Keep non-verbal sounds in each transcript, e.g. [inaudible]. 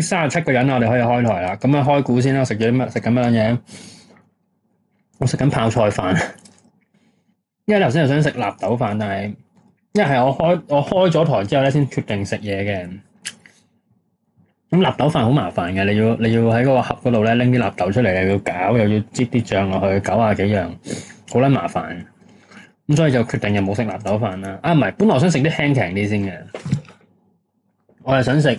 三十七個人，我哋可以開台啦，咁樣，開估先啦，食咗啲乜，食緊乜嘢？我食緊泡菜飯， [laughs] 因為頭先又想食納豆飯，但係因為係我開我開咗台之後咧，先決定食嘢嘅。咁納豆飯好麻煩嘅，你要你要喺個盒嗰度咧拎啲納豆出嚟，又要搞，又要擠啲醬落去，九啊幾樣，好撚麻煩。咁所以就決定又冇食納豆飯啦。啊唔係，本來我想食啲輕便啲先嘅，我係想食。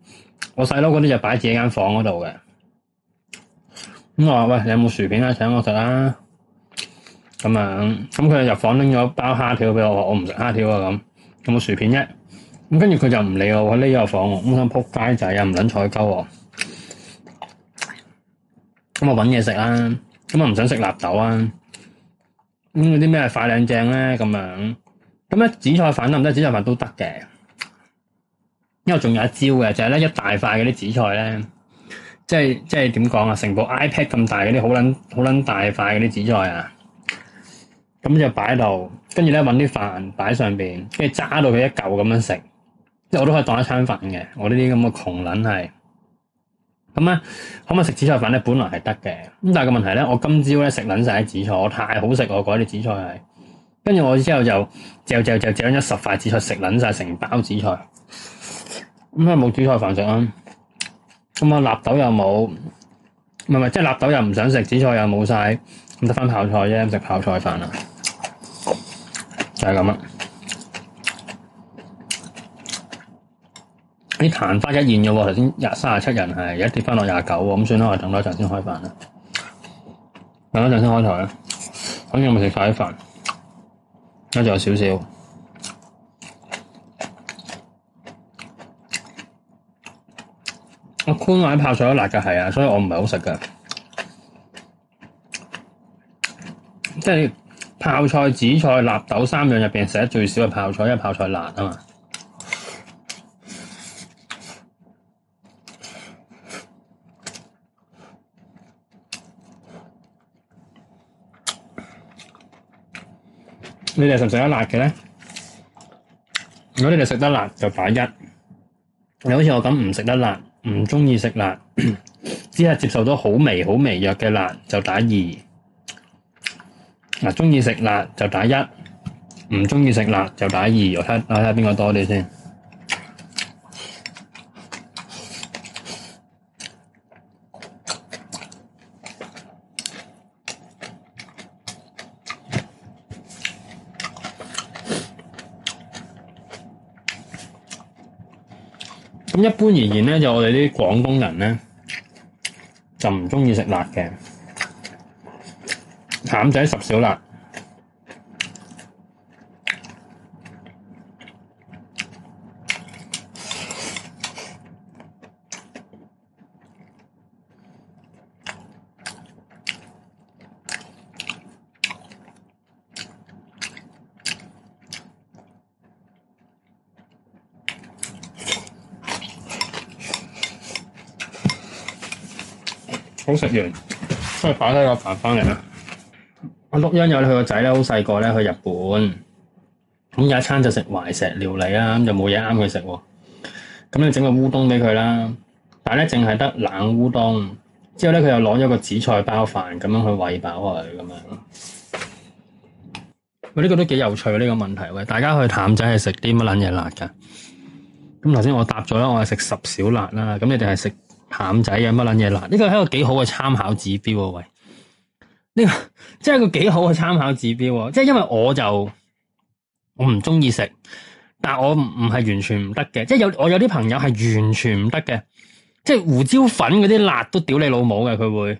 我細佬嗰啲就擺自己間房嗰度嘅，咁我話喂，你有冇薯片啊？請我食啦、啊，咁樣，咁佢入房拎咗一包蝦條俾我，我唔食蝦條啊，咁有冇薯片啫？咁跟住佢就唔理我，佢匿入房，咁想扑街仔又唔捻睬鳩，咁我搵嘢食啦，咁我唔想食納豆啊，咁嗰啲咩快靚正咧，咁、嗯、樣，咁咧紫菜飯得唔得？紫菜飯都得嘅。因為仲有一招嘅，就係、是、咧一大塊嗰啲紫菜咧，即係即係點講啊？成部 iPad 咁大嗰啲好捻好捻大塊嗰啲紫菜啊！咁就擺度，跟住咧揾啲飯擺上邊，跟住揸到佢一嚿咁樣食。即係我都可以當一餐飯嘅，我呢啲咁嘅窮捻係。咁咧，可唔可以食紫菜飯咧？本來係得嘅，咁但係個問題咧，我今朝咧食捻晒啲紫菜，我太好食我嗰啲紫菜係。跟住我之後就就就就將一十塊紫菜食捻晒成包紫菜。咁啊冇紫菜飯食啊，咁啊納豆又冇，唔係唔係，即係納豆又唔想食，紫菜又冇晒，咁得翻泡菜啫，食泡菜飯啊，就係咁啊！啲曇花一現嘅喎，頭先三十七人係，而家跌翻落廿九喎，咁算啦，我哋等多一陣先開飯啦，等多一陣先開台啦，咁有冇食泡菜飯？加咗少少。我寬奶泡菜都辣噶，係啊,、所以我唔係好食噶。即係泡菜、紫菜、納豆三樣入邊，食得最少嘅泡菜，因為泡菜辣啊嘛。你哋食唔食得辣嘅咧？如果你哋食得辣，就打一。你好似我咁唔食得辣。唔鍾意食辣，只係接受到好微好微弱嘅辣就打二。嗱，鍾意食辣就打一，唔鍾意食辣就打二。我睇下我睇下邊個多啲先。一般而言呢就我哋啲廣東人呢，就唔鍾意食辣嘅，譚仔十小辣。好食完，即係擺低個飯翻嚟啦。阿陸茵有佢個仔咧，好細個咧，去日本，咁一餐就食懷石料理啦，咁就冇嘢啱佢食。咁你整個烏冬俾佢啦，但係咧，淨係得冷烏冬。之後咧佢又攞咗個紫菜包飯咁樣去餵飽佢咁樣。喂、哎、呢、這個都幾有趣呢、這個問題。喂，大家去譚仔係食啲乜捻嘢辣噶？咁頭先我答咗啦，我係食十小辣啦。咁你哋係食鹹仔有乜捻嘢辣？呢個係一個幾好嘅參考指標啊！喂，呢個即係一個幾好嘅參考指標啊。即係因為我就我唔中意食，但係我唔係完全唔得嘅。即係有我有啲朋友係完全唔得嘅，即係胡椒粉嗰啲辣都屌你老母嘅，佢會。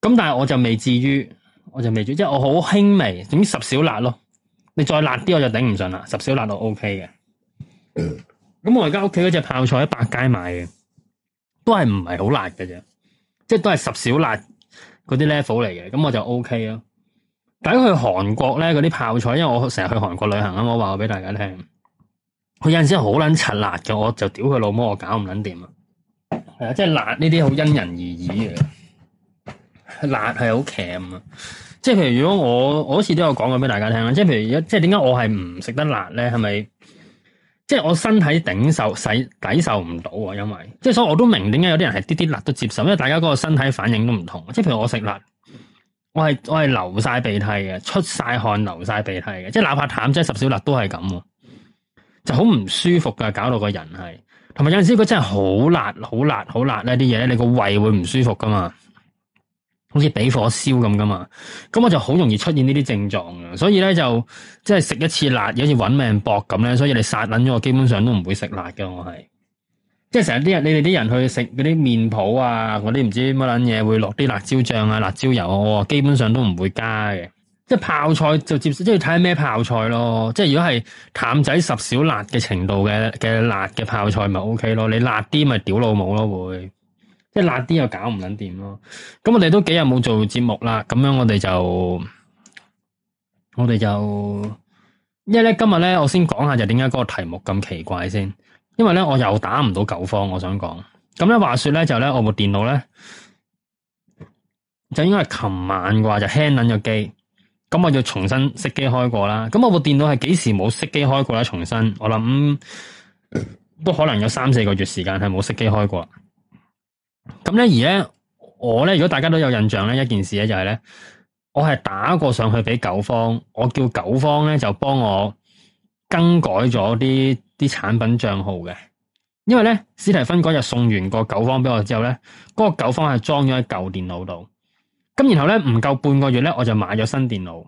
咁但係我就未至於，我就未至於，即係我好輕微，總之十小辣咯。你再辣啲我就頂唔順啦，十小辣我 OK 嘅。咁 [coughs] 我而家屋企嗰隻泡菜喺百佳買嘅。都係唔係好辣嘅啫，即係都係十小辣嗰啲 level 嚟嘅，咁我就 O K 咯。但去韓國咧，嗰啲泡菜，因為我成日去韓國旅行啊，我話我俾大家聽，佢有陣時好撚柒辣嘅，我就屌佢老母，我搞唔撚掂啊！係啊，即係辣呢啲好因人而異嘅，辣係好咸啊！即係譬如如果我，我好似都有講過俾大家聽啦，即係譬如一，即係點解我係唔食得辣咧？係咪？即係我身體頂受，使抵受唔到，啊，因為即係所以我都明點解有啲人係啲啲辣都接受，因為大家嗰個身體反應都唔同。即係譬如我食辣，我係我係流晒鼻涕嘅，出晒汗，流晒鼻涕嘅，即係哪怕淡即係十小辣都係咁，就好唔舒服噶，搞到個人係。同埋有陣時佢真係好辣，好辣，好辣呢啲嘢咧，你個胃會唔舒服噶嘛。.好似俾火燒咁噶嘛，咁我就好容易出現呢啲症狀。所以咧就即係食一次辣，好似揾命搏咁咧。所以你殺捻咗我，基本上都唔會食辣嘅。我係即係成日啲人，你哋啲人去食嗰啲麵鋪啊，嗰啲唔知乜捻嘢會落啲辣椒醬啊、辣椒油啊，我基本上都唔會加嘅。即係泡菜就接即係睇下咩泡菜咯。即係如果係淡仔十小辣嘅程度嘅嘅辣嘅泡菜，咪 OK 咯。你辣啲咪屌老母咯會。即係辣啲又搞唔捻掂咯，咁我哋都幾日冇做節目啦，咁樣我哋就我哋就，因為咧今日咧我先講下就點解嗰個題目咁奇怪先，因為咧我又打唔到九方，我想講，咁咧話說咧就咧我部電腦咧就應該係琴晚嘅話就輕捻咗機，咁我就重新熄機開過啦，咁、嗯、我部電腦係幾時冇熄機開過咧？重新我諗、嗯、都可能有三四個月時間係冇熄機開過。咁咧，而咧我咧，如果大家都有印象咧，一件事咧就係咧，我係打過上去俾九方，我叫九方咧就幫我更改咗啲啲產品賬號嘅，因為咧斯提芬嗰日送完個九方俾我之後咧，嗰個九方係裝咗喺舊電腦度，咁然後咧唔夠半個月咧，我就買咗新電腦。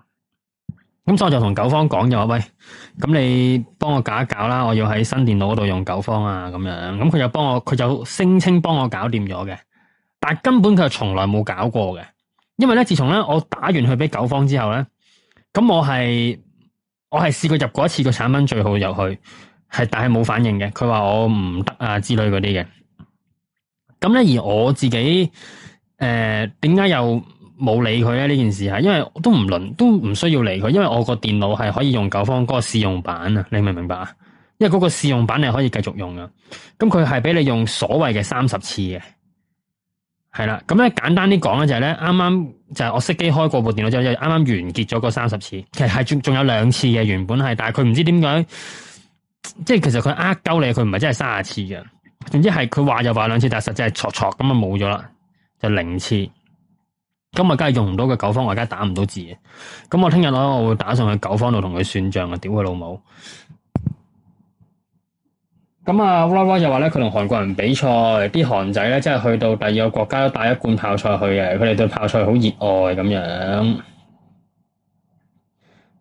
咁所以就同九方講咗：「喂，咁你幫我搞一搞啦，我要喺新電腦嗰度用九方啊，咁樣，咁佢就幫我，佢就聲稱幫我搞掂咗嘅，但根本佢係從來冇搞過嘅，因為咧自從咧我打完去俾九方之後咧，咁我係我係試過入過一次個產品最好入去，係但係冇反應嘅，佢話我唔得啊之類嗰啲嘅，咁咧而我自己誒點解又？冇理佢咧呢件事係，因為都唔輪，都唔需要理佢，因為我個電腦係可以用九方嗰個試用版啊，你明唔明白啊？因為嗰個試用版你可以繼續用啊，咁佢係俾你用所謂嘅三十次嘅，係啦，咁咧簡單啲講咧就係咧，啱啱就係我熄機開過部電腦之後，就啱啱完結咗嗰三十次，其實係仲仲有兩次嘅原本係，但係佢唔知點解，即係其實佢呃鳩你，佢唔係真係三十次嘅，總之係佢話就話兩次，但係實際係錯錯咁啊冇咗啦，就零次。今日梗係用唔到嘅九方，我而家打唔到字。咁我聽日咧，我會打上去九方度同佢算賬啊，屌佢老母！咁啊，羅羅就話咧，佢同韓國人比賽，啲韓仔咧，真係去到第二個國家都帶一罐泡菜去嘅，佢哋對泡菜好熱愛咁樣。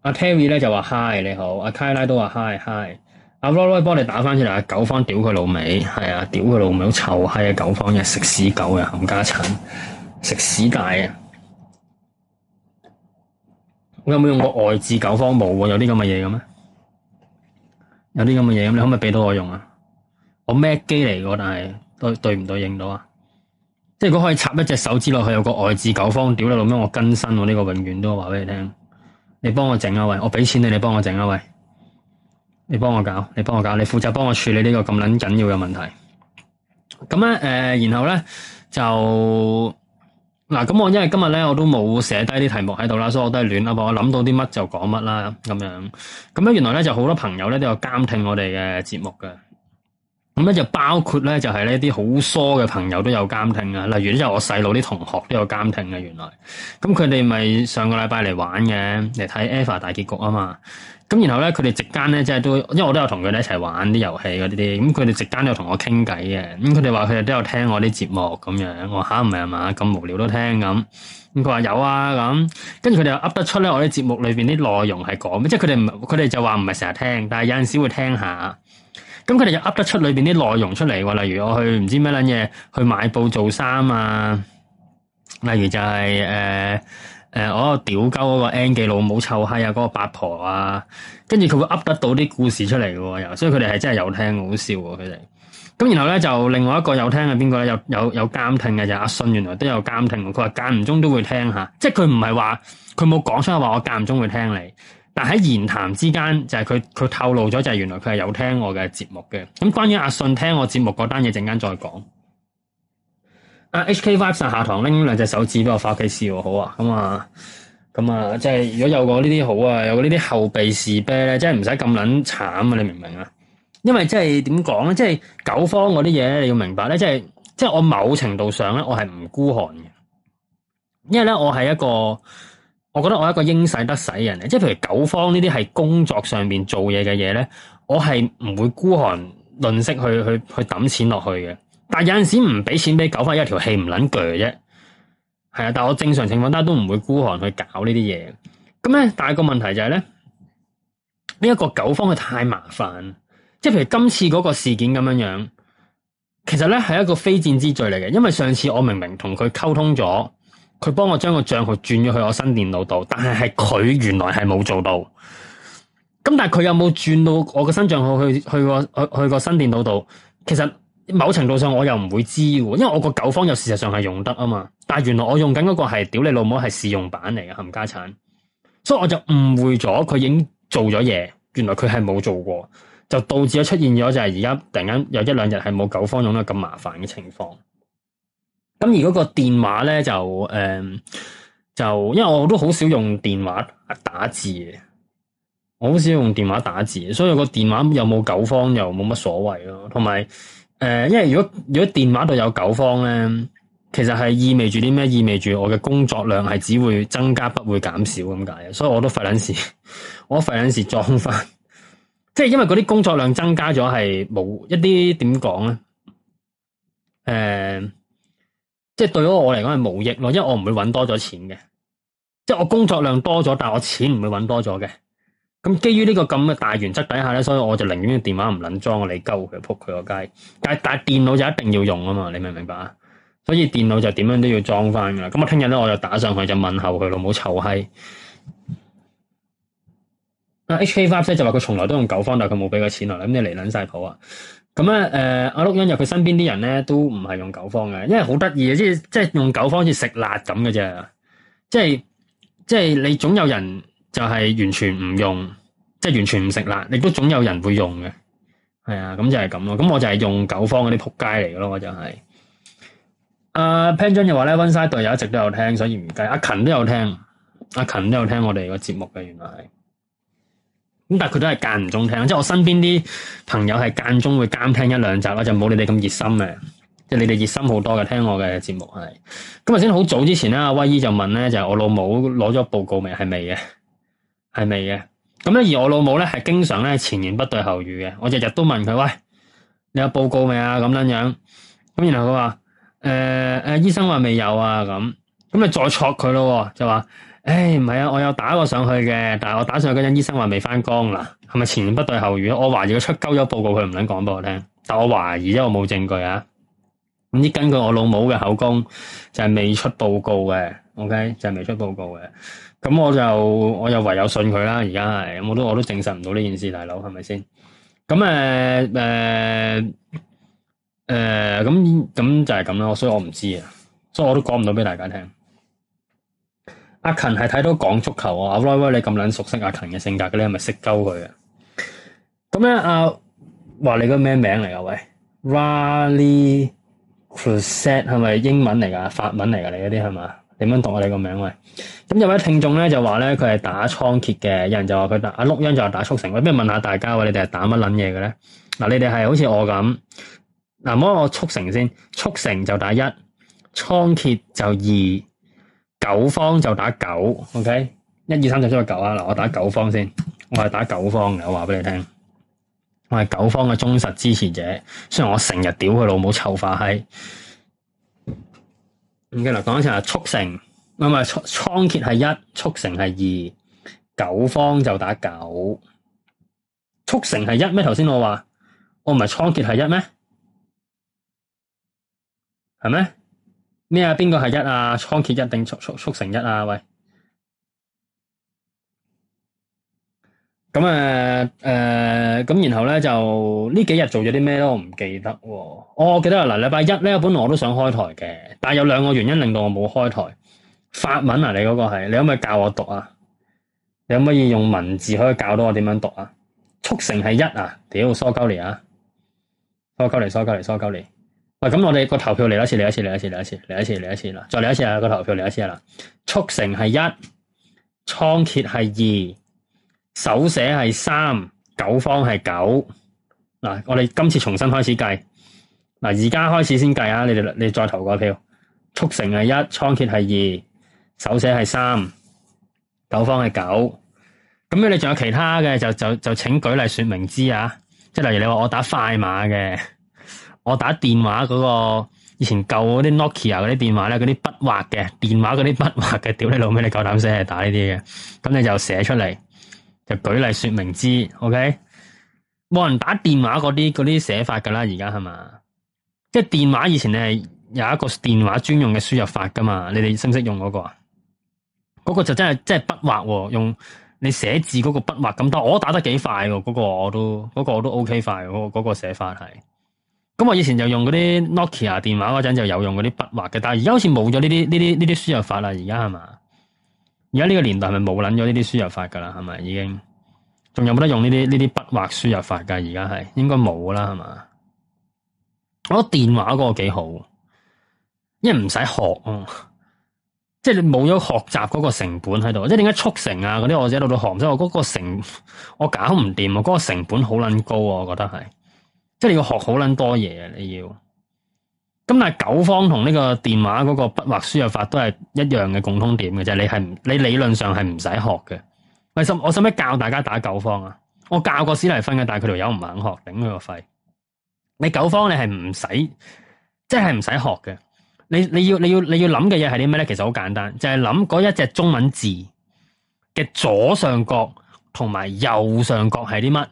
阿 Terry 咧就話 Hi 你好，阿 Kyla 都話 Hi Hi。阿羅羅幫你打翻出嚟，阿九方屌佢老味，係啊，屌佢老味好臭，嗨啊九方又食屎狗啊，冚家鏟，食屎大啊！我有冇用過外置九方冇喎、啊？有啲咁嘅嘢嘅咩？有啲咁嘅嘢，你可唔可以俾到我用啊？我 Mac 機嚟嘅，但係對對唔對應到啊？即係如果可以插一隻手指落去，有個外置九方，屌你老咩？我更新我、啊、呢、這個，永遠都話俾你聽。你幫我整啊喂！我畀錢你，你幫我整啊喂！你幫我搞，你幫我搞，你負責幫我處理呢個咁撚緊要嘅問題。咁咧，誒、呃，然後咧就。嗱，咁我因為今日咧我都冇寫低啲題目喺度啦，所以我都係亂啊，我諗到啲乜就講乜啦，咁樣，咁咧原來咧就好多朋友咧都有監聽我哋嘅節目嘅，咁咧就包括咧就係呢啲好疏嘅朋友都有監聽啊，例如咧就我細佬啲同學都有監聽嘅，原來，咁佢哋咪上個禮拜嚟玩嘅，嚟睇《Eva》大結局啊嘛。咁然後咧，佢哋直間咧，即係都，因為我都有同佢哋一齊玩啲遊戲嗰啲啲，咁佢哋直間都有同我傾偈嘅，咁佢哋話佢哋都有聽我啲節目咁樣，我，吓？唔係嘛，咁無聊都聽咁，咁佢話有啊咁，跟住佢哋又噏得出咧我啲節目裏邊啲內容係講咩，即係佢哋唔，佢哋就話唔係成日聽，但係有陣時會聽下，咁佢哋又噏得出裏邊啲內容出嚟，例如我去唔知咩捻嘢去買布做衫啊，例如就係、是、誒。呃誒、呃，我個屌鳩嗰個 N 記老母臭閪啊，嗰、那個八婆啊，跟住佢會噏得到啲故事出嚟嘅喎，又，所以佢哋係真係有聽，好笑喎佢哋。咁然後咧就另外一個有聽嘅邊個咧？有有有監聽嘅就是、阿信，原來都有監聽。佢話間唔中都會聽下，即係佢唔係話佢冇講出話我間唔中會聽你，但喺言談之間就係佢佢透露咗就係原來佢係有聽我嘅節目嘅。咁關於阿信聽我節目嗰單嘢，陣間再講。HK vibes 5, 下堂拎兩隻手指俾我翻屋企試，好啊！咁、嗯、啊，咁、嗯、啊、嗯，即係如果有個呢啲好啊，有個呢啲後備士啤咧，真係唔使咁撚慘啊！你明唔明啊？因為即係點講咧，即係九方嗰啲嘢，你要明白咧，即係即係我某程度上咧，我係唔孤寒嘅，因為咧，我係一個，我覺得我係一個應使得使人嚟，即係譬如九方呢啲係工作上邊做嘢嘅嘢咧，我係唔會孤寒吝惜去去去揼錢落去嘅。但係有陣時唔俾錢俾狗方一條戲，一條戲唔捻鋸啫。係啊，但我正常情況都都唔會孤寒去搞呢啲嘢。咁咧，但係個問題就係、是、咧，呢、這、一個狗方佢太麻煩。即係譬如今次嗰個事件咁樣樣，其實咧係一個非戰之罪嚟嘅。因為上次我明明同佢溝通咗，佢幫我將個賬號轉咗去我新電腦度，但係係佢原來係冇做到。咁但係佢有冇轉到我個新賬號去去個去去個新電腦度？其實。某程度上我又唔會知嘅，因為我個九方又事實上係用得啊嘛，但係原來我用緊嗰個係屌你老母係試用版嚟嘅冚家鏟，所以我就誤會咗佢已經做咗嘢，原來佢係冇做過，就導致咗出現咗就係而家突然間有一兩日係冇九方用得咁麻煩嘅情況。咁而嗰個電話咧就誒，就、呃、就因為我都好少用電話打字嘅，我好少用電話打字，所以個電話有冇九方又冇乜所謂咯，同埋。誒、呃，因為如果如果電話度有九方咧，其實係意味住啲咩？意味住我嘅工作量係只會增加，不會減少咁解啊！所以我都費卵事，我費卵事裝翻，即係因為嗰啲工作量增加咗，係冇一啲點講咧，誒、呃，即係對於我嚟講係無益咯，因為我唔會搵多咗錢嘅，即係我工作量多咗，但係我錢唔會搵多咗嘅。咁基於呢個咁嘅大原則底下咧，所以我就寧願電話唔撚裝，我嚟鳩佢，撲佢個街。但係但係電腦就一定要用啊嘛，你明唔明白啊？所以電腦就點樣都要裝翻㗎喇。咁我聽日咧，我就打上去就問候佢咯，唔好臭閪。阿 HK Five 咧就話佢從來都用九方，但係佢冇俾過錢落嚟。咁你嚟撚晒譜啊？咁咧誒，阿碌欣又佢身邊啲人咧都唔係用九方嘅，因為好得意嘅，即係即係用九方好似食辣咁嘅啫，即係即係你總有人。就係完全唔用，即係完全唔食辣。亦都總有人會用嘅，係啊，咁就係咁咯。咁我就係用九方嗰啲仆街嚟嘅咯，我就係。阿潘君又話咧溫莎隊友一直都有聽，所以唔計。阿勤都有聽，阿勤都有聽我哋個節目嘅，原來係。咁但係佢都係間唔中聽，即係我身邊啲朋友係間中會監聽一兩集啦，我就冇你哋咁熱心嘅。即係你哋熱心好多嘅，聽我嘅節目係。今日先好早之前咧，阿威姨就問咧，就係我老母攞咗報告未？係未嘅。係未嘅，咁咧而我老母咧係經常咧前言不對後語嘅，我日日都問佢：，喂，你有報告未啊？咁樣樣，咁然後佢話：，誒、呃、誒、呃，醫生話未有啊，咁，咁你再錯佢咯？就話：，誒、哎，唔係啊，我有打過上去嘅，但係我打上去嗰陣，醫生話未返工啦，係咪前言不對後語？我懷疑佢出鳩咗報告，佢唔想講俾我聽，但我懷疑，因為我冇證據啊。咁依根據我老母嘅口供，就係、是、未出報告嘅，OK，就係未出報告嘅。咁我就我就唯有信佢啦，而家係我都我都證實唔到呢件事，大佬係咪先？咁誒誒誒，咁咁、呃呃呃、就係咁咯，所以我唔知啊，所以我都講唔到俾大家聽。阿勤係睇到講足球啊，阿威威你咁撚熟悉阿勤嘅性格嘅，你係咪識鳩佢啊？咁咧阿話你個咩名嚟啊？喂，Rally Crescent 係咪英文嚟噶？法文嚟噶？你嗰啲係嘛？點樣讀我哋個名喂？咁有位聽眾咧就話咧佢係打倉頡嘅，有人就話佢打阿碌英就話打速成喂，不如問下大家喂，你哋係打乜撚嘢嘅咧？嗱、啊，你哋係好似我咁，嗱、啊，咁我速成先，速成就打一，倉頡就二，九方就打九，OK？一、二、三、就出個九啊，嗱，我打九方先，我係打九方嘅，我話俾你聽，我係九方嘅忠實支持者，雖然我成日屌佢老母臭化閪。唔該，嗱，講一次速成，唔係，唔係，倉，倉頡係一，速成係二，1, 2, 九方就打九，速成係一咩？頭先我話我唔係倉頡係一咩？係咩？咩啊？邊個係一啊？倉頡一定速，速成一啊？喂！咁誒，誒、嗯、咁、呃、然後咧，就呢幾日做咗啲咩咧？我唔記得、哦哦。我記得啦，嗱，禮拜一咧，本來我都想開台嘅，但係有兩個原因令到我冇開台。法文啊，你嗰個係，你可唔可以教我讀啊？你可唔可以用文字可以教到我點樣讀啊？速成係一啊，屌，梳鳩你啊，梳鳩你，梳鳩你，梳鳩你。喂，咁我哋個投票嚟一次，嚟一次，嚟一次，嚟一次，嚟一次，嚟一次啦。再嚟一次啊，個投票嚟一次啦。速成係一，倉頡係二。手寫係三，九方係九。嗱，我哋今次重新開始計。嗱，而家開始先計啊！你哋你再投個票。速成係一，倉頡係二，手寫係三，九方係九。咁樣你仲,有其他嘅，就就就請舉例說明之啊！即係例如你話我打快碼嘅，我打電話嗰、嗰個以前舊嗰啲 Nokia、ok、嗰啲電話咧，嗰啲筆畫嘅電話嗰啲筆畫嘅，屌你老味你夠膽寫嚟打呢啲嘅？咁你就寫出嚟。就舉例說明之，OK？冇人打電話嗰啲嗰啲寫法噶啦，而家係嘛？即係電話以前你係有一個電話專用嘅輸入法噶嘛？你哋識唔識用嗰個啊？嗰個就真係真係筆畫，用你寫字嗰個筆畫咁但我打得幾快噶，嗰個我都嗰個我都 OK 快，嗰個嗰個寫法係。咁我以前就用嗰啲 Nokia 電話嗰陣就有用嗰啲筆畫嘅，但係而家好似冇咗呢啲呢啲呢啲輸入法啦，而家係嘛？而家呢個年代係咪冇捻咗呢啲輸入法噶啦？係咪已經仲有冇得用呢啲呢啲筆畫輸入法噶？而家係應該冇啦，係嘛？我覺得電話嗰個幾好，因為唔使學啊，即係你冇咗學習嗰個成本喺度。即係點解速成啊嗰啲我一路到學唔到？我嗰個成我搞唔掂啊，嗰個成本好捻高啊，我覺得係，即係、啊那個、你要學好捻多嘢啊，你要。咁但係九方同呢個電話嗰個筆畫輸入法都係一樣嘅共通點嘅啫，你係你理論上係唔使學嘅。為什我使唔使教大家打九方啊？我教過史麗芬嘅，但係佢條友唔肯學，頂佢個肺。你九方你係唔使，即係唔使學嘅。你你要你要你要諗嘅嘢係啲咩咧？其實好簡單，就係諗嗰一隻中文字嘅左上角同埋右上角係啲乜。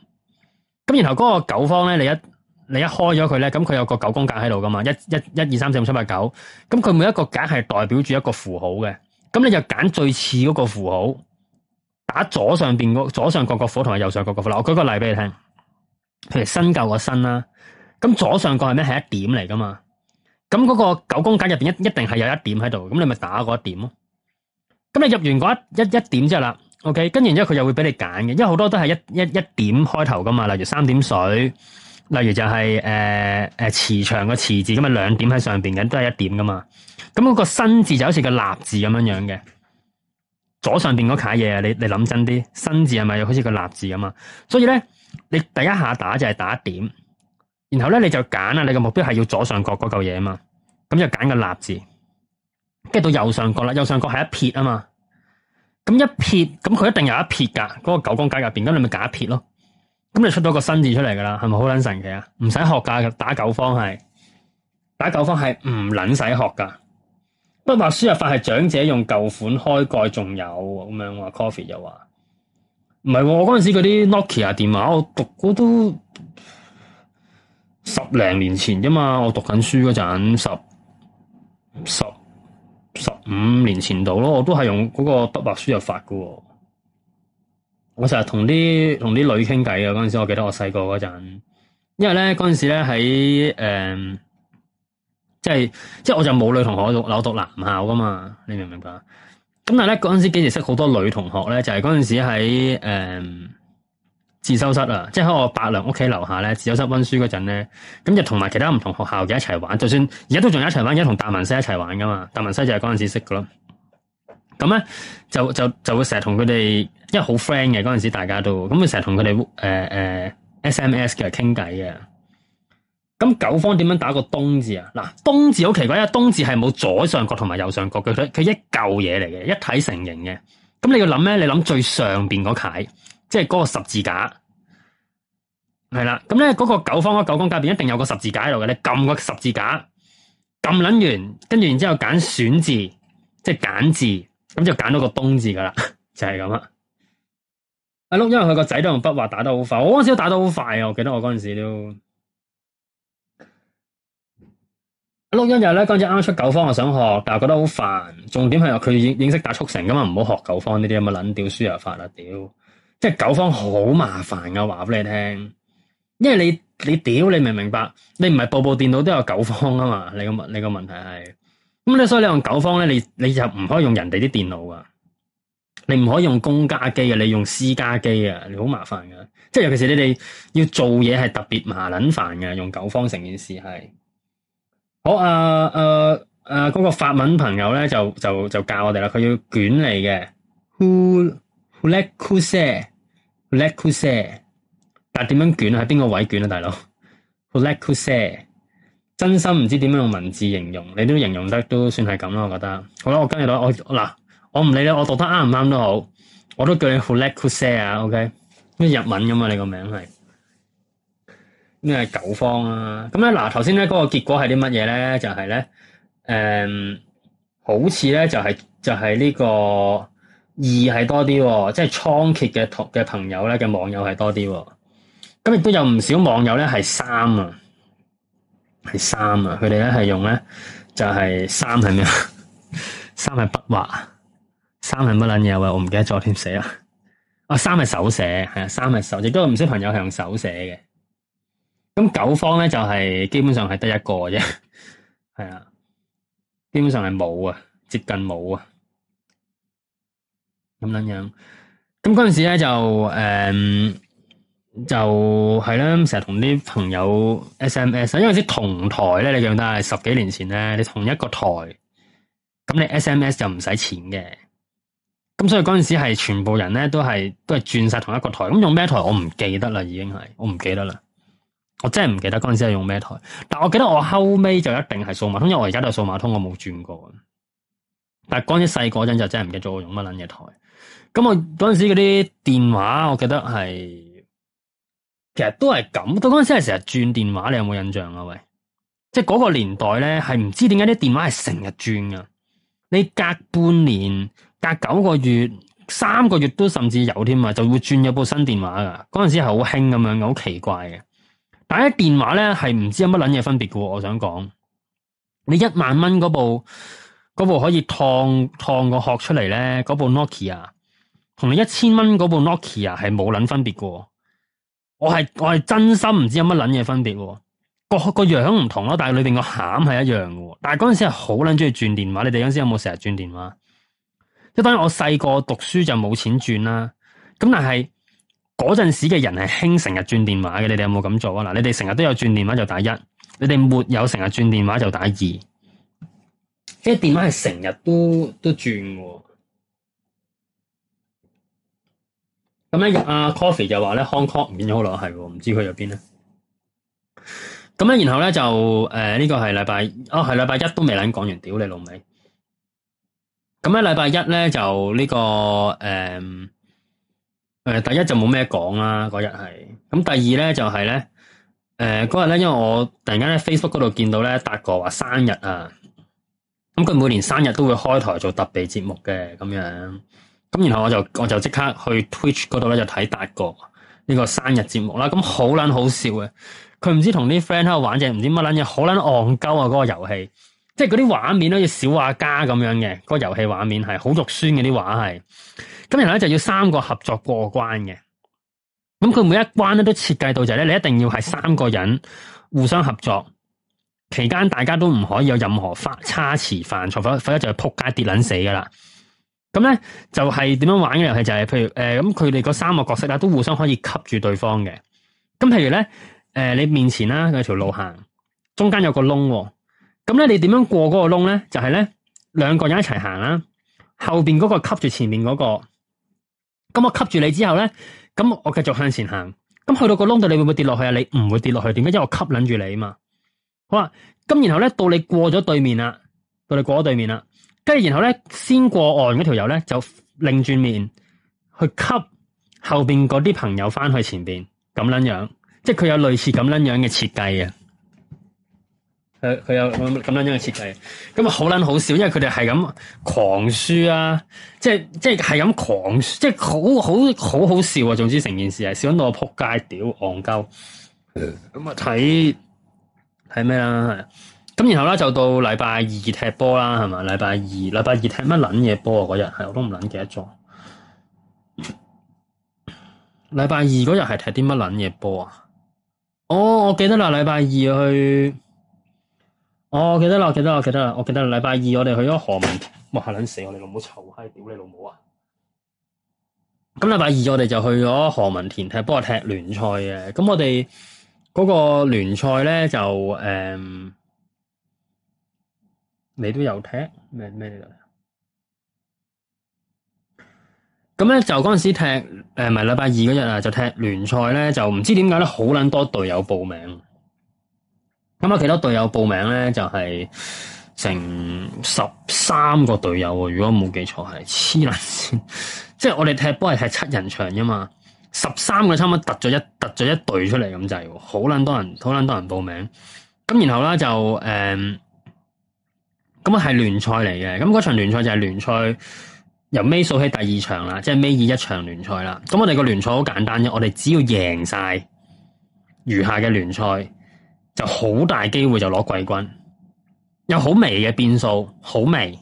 咁然後嗰個九方咧，你一。你一開咗佢咧，咁佢有個九宮格喺度噶嘛，一、一、一、二、三、四、五、七、八、九，咁佢每一個格係代表住一個符號嘅，咁你就揀最似嗰個符號，打左上邊個左上角個符同埋右上角個符。嗱，我舉個例俾你聽，譬如新舊個新啦，咁左上角係咩？係一點嚟噶嘛，咁嗰個九宮格入邊一一定係有一點喺度，咁你咪打嗰一點咯。咁你入完嗰一一一點之後啦，OK，跟然之後佢就會俾你揀嘅，因為好多都係一一一點開頭噶嘛，例如三點水。例如就係誒誒，磁場個磁字咁啊，兩點喺上邊嘅，都係一點噶嘛。咁嗰個新字就好似個立字咁樣樣嘅，左上邊嗰卡嘢，你你諗真啲，新字係咪好似個立字啊嘛？所以咧，你第一下打就係打一點，然後咧你就揀啦，你個目標係要左上角嗰嚿嘢啊嘛，咁就揀個立字。跟住到右上角啦，右上角係一撇啊嘛，咁一撇咁佢一定有一撇噶，嗰、那個九宮格入邊，咁你咪揀一撇咯。咁你出咗個新字出嚟噶啦，係咪好捻神奇啊？唔使學噶，打九方係打九方係唔捻使學噶。筆畫輸入法係長者用舊款開蓋仲有咁樣話，Coffee 又話唔係我嗰陣時嗰啲 Nokia 電話，我讀過都十零年前啫嘛，我讀緊書嗰陣十十十五年前度咯，我都係用嗰個筆畫輸入法噶。我成日同啲同啲女傾偈嘅嗰陣時，我記得我細個嗰陣，因為咧嗰陣時咧喺誒，即係即係我就冇女同學讀，我讀男校噶嘛，你明唔明白？咁但係咧嗰陣時幾時識好多女同學咧，就係嗰陣時喺誒、嗯、自修室啊，即係喺我伯娘屋企樓下咧自修室温書嗰陣咧，咁就同埋其他唔同學校嘅一齊玩，就算而家都仲有一齊玩，而家同達文西一齊玩噶嘛，達文西就係嗰陣時識嘅咯。咁咧、嗯、就就就會成日同佢哋，因為好 friend 嘅嗰陣時，大家都咁佢成日同佢哋誒誒 SMS 嘅傾偈嘅。咁、嗯、九方點樣打個東字啊？嗱，東字好奇怪，因為東字係冇左上角同埋右上角嘅，佢佢一嚿嘢嚟嘅，一體成型嘅。咁、嗯、你要諗咩？你諗最上邊嗰楷，即係嗰個十字架，係啦。咁咧嗰個九方嗰九方界邊一定有個十字架喺度嘅，你撳個十字架撳撚完，跟住然之後揀選，選字，即係揀字。咁就揀到個東字噶啦，就係、是、咁啊！阿碌因為佢個仔都用筆畫打得好快，我嗰時都打得好快啊！我記得我嗰陣時都阿碌因為咧，嗰陣時啱出九方我想學，但係覺得好煩。重點係佢認認識打速成噶嘛，唔好學九方呢啲咁嘅撚屌輸入法啦，屌、啊！即係九方好麻煩噶、啊，話畀你聽，因為你你屌你明唔明白？你唔係部部電腦都有九方噶嘛？你個問你個問題係？咁咧、嗯，所以你用九方咧，你你就唔可以用人哋啲電腦啊，你唔可以用公家機啊，你用私家機啊，你好麻煩噶，即係尤其是你哋要做嘢係特別麻捻煩㗎，用九方成件事係。好啊，誒、啊、誒，嗰、啊那個法文朋友咧，就就就教我哋啦，佢要捲嚟嘅，hu，hu le cousser，hu le cousser，但係點樣捲啊？喺邊個位捲啊，大佬？hu le cousser。真心唔知點樣用文字形容，你都形容得都算係咁咯，我覺得。好啦，我跟住我我嗱，我唔理你，我讀得啱唔啱都好，我都叫你好叻好犀啊，OK？咩日文㗎嘛，你個名係咩？係九方啊。咁咧嗱，頭先咧嗰個結果係啲乜嘢咧？就係、是、咧，誒、嗯，好似咧就係、是、就係、是、呢、這個二係多啲，即係倉頡嘅同嘅朋友咧嘅網友係多啲。咁亦都有唔少網友咧係三啊。係三啊！佢哋咧係用咧就係、是、三係咩啊？三係筆畫，三係乜捻嘢啊？我唔記得咗點寫啦。啊，三係手寫係啊，三係手亦都有唔少朋友係用手寫嘅。咁九方咧就係、是、基本上係得一個啫，係啊，基本上係冇啊，接近冇啊，咁撚樣。咁嗰陣時咧就誒。嗯就係啦，成日同啲朋友 S M S，因為啲同台咧，你記得啊？十幾年前咧，你同一個台，咁你 S M S 就唔使錢嘅。咁所以嗰陣時係全部人咧都係都係轉晒同一個台。咁用咩台我唔記得啦，已經係我唔記得啦。我真係唔記得嗰陣時係用咩台。但我記得我後尾就一定係數碼通，因為我而家都係數碼通，我冇轉過。但係嗰陣時細嗰陣就真係唔記得我用乜撚嘢台。咁我嗰陣時嗰啲電話，我記得係。其實都係咁，到嗰陣時係成日轉電話，你有冇印象啊？喂，即係嗰個年代咧，係唔知點解啲電話係成日轉噶，你隔半年，隔九個月，三個月都甚至有添啊，就會轉咗部新電話噶。嗰陣時係好興咁樣嘅，好奇怪嘅。但係電話咧係唔知有乜捻嘢分別嘅，我想講，你一萬蚊嗰部，嗰部可以燙燙個殼出嚟咧，嗰部 Nokia 啊同你一千蚊嗰部 Nokia 啊係冇捻分別嘅。我係我係真心唔知有乜捻嘢分別，個個樣唔同咯、啊，但係裏邊個餡係一樣嘅、啊。但係嗰陣時係好捻中意轉電話，你哋嗰陣時有冇成日轉電話？即係當然我細個讀書就冇錢轉啦、啊。咁但係嗰陣時嘅人係興成日轉電話嘅，你哋有冇咁做啊？嗱，你哋成日都有轉電話就打一，你哋沒有成日轉電話就打二。即係電話係成日都都轉喎、啊。咁咧，阿 Coffee、啊、就話咧，Hong Kong 唔見咗好耐，係喎，唔知佢入邊咧。咁咧，然後咧就誒呢、呃這個係禮拜，哦係禮拜一都未撚講完，屌你老味！咁咧，禮拜一咧就呢、這個誒誒、呃、第一就冇咩講啦，嗰日係。咁第二咧就係咧誒嗰日咧，因為我突然間咧 Facebook 嗰度見到咧達哥話生日啊，咁佢每年生日都會開台做特別節目嘅，咁樣。咁然後我就我就即刻去 Twitch 嗰度咧就睇達哥呢個生日節目啦，咁好撚好笑嘅，佢唔知同啲 friend 喺度玩隻唔知乜撚嘢，好撚戇鳩啊！嗰個遊戲，即係嗰啲畫面咧，好似小畫家咁樣嘅，個遊戲畫面係好肉酸嘅啲畫係。咁然後咧就要三個合作過關嘅，咁佢每一關咧都設計到就係、是、咧，你一定要係三個人互相合作，期間大家都唔可以有任何犯差池、犯錯，否否則就撲街跌撚死噶啦。咁咧就係點樣玩嘅遊戲就係，譬如誒，咁佢哋嗰三個角色咧都互相可以吸住對方嘅。咁譬如咧，誒，你面前啦，有條路行，中間有個窿喎。咁咧你點樣過嗰個窿咧？就係咧兩個人一齊行啦，後邊嗰個吸住前面嗰個。咁我吸住你之後咧，咁我繼續向前行。咁去到個窿度，你會唔會跌落去啊？你唔會跌落去，點解？因為我吸捻住你啊嘛。好啊，咁然後咧到你過咗對面啦，到你過咗對面啦。到你過跟住然後咧，先過岸嗰條友咧就擰轉，轉面去吸後邊嗰啲朋友翻去前邊咁捻樣，即係佢有類似咁捻樣嘅設計啊。佢佢有咁捻樣嘅設計，咁啊好捻好笑，因為佢哋係咁狂輸啊！即係即係係咁狂，即係好好好好笑啊！總之成件事係笑到我撲街，屌戇鳩咁啊！睇睇咩啊？係。咁然後呢，就到禮拜二踢波啦，係嘛？禮拜二禮拜二踢乜撚嘢波啊？嗰日係我都唔撚記得咗。禮拜二嗰日係踢啲乜撚嘢波啊？哦，我記得啦，禮拜二去。哦，我記得啦，我記得啦，我記得啦，我記得，我記得，我記得，禮拜二我哋去咗何文田。哇，撚死我哋老母，臭閪，屌你老母啊！咁禮拜二我哋就去咗何文田踢波，踢聯賽嘅。咁我哋嗰個聯賽咧就誒。嗯你都有踢咩咩嚟噶？咁咧就嗰陣時踢誒，唔係禮拜二嗰日啊，就踢聯賽咧，就唔知點解咧，好撚多隊友報名。咁啊，幾多隊友報名咧？就係、是、成十三個隊友。如果冇記錯係黐捻線， [laughs] 即係我哋踢波係踢七人場啫嘛。十三個差唔多突咗一突咗一隊出嚟咁滯，好撚多人，好撚多人報名。咁然後咧就誒。嗯咁啊，係聯賽嚟嘅，咁嗰場聯賽就係聯賽由尾數起第二場啦，即係尾二一場聯賽啦。咁我哋個聯賽好簡單啫，我哋只要贏晒餘下嘅聯賽，就好大機會就攞季軍。有好微嘅變數，好微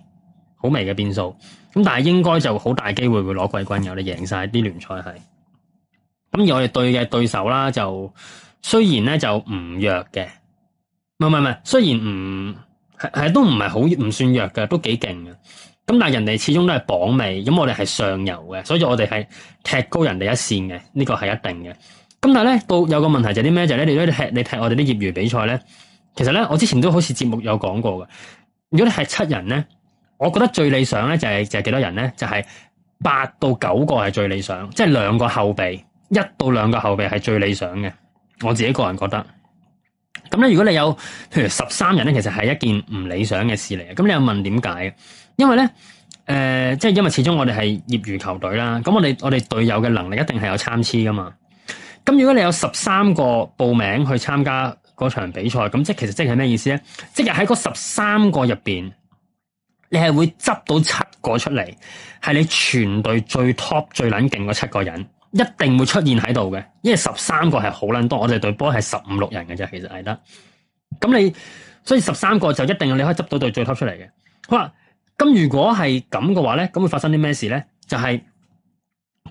好微嘅變數。咁但係應該就好大機會會攞季軍嘅，你哋贏晒啲聯賽係。咁而我哋對嘅對手啦，就雖然咧就唔弱嘅，唔唔唔，雖然唔。係都唔係好，唔算弱嘅，都幾勁嘅。咁但係人哋始終都係榜尾，咁我哋係上游嘅，所以我哋係踢高人哋一線嘅，呢個係一定嘅。咁但係咧，到有個問題就係啲咩？就係咧，你如果踢你踢我哋啲業餘比賽咧，其實咧，我之前都好似節目有講過嘅。如果你係七人咧，我覺得最理想咧就係就係幾多人咧？就係八到九個係最理想，即係兩個後備，一到兩個後備係最理想嘅。我自己個人覺得。咁咧，如果你有譬如十三人咧，其實係一件唔理想嘅事嚟。咁你又問點解？因為咧，誒、呃，即係因為始終我哋係業餘球隊啦。咁我哋我哋隊友嘅能力一定係有參差噶嘛。咁如果你有十三個報名去參加嗰場比賽，咁即係其實即係咩意思咧？即係喺嗰十三個入邊，你係會執到七個出嚟，係你全隊最 top 最撚勁嗰七個人。一定會出現喺度嘅，因為十三個係好撚多，我哋隊波係十五六人嘅啫，其實係得。咁你所以十三個就一定你可以執到隊最 top 出嚟嘅。好啦，咁如果係咁嘅話咧，咁會發生啲咩事咧？就係、是、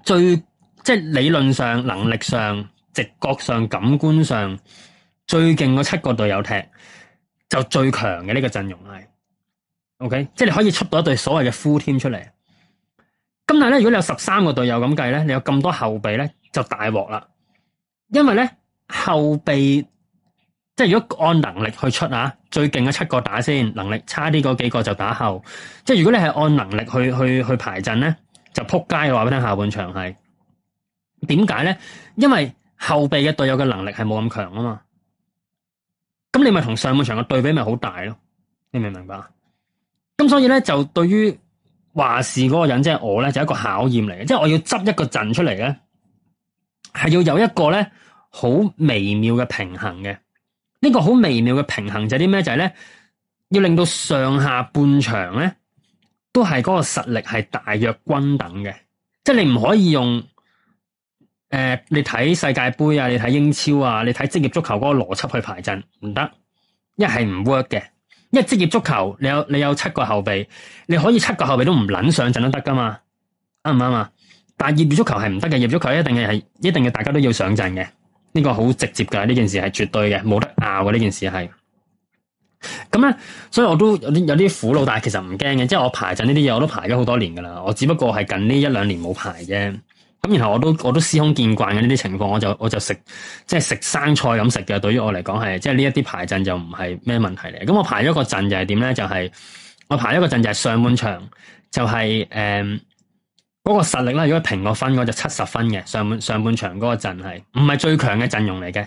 最即係、就是、理論上、能力上、直覺上、感官上最勁嘅七個隊友踢就最強嘅呢個陣容係。OK，即係你可以出到一隊所謂嘅 full team 出嚟。咁但係咧，如果你有十三個隊友咁計咧，你有咁多後備咧，就大鑊啦。因為咧後備，即係如果按能力去出啊，最勁嘅七個打先，能力差啲嗰幾個就打後。即係如果你係按能力去去去排陣咧，就撲街嘅話，俾聽下半場係點解咧？因為後備嘅隊友嘅能力係冇咁強啊嘛。咁你咪同上半場嘅對比咪好大咯？你明唔明白？咁所以咧，就對於。話事嗰個人即係我咧，就係呢就係，一個考驗嚟嘅，即係我要執一個陣出嚟咧，係要有一個咧好微妙嘅平衡嘅。呢、呢個好微妙嘅平衡就係啲咩？就係、係、咧要令到上下半場咧都係嗰個實力係大約均等嘅，即係你唔可以用誒、呃，你睇世界杯啊，你睇英超啊，你睇職業足球嗰個邏輯去排陣唔得，一係唔 work 嘅。因為職業足球，你有你有七個後備，你可以七個後備都唔捻上陣都得噶嘛，啱唔啱啊？但業餘足球係唔得嘅，業餘足球一定係一定嘅，大家都要上陣嘅，呢個好直接噶，呢件事係絕對嘅，冇得拗嘅呢件事係。咁咧，所以我都有啲有啲苦惱，但係其實唔驚嘅，即係我排陣呢啲嘢，我都排咗好多年噶啦，我只不過係近呢一兩年冇排啫。咁然後我都我都司空見慣嘅呢啲情況，我就我就食即係食生菜咁食嘅。對於我嚟講，係即係呢一啲排陣就唔係咩問題嚟。咁我排咗個陣就係點咧？就係、係、我排咗個陣就係上半場，就係誒嗰個實力咧。如果平個分嗰就七十分嘅上半上半場嗰個陣係唔係最強嘅陣容嚟嘅，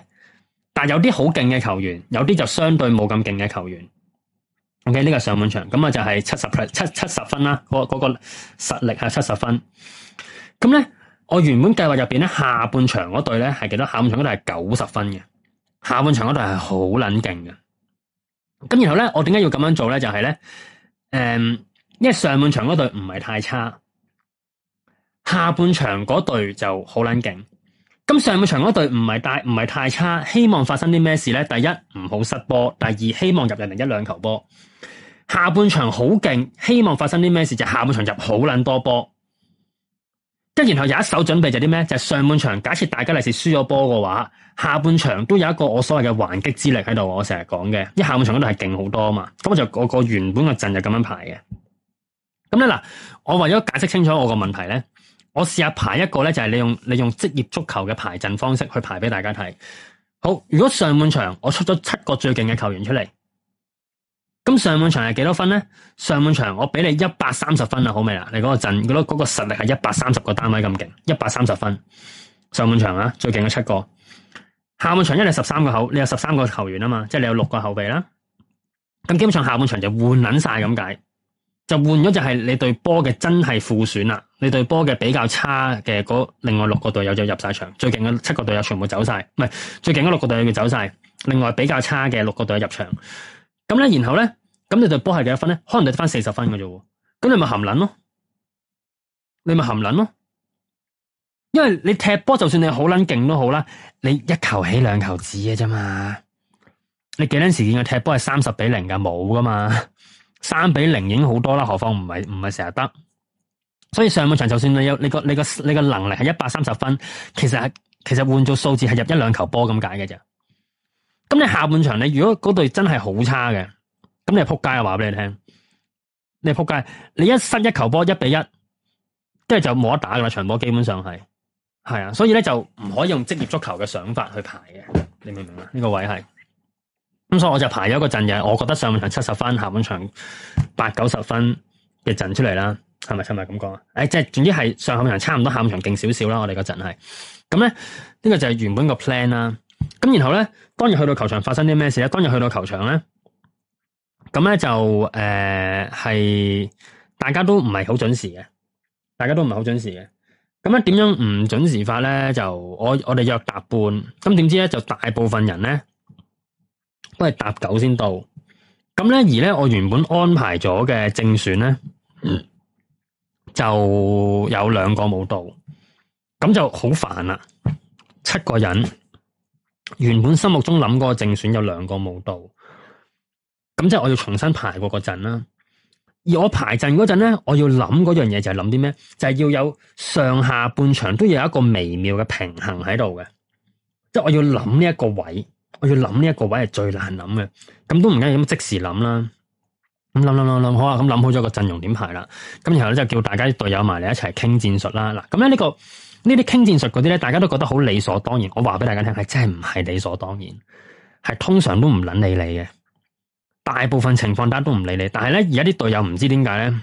但有啲好勁嘅球員，有啲就相對冇咁勁嘅球員。OK，呢個上半場咁啊就係七十分七七十分啦。嗰、嗰、嗰、個嗰個實力係七十分。咁咧？我原本計劃入邊咧，下半場嗰隊，咧係幾多？下半場嗰隊係九十分嘅，下半場嗰隊係好捻勁嘅。咁然後咧，我點解要咁樣做咧？就係、是、咧，誒、嗯，因為上半場嗰隊唔係太差，下半場嗰隊就好捻勁。咁上半場嗰隊唔係大，唔係太差。希望發生啲咩事咧？第一唔好失波，第二希望入人哋一兩球波。下半場好勁，希望發生啲咩事就是、下半場入好捻多波。跟然後有一手準備就啲咩？就係上半場假設大家嚟時輸咗波嘅話，下半場都有一個我所謂嘅還擊之力喺度。我成日講嘅，因為下半場嗰度係勁好多嘛。咁我就個個原本嘅陣就咁樣排嘅。咁咧嗱，我為咗解釋清楚我個問題咧，我試下排一個咧，就係你用你用職業足球嘅排陣方式去排俾大家睇。好，如果上半場我出咗七個最勁嘅球員出嚟。咁上半場係幾多分呢？上半場我俾你一百三十分啦，好未啦？你嗰個陣，嗰個嗰個實力係一百三十個單位咁勁，一百三十分。上半場啊，最勁嘅七個。下半場因為你十三個口，你有十三個球員啊嘛，即係你有六個後備啦。咁基本上下半場就換捻晒咁解，就換咗就係你對波嘅真係副選啦，你對波嘅比較差嘅嗰另外六個隊友就入晒場，最勁嘅七個隊友全部走晒，唔係最勁嘅六個隊友就走晒，另外比較差嘅六個隊友入場。咁咧，然後咧，咁你對波係幾多分咧？可能你得返四十分嘅啫，咁你咪含撚咯，你咪含撚咯，因為你踢波，就算你好撚勁都好啦，你一球起兩球止嘅啫嘛，你幾多時見嘅踢波係三十比零嘅冇噶嘛，三比零已經好多啦，何況唔係唔係成日得，所以上半場就算你有你個你個你個能力係一百三十分，其實係其實換做數字係入一兩球波咁解嘅啫。咁你下半場你如果嗰隊真係好差嘅，咁你係扑街啊！話俾你聽，你係扑街。你一失一球波一比一，跟住就冇得打噶啦！場波基本上係係啊，所以咧就唔可以用職業足球嘅想法去排嘅，你明唔明啊？呢個位係，咁所以我就排咗個陣，就我覺得上半場七十分，下半場八九十分嘅陣出嚟啦。係咪？係咪咁講啊？誒，即係總之係上半場差唔多，下半場勁少少，這個，啦。我哋個陣係咁咧，呢個就係原本個 plan 啦。咁然後咧，當日去到球場發生啲咩事咧？當日去到球場咧，咁咧就誒係大家都唔係好準時嘅，大家都唔係好準時嘅。咁咧點樣唔準時法咧？就我我哋約搭半。咁點知咧就大部分人咧都係搭九先到。咁咧而咧我原本安排咗嘅正選咧，嗯，就有兩個冇到，咁就好煩啦，七個人。原本心目中諗嗰個正選有兩個冇到，咁即係我要重新排過嗰陣啦。而我排陣嗰陣咧，我要諗嗰樣嘢就係諗啲咩？就係要有上下半場都要有一個微妙嘅平衡喺度嘅，即係我要諗呢一個位，我要諗呢一個位係最難諗嘅。咁都唔緊要，咁即時諗啦，咁諗諗諗諗好啊，咁諗好咗個陣容點排啦。咁然後咧就叫大家啲隊友埋嚟一齊傾戰術啦。嗱，咁咧呢個。呢啲傾戰術嗰啲咧，大家都覺得好理所當然。我話俾大家聽，係真係唔係理所當然，係通常都唔捻理你嘅。大部分情況大家都唔理你，但係咧，而家啲隊友唔知點解咧，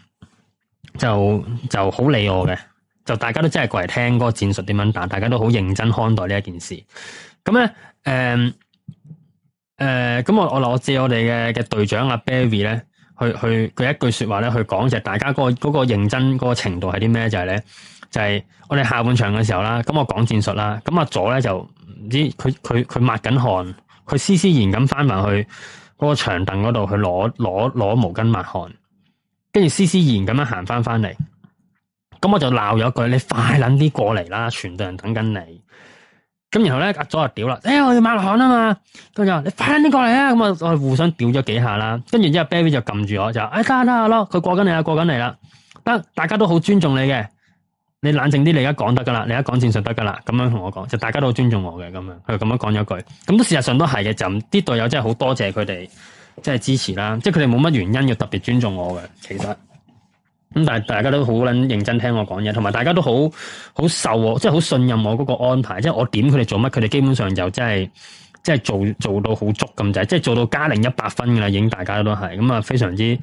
就就好理我嘅。就大家都真係過嚟聽嗰個戰術點樣打，大家都好認真看待呢一件事。咁咧，誒，誒，咁我我攞借我哋嘅嘅隊長阿 Barry 咧，去去佢一句說話咧，去講就大家嗰個嗰個認真嗰個程度係啲咩就係咧？就係我哋下半場嘅時候啦，咁左邊我講戰術啦，咁阿左咧就唔知佢佢佢抹緊汗，佢絲絲然咁翻埋去嗰個長凳嗰度去攞攞攞毛巾抹汗，跟住絲絲然咁樣行翻翻嚟，咁我就鬧咗一句，你快撚啲過嚟啦，全隊人等緊你。咁然後咧，阿左就屌啦，哎呀我要抹汗啊嘛，跟住話你快撚啲過嚟啊，咁啊我互相屌咗幾下啦，跟住之後 Barry 就撳住我就，得啊得啦，咯，佢過緊嚟啊，過緊嚟啦，得大家都好尊重你嘅。你冷靜啲，你而家講得噶啦，你而家講戰術得噶啦，咁樣同我講，就大家都好尊重我嘅。咁樣，佢咁樣講咗一句，咁都事實上都係嘅，就啲隊友真係好多謝佢哋，即係支持啦，即係佢哋冇乜原因要特別尊重我嘅，其實咁但係大家都好捻認真聽我講嘢，同埋大家都好好受我，即係好信任我嗰個安排，即係我點佢哋做乜，佢哋基本上就真係即係做做到好足咁就，即係做到加零一百分噶啦，已經大家都係，咁啊非常之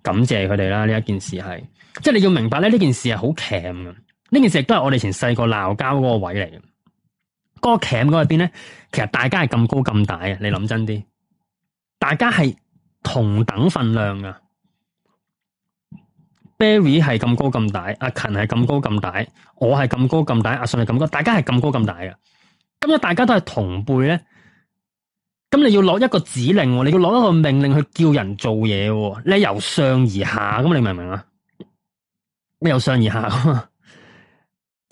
感謝佢哋啦，呢一件事係，即係你要明白咧呢件事係好強嘅。呢件事都係我哋以前細個鬧交嗰個位嚟嘅，嗰個 camp 嗰入邊咧，其實大家係咁高咁大嘅。你諗真啲，大家係同等份量嘅。Barry 係咁高咁大，阿勤係咁高咁大，我係咁高咁大，阿信係咁高，大家係咁高咁大嘅。咁一大家都係同輩咧，咁你要攞一個指令，你要攞一個命令去叫人做嘢，你由上而下咁，你明唔明啊？你由上而下噶嘛？ [laughs]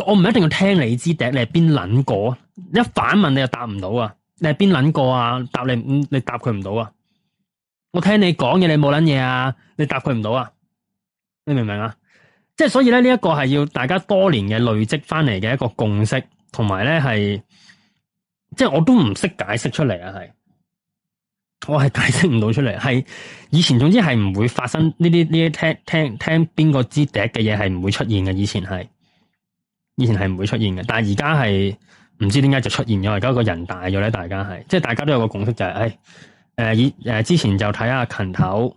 我唔一定要聽你支笛，你係邊捻個？你一反問，你又答唔到啊！你係邊捻個啊？答你，你答佢唔到啊！我聽你講嘢，你冇捻嘢啊？你答佢唔到啊？你明唔明啊？即係所以咧，呢、這、一個係要大家多年嘅累積翻嚟嘅一個共識，同埋咧係，即係我都唔識解釋出嚟啊！係，我係解釋唔到出嚟。係以前，總之係唔會發生呢啲呢啲聽聽聽邊個支笛嘅嘢係唔會出現嘅。以前係。以前係唔會出現嘅，但係而家係唔知點解就出現咗。而家個人大咗咧，大家係即係大家都有個共識就係、是，誒誒以誒之前就睇阿勤頭，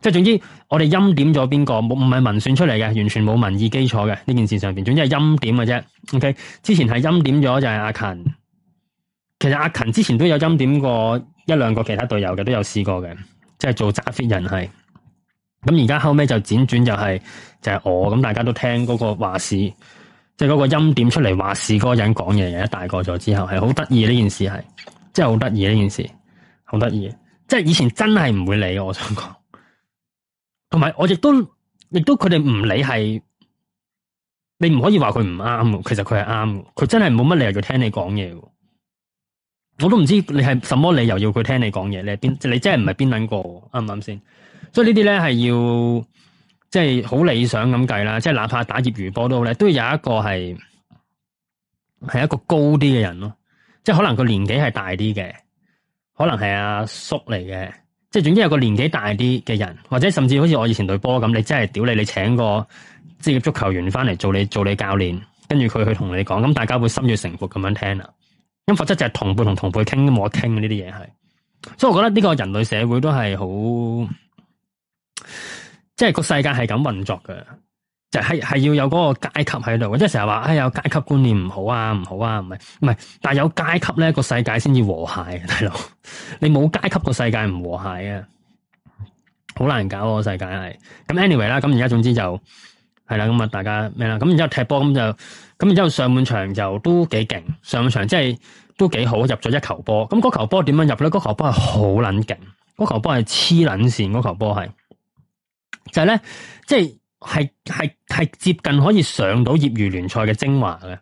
即係總之我哋欽點咗邊個冇唔係民選出嚟嘅，完全冇民意基礎嘅呢件事上邊，總之係欽點嘅啫。OK，之前係欽點咗就係阿勤，其實阿勤之前都有欽點過一兩個其他隊友嘅，都有試過嘅，即係做揸 fit 人係。咁而家後尾就輾轉就係、是、就係、是、我，咁大家都聽嗰個話事。即係嗰個音點出嚟話事嗰個人講嘢嘅，大個咗之後係好得意呢件事，係真係好得意呢件事，好得意。即係以前真係唔會理會，我想講。同埋我亦都亦都，佢哋唔理係，你唔可以話佢唔啱，其實佢係啱。佢真係冇乜理由要聽你講嘢。我都唔知你係什麼理由要佢聽你講嘢，你係邊？你真係唔係邊撚個？啱唔啱先？所以呢啲咧係要。即係好理想咁計啦，即係哪怕打業餘波都好咧，都要有一個係係一個高啲嘅人咯，即係可能佢年紀係大啲嘅，可能係阿叔嚟嘅，即係總之有個年紀大啲嘅人，或者甚至好似我以前隊波咁，你真係屌你，你請個職業足球員翻嚟做你做你教練，跟住佢去同你講，咁大家會心悅誠服咁樣聽啦，因否則就係同輩同同輩傾都冇得傾呢啲嘢係，所以我覺得呢個人類社會都係好。即係個世界係咁運作嘅，就係係要有嗰個階級喺度，即係成日話，哎，有階級觀念唔好啊，唔好啊，唔係唔係，但係有階級咧個世界先至和諧，大佬，你冇階級個世界唔和諧啊，好難搞個世界係。咁 anyway 啦，咁而家總之就係啦，咁啊大家咩啦，咁然之後踢波咁就，咁然之後上半場就都幾勁，上半場即係都幾好，入咗一球波，咁嗰球波點樣入咧？嗰球波係好捻勁，嗰球波係黐捻線，嗰球波係。就係咧，即係係係係接近可以上到業餘聯賽嘅精華嘅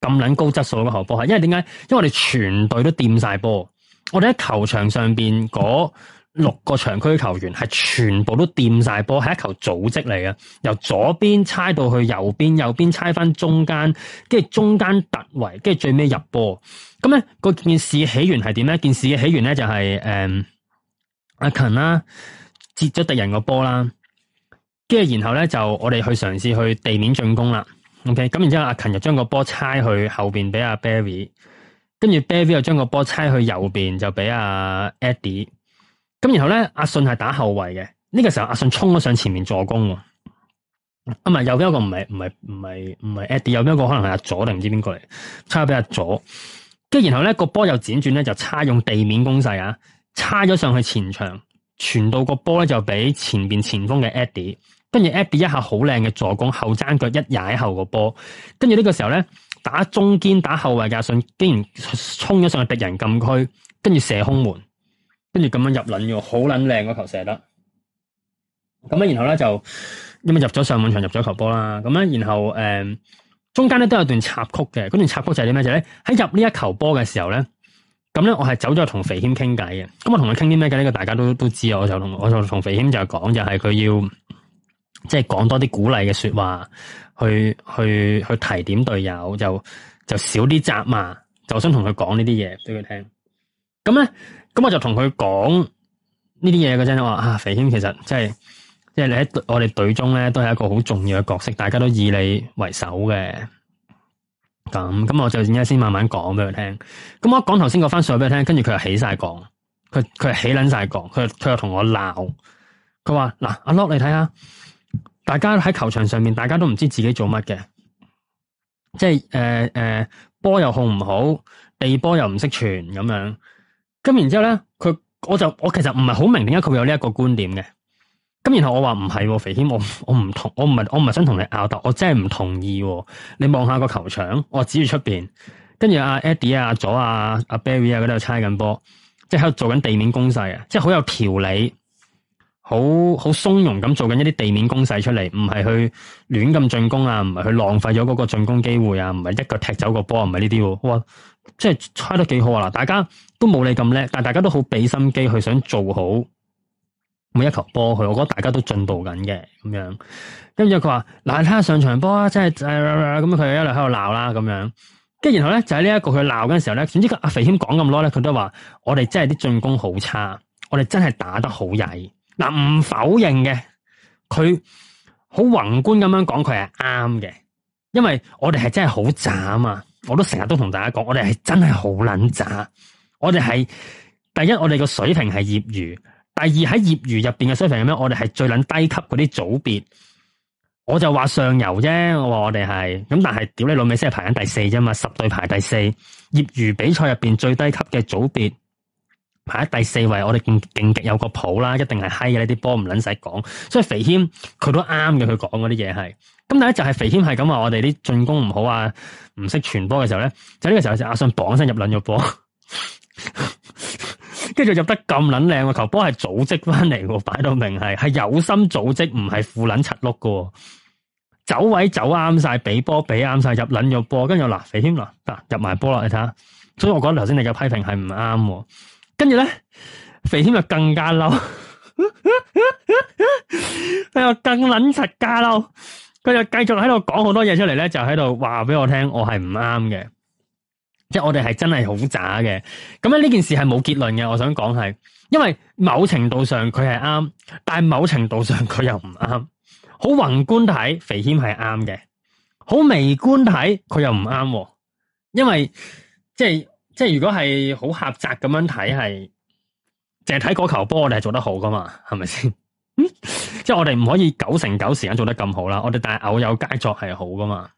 咁捻高質素嘅球波，係因為點解？因為我哋全隊都掂晒波，我哋喺球場上邊嗰六個場區球員係全部都掂晒波，係一球組織嚟嘅，由左邊猜到去右邊，右邊猜翻中間，跟住中間突圍，跟住最尾入波。咁咧個件事起源係點咧？件事嘅起源咧就係、是、誒、嗯、阿勤啦，截咗敵人個波啦。跟住然後咧就我哋去嘗試去地面進攻啦，OK？咁然之後阿勤就將個波差去後邊俾阿 Barry，跟住 Barry 又將個波差去右邊就俾阿 Eddie。咁然後咧阿信係打後衛嘅，呢個時候阿信衝咗上前面助攻。啊唔係，右邊一個唔係唔係唔係唔係 Eddie，右邊一個可能係阿左定唔知邊個嚟，差俾阿左。跟住然後咧個波又輾轉咧就差用地面攻勢啊，差咗上去前場，傳到個波咧就俾前邊前鋒嘅 Eddie。跟住 add 一下好靚嘅助攻後踭腳一踩，後個波。跟住呢個時候咧打中堅打後衛嘅信竟然衝咗上去敵人禁區，跟住射空門，跟住咁樣入卵嘅，好撚靚個球射得。咁樣然後咧就因為入咗上半場入咗球波啦，咁咧然後誒、嗯、中間咧都有段插曲嘅，嗰段插曲就係啲咩就咧？喺入呢一球波嘅時候咧，咁咧我係走咗同肥謙傾偈嘅，咁我同佢傾啲咩嘅？呢、這個大家都都知啊，我就同我就同肥謙就講，就係、是、佢要。即係講多啲鼓勵嘅說話，去去去提點隊友，就就少啲責罵，就想同佢講呢啲嘢對佢聽。咁咧，咁我就同佢講呢啲嘢嘅啫。我話啊，肥兄其實即係即係你喺我哋隊中咧，都係一個好重要嘅角色，大家都以你為首嘅。咁咁，我就而家先慢慢講俾佢聽。咁我講頭先嗰番說話俾佢聽，就就就就跟住佢又起晒講，佢佢又起捻晒講，佢佢又同我鬧。佢話嗱，阿 l 你睇下。大家喺球場上面，大家都唔知自己做乜嘅，即係誒誒，波、呃呃、又控唔好，地波又唔識傳咁樣，咁然之後咧，佢我就我其實唔係好明點解佢有呢一個觀點嘅，咁然後我話唔係肥軒，我我唔同，我唔係我唔係想同你拗鬥，我真係唔同意、哦。你望下個球場，我指住出邊，跟住阿、啊、Eddie 啊、佐啊、阿 Barry 啊嗰度、啊、猜緊波，即係喺度做緊地面攻勢啊，即係好有條理。好好鬆容咁做緊一啲地面攻勢出嚟，唔係去亂咁進攻啊，唔係去浪費咗嗰個進攻機會啊，唔係一個踢走個波，啊，唔係呢啲，哇，即係猜得幾好啊！嗱，大家都冇你咁叻，但大家都好俾心機去想做好每一球波，佢，我覺得大家都進步緊嘅咁樣。跟住佢話嗱，睇下上場波，即係咁佢一路喺度鬧啦咁樣。跟住然後咧就喺呢一個佢鬧緊時候咧，總之阿、啊、肥謙講咁多咧，佢都話我哋真係啲進攻好差，我哋真係打得好曳。嗱，唔、啊、否認嘅，佢好宏觀咁樣講，佢係啱嘅。因為我哋係真係好渣啊嘛！我都成日都同大家講，我哋係真係好撚渣。我哋係第一，我哋個水平係業餘；第二，喺業餘入邊嘅水平咁樣，我哋係最撚低級嗰啲組別。我就話上游啫，我話我哋係咁，但係屌你老味，先係排緊第四啫嘛，十隊排第四，業餘比賽入邊最低級嘅組別。排喺第四位，我哋勁勁極有個譜啦，一定係嗨嘅呢啲波唔卵使講，所以肥謙佢都啱嘅，佢講嗰啲嘢係。咁但係就係肥謙係咁話，我哋啲進攻唔好啊，唔識傳波嘅時候咧，就呢、是、個時候阿信綁身入卵咗波，跟 [laughs] 住入得咁卵靚嘅球波係組織翻嚟，擺到明係係有心組織，唔係負卵七碌嘅、啊。走位走啱晒，俾波俾啱晒，入卵咗波，跟住嗱肥謙嗱嗱入埋波啦，你睇下，所以我覺得頭先你嘅批評係唔啱。跟住咧，肥謙就更加嬲，佢又更撚柒加嬲，佢就繼續喺度講好多嘢出嚟咧，就喺度話俾我聽，我係唔啱嘅，即係我哋係真係好渣嘅。咁咧呢件事係冇結論嘅。我想講係，因為某程度上佢係啱，但係某程度上佢又唔啱。好宏觀睇，肥謙係啱嘅；好微觀睇，佢又唔啱。因為即係。即係如果係好狹窄咁樣睇，係淨係睇個球波，我哋係做得好噶嘛？係咪先？ [laughs] 即係我哋唔可以九成九時間做得咁好啦。我哋但係偶有佳作係好噶嘛？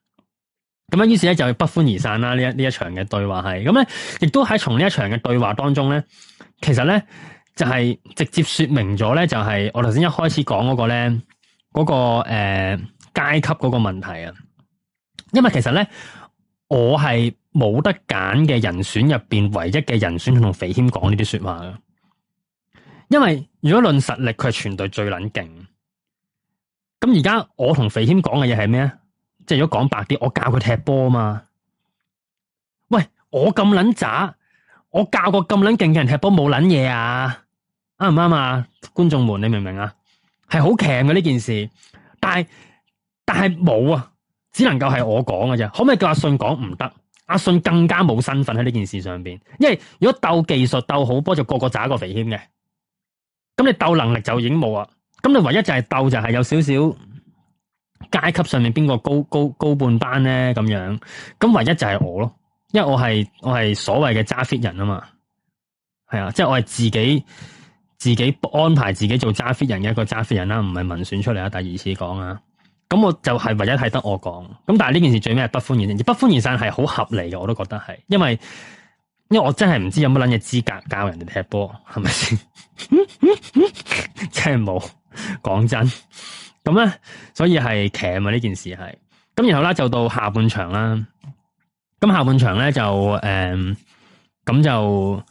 咁樣於是咧就不歡而散啦。呢一呢一場嘅對話係咁咧，亦都喺從呢一場嘅對話當中咧，其實咧就係、是、直接說明咗咧，就係我頭先一開始講嗰個咧嗰、那個誒階、呃、級嗰個問題啊。因為其實咧我係。冇得揀嘅人選入邊，唯一嘅人選同肥謙講呢啲說話。因為如果論實力，佢係全隊最撚勁。咁而家我同肥謙講嘅嘢係咩啊？即係如果講白啲，我教佢踢波嘛？喂，我咁撚渣，我教個咁撚勁嘅人踢波冇撚嘢啊？啱唔啱啊？觀眾們，你明唔明啊？係好強嘅呢件事，但係但係冇啊，只能夠係我講嘅啫。可唔可以叫阿信講唔得？阿信更加冇身份喺呢件事上邊，因為如果鬥技術鬥好波就個個揸個肥謙嘅，咁你鬥能力就已經冇啊，咁你唯一就係鬥就係有少少階級上面邊個高高高半班咧咁樣，咁唯一就係我咯，因為我係我係所謂嘅揸 fit 人啊嘛，係啊，即係我係自己自己安排自己做揸 fit 人嘅一個揸 fit 人啦，唔係民選出嚟啊，第二次講啊。咁我就係唯一係得我講，咁但係呢件事最尾係不歡而散，不歡而散係好合理嘅，我都覺得係，因為因為我真係唔知有乜撚嘢資格教人哋踢波，係咪先？即係冇，講真。咁咧，所以係騎啊呢件事係，咁然後咧就到下半場啦。咁下半場咧就誒，咁、呃、就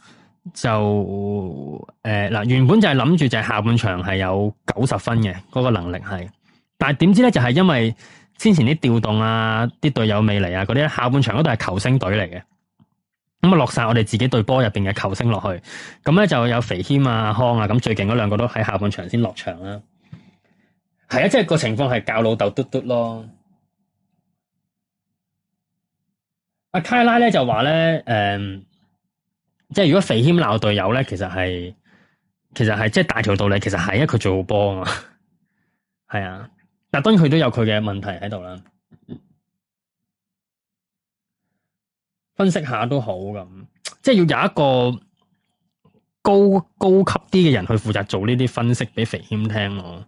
就誒嗱、呃，原本就係諗住就係下半場係有九十分嘅嗰、那個能力係。但係點知咧，就係、是、因為先前啲調動啊，啲隊友未嚟啊，嗰啲下半場嗰度係球星隊嚟嘅，咁啊落晒我哋自己隊波入邊嘅球星落去，咁咧就有肥謙啊康啊，咁最勁嗰兩個都喺下半場先落場啦。係啊，即係個情況係教老豆嘟嘟，嘟嘟咯。阿卡拉咧就話咧，誒、嗯，即係如果肥謙鬧隊友咧，其實係其實係即係大條道理，其實係一個做波啊嘛，係啊。 [laughs] 但當然佢都有佢嘅問題喺度啦，分析下都好咁，即係要有一個高高級啲嘅人去負責做呢啲分析畀肥謙聽咯。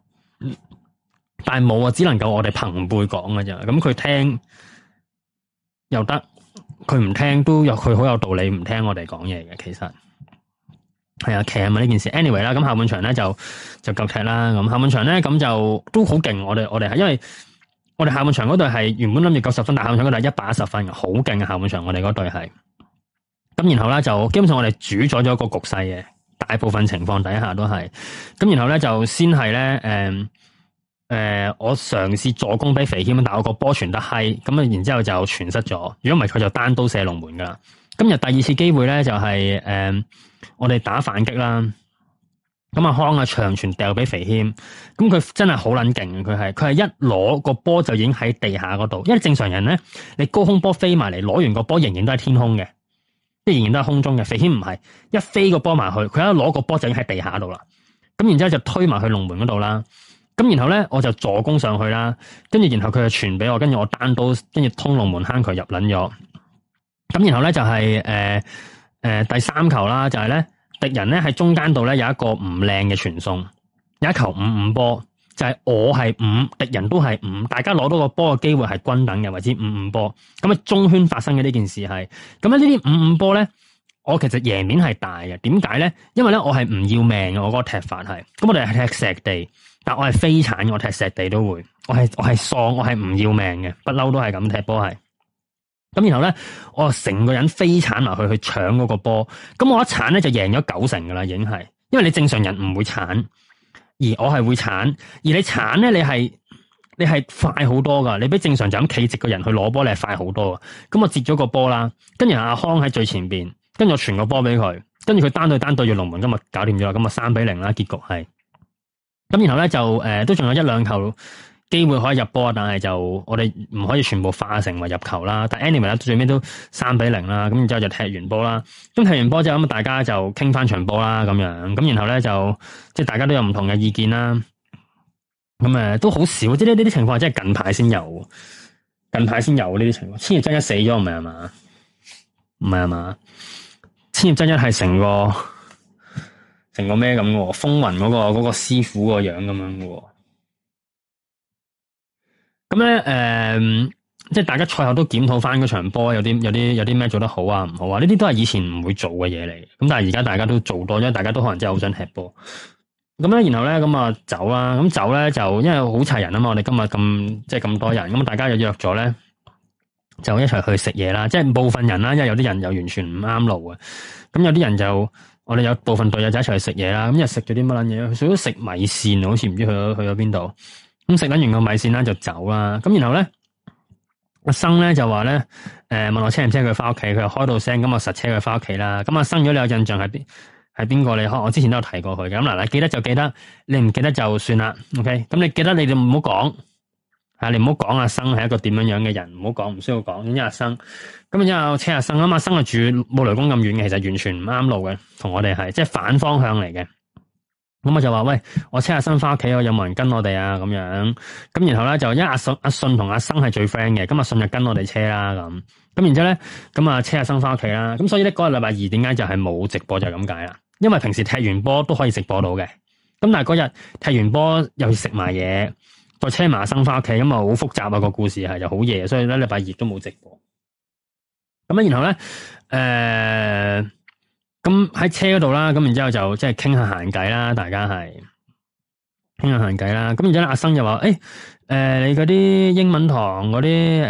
但冇啊，只能夠我哋朋輩講嘅啫。咁佢聽又得，佢唔聽都有，佢好有道理，唔聽我哋講嘢嘅，其實。係啊，騎啊嘛呢件事。anyway 啦，咁下半場咧就就夠騎啦。咁下半場咧咁就都好勁。我哋我哋係因為我哋下半場嗰隊係原本諗住九十分，但下半場嗰隊一百一十分好勁嘅，下半場我哋嗰隊係。咁然後咧就基本上我哋主宰咗一個局勢嘅，大部分情況底下都係。咁然後咧就先係咧誒誒，我嘗試助攻俾肥謙，但係我個波傳得閪，咁啊然之後就傳失咗。如果唔係佢就單刀射龍門噶啦。今日第二次機會咧就係、是、誒。嗯我哋打反擊啦，咁啊康啊長傳掉俾肥軒，咁佢真係好撚勁，佢係佢係一攞個波就已經喺地下嗰度，因為正常人咧你高空波飛埋嚟攞完個波，仍然都係天空嘅，即係仍然都係空中嘅。肥軒唔係一飛個波埋去，佢一攞個波就已經喺地下度啦。咁然之後就推埋去龍門嗰度啦。咁然後咧我就助攻上去啦，跟住然後佢就傳俾我，跟住我單刀跟住通龍門坑佢入撚咗。咁然後咧就係誒誒第三球啦，就係咧。敵人咧喺中間度咧有一個唔靚嘅傳送，有一球五五波，就係我係五，敵人都係五，大家攞到個波嘅機會係均等嘅，或者五五波。咁啊，中圈發生嘅呢件事係，咁喺呢啲五五波咧，我其實贏面係大嘅。點解咧？因為咧我係唔要命嘅，我嗰個踢法係，咁我哋係踢石地，但係我係飛鏟，我踢石地都會，我係我係喪，我係唔要命嘅，不嬲都係咁踢波係。咁然後咧，我成個人飛鏟埋去去搶嗰個波，咁我一鏟咧就贏咗九成噶啦，已經係，因為你正常人唔會鏟，而我係會鏟，而你鏟咧，你係你係快好多噶你比正常就咁企直個人去攞波，你係快好多噶咁我截咗個波啦，跟住阿康喺最前邊，跟住我傳個波俾佢，跟住佢單對單對住龍門，今日搞掂咗啦，咁啊三比零啦，結局係，咁然後咧就誒、呃，都仲有一兩球。機會可以入波，但係就我哋唔可以全部化成為入球啦。但係 anyway 咧，最尾都三比零啦，咁之後就踢完波啦。咁踢完波之後，咁大家就傾翻場波啦，咁樣咁然後咧就即係大家都有唔同嘅意見啦。咁、嗯、誒都好少，即係呢啲情況，即係近排先有。近排先有呢啲情況。千葉真一死咗唔係嘛？唔係嘛？千葉真一係成個成個咩咁嘅？風雲嗰個嗰個師傅個樣咁樣嘅。咁咧，誒、呃，即係大家賽後都檢討翻嗰場波，有啲有啲有啲咩做得好啊，唔好啊，呢啲都係以前唔會做嘅嘢嚟。咁但係而家大家都做多，因為大家都可能真係好想踢波。咁咧，然後咧，咁啊走啦。咁走咧就因為好齊人啊嘛，我哋今日咁即係咁多人，咁大家又約咗咧，就一齊去食嘢啦。即係部分人啦，因為有啲人又完全唔啱路啊。咁有啲人就我哋有部分隊友仔一齊去食嘢啦。咁又食咗啲乜撚嘢？佢仲要食米線，好似唔知去咗去咗邊度。咁食緊完個米線啦，就走啦。咁然後咧，阿生咧就話咧，誒，問我車唔車佢翻屋企，佢又開到聲，咁我實車佢翻屋企啦。咁、嗯、阿生如果你有印象係邊？係邊個你？我之前都有提過佢嘅。咁、嗯、嗱，記得就記得，你唔記得就算啦。OK，咁、嗯、你記得你哋唔好講，啊，你唔好講阿生係一個點樣樣嘅人，唔好講，唔需要講。咁、嗯啊、阿生，咁就車阿生啊嘛，生啊住冇雷公咁遠嘅，其實完全唔啱路嘅，同我哋係即係反方向嚟嘅。咁我就話喂，我車阿生翻屋企，我有冇人跟我哋啊？咁樣，咁然後咧就，因為阿信阿信同阿生係最 friend 嘅，咁阿信就跟我哋車啦。咁咁然之後咧，咁啊車阿生翻屋企啦。咁所以咧嗰個禮拜二點解就係冇直播就係咁解啦？因為平時踢完波都可以直播到嘅，咁但係嗰日踢完波又要食埋嘢，再車埋阿生翻屋企，咁啊好複雜啊個故事係就好夜，所以咧禮拜二都冇直播。咁啊然後咧誒。呃咁喺、嗯、車嗰度啦，咁然之後就即係傾下閒偈啦，大家係傾下閒偈啦。咁然之後阿生就話：誒、欸，誒、呃，你嗰啲英文堂嗰啲誒誒，幾、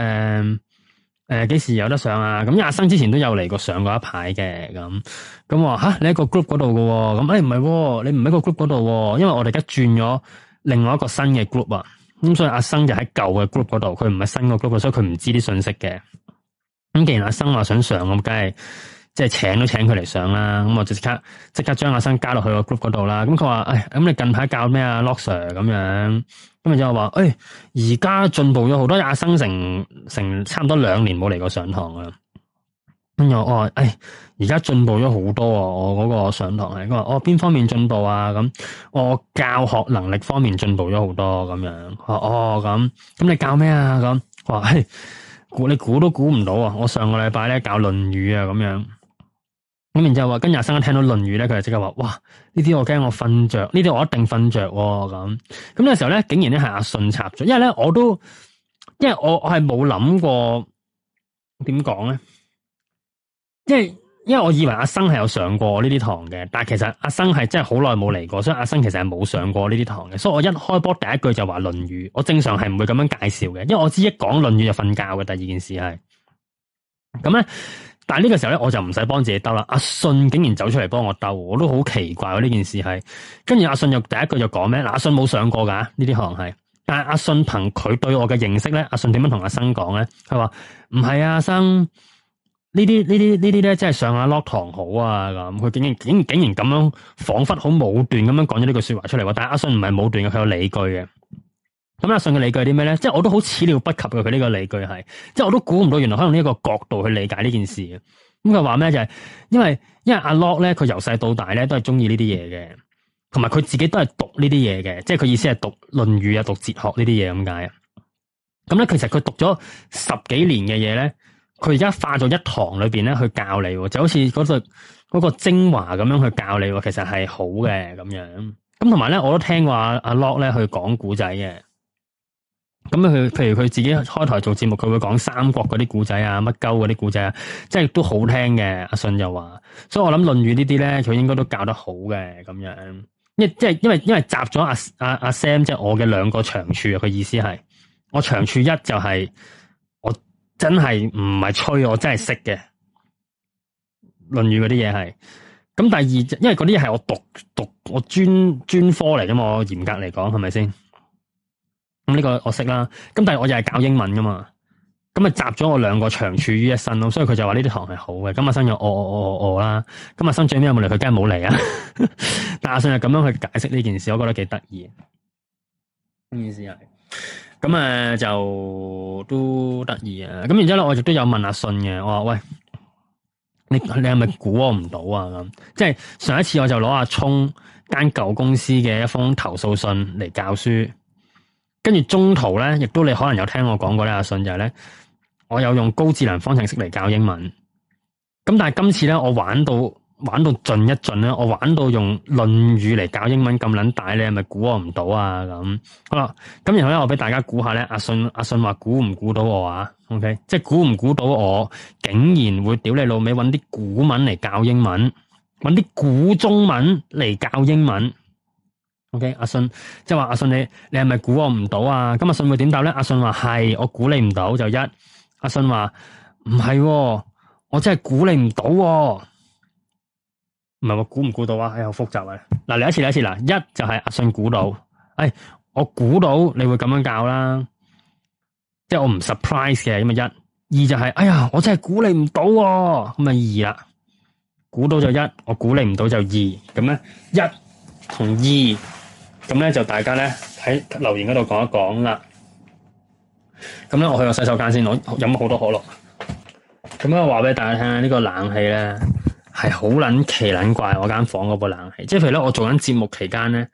呃呃、時有得上啊？咁阿生之前都有嚟過上過一排嘅，咁咁話吓你喺個 group 嗰度嘅，咁誒唔係，你唔喺個 group 嗰度、啊，因為我哋而家轉咗另外一個新嘅 group 啊。咁、嗯、所以阿生就喺舊嘅 group 嗰度，佢唔係新個 group，所以佢唔知啲信息嘅。咁、嗯、既然阿生話想上，咁梗係。即係請都請佢嚟上啦，咁我即刻即刻將阿生加落去個 group 嗰度啦。咁佢話，誒，咁你近排教咩啊，Lok Sir 咁樣。咁然就後話，誒、欸，而家進步咗好多。阿生成成差唔多兩年冇嚟過上堂啦。跟住我話，誒，而家進步咗好多啊！我嗰個上堂係，佢話，我、哦、邊方面進步啊？咁、哦、我教學能力方面進步咗好多咁樣。哦，咁，咁你教咩啊？咁我話，嘿，估你估都估唔到啊！我上個禮拜咧教《論語》啊，咁樣。咁然之後話，今日阿生一聽到《論語》呢咧，佢就即刻話：哇！呢啲我驚我瞓着，呢啲我一定瞓着哦。咁咁嘅時候咧，竟然咧係阿信插咗，因為咧我都，因為我我係冇諗過點講咧，因為因為我以為阿生係有上過呢啲堂嘅，但係其實阿生係真係好耐冇嚟過，所以阿生其實係冇上過呢啲堂嘅。所以我一開波第一句就話《論語》，我正常係唔會咁樣介紹嘅，因為我知一講《論語》就瞓覺嘅。第二件事係咁咧。但係呢個時候咧，我就唔使幫自己鬥啦。阿信竟然走出嚟幫我鬥，我都好奇怪喎、啊。呢件事係跟住阿信又第一句就講咩？嗱，阿信冇上過噶呢啲行係，但係阿信憑佢對我嘅認識咧，阿信點樣同阿生講咧？佢話唔係啊阿生呢啲呢啲呢啲咧，即係上下落堂好啊咁。佢竟,竟,竟,竟然竟然竟然咁樣，仿佛好武斷咁樣講咗呢句說話出嚟。但係阿信唔係武斷嘅，佢有理據嘅。咁阿信嘅理據係啲咩咧？即係我都好始料不及嘅，佢呢個理據係，即係我都估唔到原來可能呢一個角度去理解呢件事嘅。咁佢話咩就係、是，因為因為阿 Lock 咧，佢由細到大咧都係中意呢啲嘢嘅，同埋佢自己都係讀呢啲嘢嘅，即係佢意思係讀《論語》啊、讀哲學呢啲嘢咁解。咁咧其實佢讀咗十幾年嘅嘢咧，佢而家化做一堂裏邊咧去教你，就好似嗰個精華咁樣去教你，其實係好嘅咁樣。咁同埋咧，我都聽過阿阿 Lock 咧去講古仔嘅。咁佢譬如佢自己開台做節目，佢會講三國嗰啲古仔啊，乜鳩嗰啲古仔啊，即係都好聽嘅。阿信又話，所以我諗《論語》呢啲咧，佢應該都教得好嘅咁樣。因為因為因為集咗阿阿，阿 Sam，即係我嘅兩個長處啊。佢意思係，我長處一就係我真係唔係吹，我真係識嘅《論語》嗰啲嘢係。咁第二，因為嗰啲係我讀讀我專專科嚟噶嘛，我嚴格嚟講係咪先？呢個我識啦，咁但係我又係教英文噶嘛，咁咪集咗我兩個長處於一身咯，所以佢就話呢啲堂係好嘅。咁阿信又哦哦哦哦哦啦，咁阿信最尾有冇嚟？佢梗係冇嚟啦。 [laughs] 但阿信係咁樣去解釋呢件事，我覺得幾得意。呢 [laughs] 件事係咁啊，就都得意啊。咁然之後咧，我亦都有問阿、啊、信嘅，我話喂，你你係咪估我唔到啊？咁即係上一次我就攞阿、啊、聰間舊公司嘅一封投訴信嚟教書。跟住中途咧，亦都你可能有聽我講過咧，阿信就係咧，我有用高智能方程式嚟教英文。咁但係今次咧，我玩到玩到盡一盡咧，我玩到用論語嚟教英文咁撚大，你係咪估我唔到啊？咁好啦，咁然後咧，我俾大家估下咧，阿信阿信話估唔估到我啊？OK，即係估唔估到我竟然會屌你老味，揾啲古文嚟教英文，揾啲古中文嚟教英文。O、okay, K，阿信即係話阿信你，你係咪估我唔到啊？咁阿信會點答咧？阿信話係，我估你唔到就一。阿信話唔係，我真係估你唔到，唔係我估唔估到啊？係好、啊啊哎、複雜啊！嗱，嚟一次，嚟一次嗱，一就係阿信估到，誒、哎，我估到你會咁樣教啦，即係我唔 surprise 嘅，咁啊一。二就係、是，哎呀，我真係估你唔到、啊，咁啊二啦。估到就一，我估你唔到就二，咁咧一同二。咁咧就大家咧喺留言嗰度講一講啦。咁咧我去個洗手間先，我飲咗好多可樂。咁咧我話俾大家聽啊，呢、呢個冷氣咧係好撚奇撚怪，我間房嗰部冷氣。即係譬如咧，我做緊節目期間咧，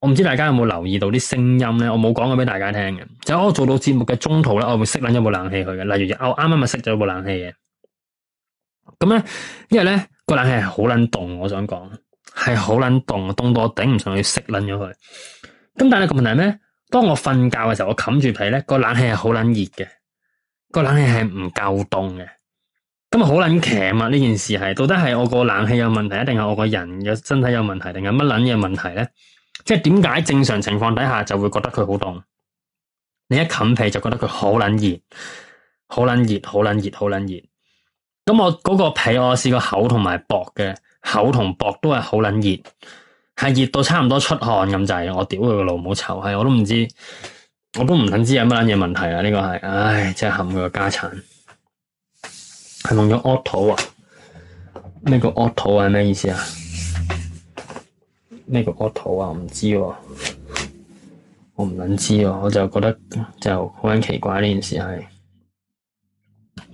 我唔知大家有冇留意到啲聲音咧。我冇講過俾大家聽嘅。就係、我做到節目嘅中途咧，我會熄撚咗部冷氣佢嘅。例如我啱啱咪熄咗部冷氣嘅。咁咧，因為咧個冷氣係好撚凍，我想講。係好撚凍，凍到我頂唔順去熄撚咗佢。咁但係個問題係咩？當我瞓覺嘅時候，我冚住被咧，個冷氣係好撚熱嘅，個冷氣係唔夠凍嘅。咁啊好撚奇啊！呢件事係到底係我個冷氣有問題，定係我個人嘅身體有問題，定係乜撚嘢問題咧？即係點解正常情況底下就會覺得佢好凍？你一冚被就覺得佢好撚熱，好撚熱，好撚熱，好撚熱。咁我嗰個被我試過厚同埋薄嘅。口同薄都係好捻熱，係熱到差唔多出汗咁滯。我屌佢個老母臭！係我都唔知，我都唔捻知有乜捻嘢問題啊！呢、這個係，唉，真係冚佢個家產，係用咗惡土啊？呢、這個惡土係咩意思啊？呢、這個惡土啊，唔知、啊，我唔捻知、啊，我就覺得就好捻奇怪呢、啊、件事係。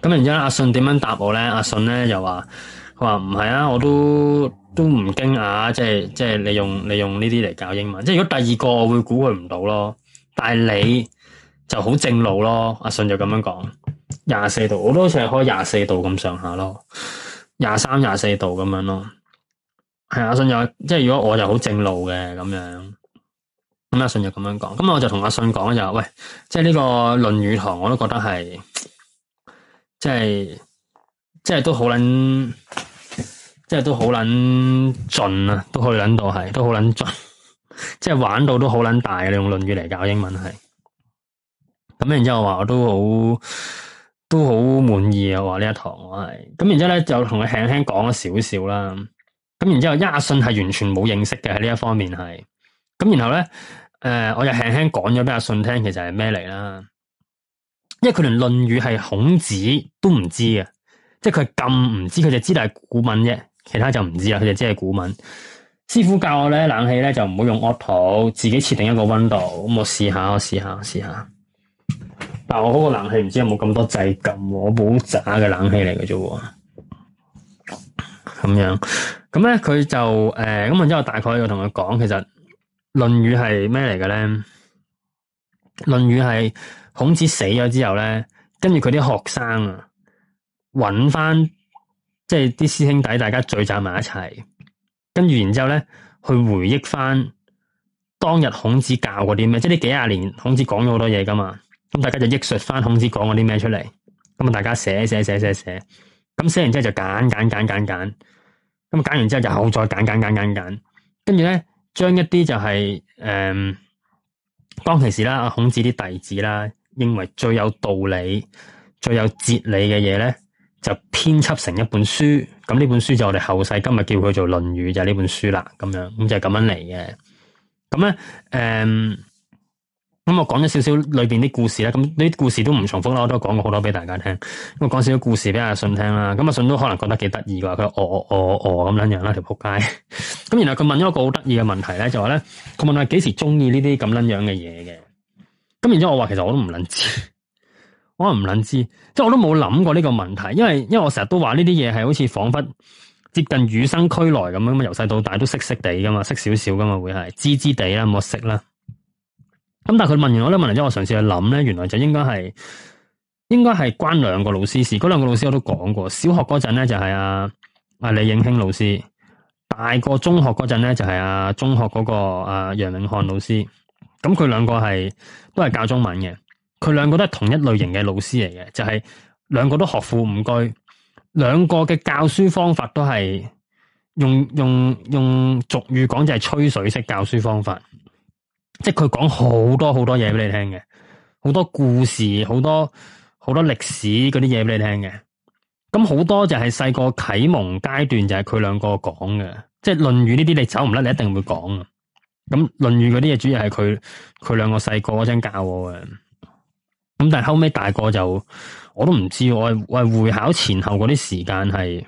咁然之後阿信點樣答我咧？阿信咧又話。佢話唔係啊，我都都唔驚啊，即係即係你用你用呢啲嚟教英文，即係如果第二個我會估佢唔到咯，但係你就好正路咯。阿信就咁樣講，廿四度，我都好似係開廿四度咁上下咯，廿三、廿四度咁樣咯。係啊，阿信就即係如果我就好正路嘅咁樣，咁阿信就咁樣講，咁我就同阿信講就話，喂，即係呢個論語堂我都覺得係即係。即係都好撚，即係都好撚盡啊！都可以撚到係，都好撚盡。即係玩到都好撚大你用論《論語》嚟教英文係，咁然之後話我都好，都好滿意啊！話呢一堂我係，咁然之後咧就同佢輕輕講咗少少啦。咁然之後，因為阿信係完全冇認識嘅喺呢一方面係。咁然後咧，誒、呃，我就輕輕講咗俾阿信聽，其實係咩嚟啦？因為佢連《論語》係孔子都唔知嘅。即係佢咁唔知，佢就知係古文啫，其他就唔知啦。佢就知係古文。師傅教我咧，冷氣咧就唔好用 auto，自己設定一個溫度。咁我試下，我試下，我試下。但我嗰個冷氣唔知有冇咁多掣，我冇渣嘅冷氣嚟嘅啫。咁樣，咁咧佢就誒，咁然之後大概我同佢講，其實論《論語》係咩嚟嘅咧？《論語》係孔子死咗之後咧，跟住佢啲學生啊。揾翻即係啲師兄弟，大家聚集埋一齊，跟住然之後咧，去回憶翻當日孔子教過啲咩？即係呢幾廿年孔子講咗好多嘢噶嘛，咁大家就憶述翻孔子講嗰啲咩出嚟。咁啊，大家寫寫寫寫寫寫，咁寫完之後就揀揀揀揀揀，咁揀完之後就好再揀揀揀揀揀揀，跟住咧將一啲就係、是、誒、嗯，當其時啦、啊，孔子啲弟子啦、啊、認為最有道理、最有哲理嘅嘢咧。就編輯成一本書，咁呢本書就我哋後世今日叫佢做《論語》，就係、是、呢本書啦，咁樣咁就係咁樣嚟嘅。咁咧，誒、嗯，咁我講咗少少裏邊啲故事咧，咁呢啲故事都唔重複啦，我都講過好多俾大家聽。咁我講少少故事俾阿信聽啦，咁阿信都可能覺得幾得意啩，佢哦哦哦咁樣樣啦，條扑街。咁 [laughs] 然後佢問咗一個好得意嘅問題咧，就話、是、咧，佢問我幾時中意呢啲咁樣樣嘅嘢嘅。咁然之後我話其實我都唔能知。我唔捻知，即係我都冇諗過呢個問題，因為因為我成日都話呢啲嘢係好似仿佛接近與生俱來咁樣，由細到大都識識地噶嘛，識少少噶嘛會係知知地啦，我識啦。咁但係佢問完我咧，問完之後我嘗試去諗咧，原來就應該係應該係關兩個老師事。嗰兩個老師我都講過，小學嗰陣咧就係阿阿李應興老師，大個中學嗰陣咧就係阿、啊、中學嗰個阿、啊、楊永漢老師。咁佢兩個係都係教中文嘅。佢兩個都係同一類型嘅老師嚟嘅，就係、是、兩個都學富五車，兩個嘅教書方法都係用用用俗語講就係吹水式教書方法，即係佢講好多好多嘢俾你聽嘅，好多故事，好多好多歷史嗰啲嘢俾你聽嘅。咁好多就係細個啟蒙階段就係佢兩個講嘅，即係《論語》呢啲你走唔甩，你一定會講。咁《論語》嗰啲嘢主要係佢佢兩個細個嗰陣教我嘅。咁但係後尾大個就，我都唔知我我會考前後嗰啲時間係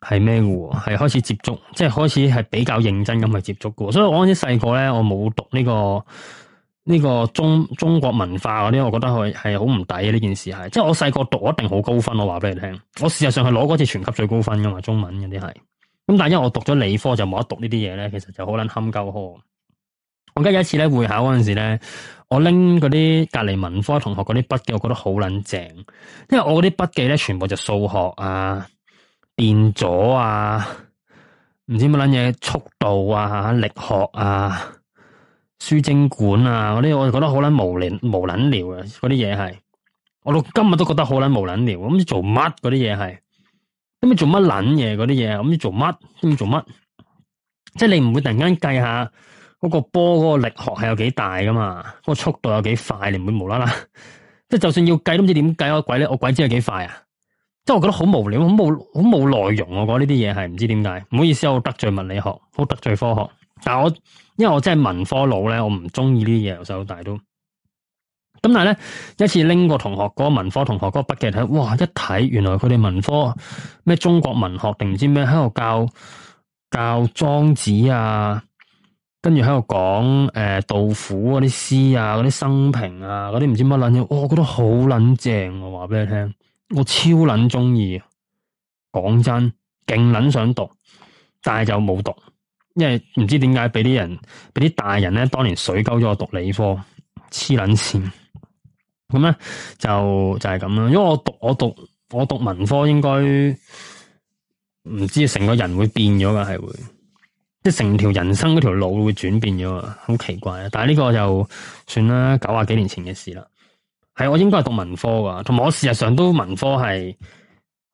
係咩噶喎？係開始接觸，即係開始係比較認真咁去接觸噶。所以我嗰陣時細個咧，我冇讀呢個呢個中中國文化嗰啲，我覺得係係好唔抵啊！呢件事係，即係我細個讀一定好高分，我話俾你聽。我事實上係攞嗰次全級最高分噶嘛，中文嗰啲係。咁但係因為我讀咗理科，就冇得讀呢啲嘢咧，其實就好捻堪鳩呵。我記得有一次咧會考嗰陣時咧。我拎嗰啲隔籬文科同學嗰啲筆記，我覺得好撚正，因為我嗰啲筆記咧全部就數學啊、電咗啊、唔知乜撚嘢速度啊、力學啊、輸精管啊嗰啲，我就覺得好撚無零無撚聊啊。嗰啲嘢係，我到今日都覺得好撚無撚聊，我咁做乜嗰啲嘢係，咁做乜撚嘢嗰啲嘢，咁做乜，咁做乜，即係、就是、你唔會突然間計下。嗰個波嗰個力學係有幾大噶嘛？嗰、嗰個速度有幾快？你唔會無啦啦，即係就算要計都唔知點計，我鬼咧，我鬼知有幾快啊！即係我覺得好無聊，好冇好冇內容、啊。我覺得呢啲嘢係唔知點解，唔好意思，我得罪物理學，好得罪科學。但係我因為我真係文科佬咧，我唔中意呢啲嘢，由細到大都。咁但係咧，一次拎個同學，嗰個文科同學嗰個筆記睇，哇！一睇原來佢哋文科咩中國文學定唔知咩，喺度教教莊子啊。跟住喺度講誒，杜甫嗰啲詩啊，嗰啲生平啊，嗰啲唔知乜撚嘢，我覺得好撚正，啊，我話俾你聽，我超撚中意，講真，勁撚想讀，但係就冇讀，因為唔知點解俾啲人，俾啲大人咧當年水溝咗我讀理科，黐撚線，咁咧就就係咁啦，因為我讀我讀我讀文科應該，應該唔知成個人會變咗噶，係會。即係成條人生嗰條路會轉變咗啊，好奇怪啊！但係呢個就算啦，九廿幾年前嘅事啦。係，我應該係讀文科噶，同埋我事實上都文科係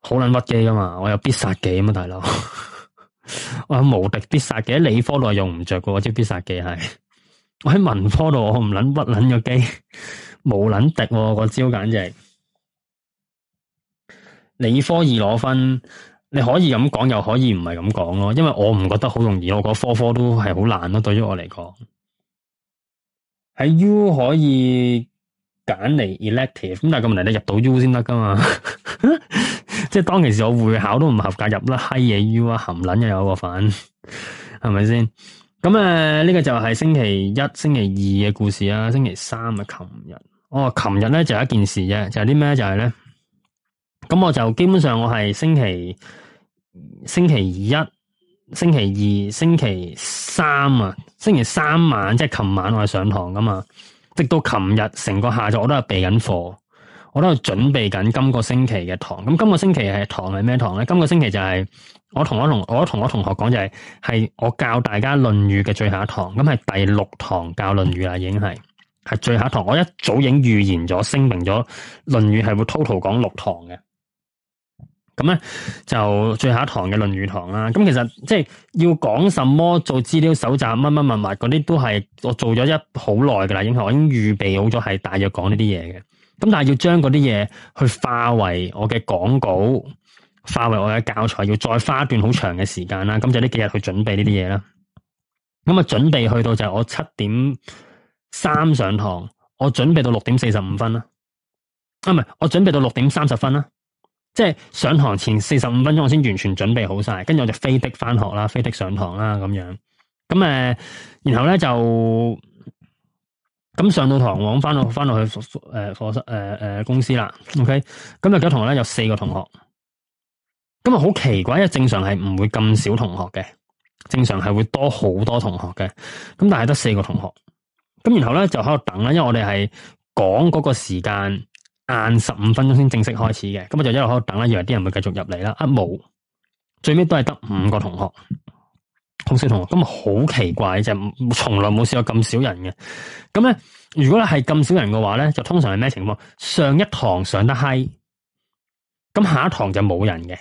好捻屈機噶嘛。我有必殺技啊嘛，大佬！ [laughs] 我有無敵必殺技，理科內用唔著噶，招必殺技係。我喺 [laughs] 文科度，我唔捻屈捻個機，冇捻敵個招簡直。理科易攞分。你可以咁講，又可以唔係咁講咯，因為我唔覺得好容易，我個科科都係好難咯，對於我嚟講，喺 U 可以揀嚟 elective，咁但係個問題你入到 U 先得噶嘛， [laughs] 即係當其時我會考都唔合格入啦，閪嘢 U 啊含撚又有個份，係咪先？咁啊呢個就係星期一、星期二嘅故事啊，星期三啊，琴日，哦，琴日咧就有、是、一件事啫，就係啲咩？就係、是、咧，咁我就基本上我係星期。星期一、星期二、星期三啊，星期三晚即係琴晚我係上堂㗎嘛，直到琴日成個下晝我都係備緊課，我都係準備緊、嗯、今個星期嘅堂。咁今個星期係堂係咩堂咧？今個星期就係、是、我同，同我同我同我同學講，就係係我教大家《論語》嘅最後一堂，咁係第六堂教《論語》啦，已經係係最後一堂。我一早已經預言咗，聲明咗《論語》係會 total 講六堂嘅。咁咧就最後一堂嘅論語堂啦。咁其實即係要講什麼做資料搜集乜乜物物嗰啲都係我做咗一好耐噶啦，已經我已經預備好咗係大約講呢啲嘢嘅。咁但係要將嗰啲嘢去化為我嘅講稿，化為我嘅教材，要再花一段好長嘅時間啦。咁就呢幾日去準備呢啲嘢啦。咁啊，準備去到就係我七點三上堂，我準備到六點四十五分啦。啊，唔係，我準備到六點三十分啦。即係上堂前四十五分鐘，我先完全準備好晒，跟住我就飛的翻學啦，飛的上堂啦咁樣。咁、嗯、誒、然後咧就咁上到堂，我咁翻到翻落去誒課室誒誒公司啦。OK，今日嘅同學咧有四個同學，咁啊好奇怪，因為正常係唔會咁少同學嘅，正常係會多好多同學嘅，咁但係得四個同學。咁然後咧就喺度等啦，因為我哋係講嗰個時間。晏十五分鐘先正式開始嘅，咁我就一路喺度等啦，以為啲人會繼續入嚟啦，一冇，最尾都係得五個同學，好少同學，咁啊好奇怪，就從來冇試過咁少人嘅。咁咧，如果係咁少人嘅話咧，就通常係咩情況？上一堂上得閪，咁下一堂就冇人嘅，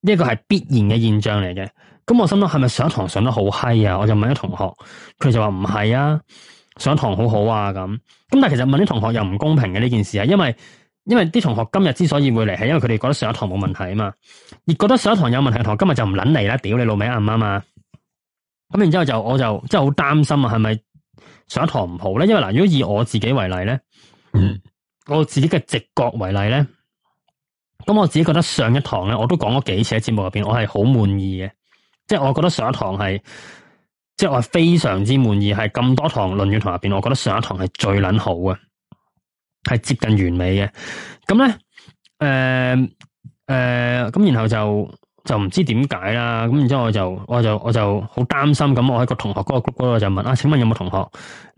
呢個係必然嘅現象嚟嘅。咁我心諗係咪上一堂上得好閪啊？我就問咗同學，佢就話唔係啊。上一堂好好啊，咁咁但係其實問啲同學又唔公平嘅，呢件事啊，因為因為啲同學今日之所以會嚟，係因為佢哋覺得上一堂冇問題啊嘛，而覺得上一堂有問題嘅同學今日就唔捻嚟啦，屌你老味啊，啱唔啱啊？咁然之後就我就真係好擔心啊，係咪上一堂唔好咧？因為嗱，如果以我自己為例咧，嗯，我自己嘅直覺為例咧，咁，嗯，我自己覺得上一堂咧，我都講咗幾次喺節目入邊，我係好滿意嘅，即係我覺得上一堂係。即係我非常之滿意，係咁多堂論語堂入邊，我覺得上一堂係最捻好嘅，係接近完美嘅。咁咧，誒、呃、誒，咁、呃、然後就就唔知點解啦。咁然之後我就我就我就好擔心。咁我喺個同學嗰、group 嗰度、那個、就問啊，請問有冇同學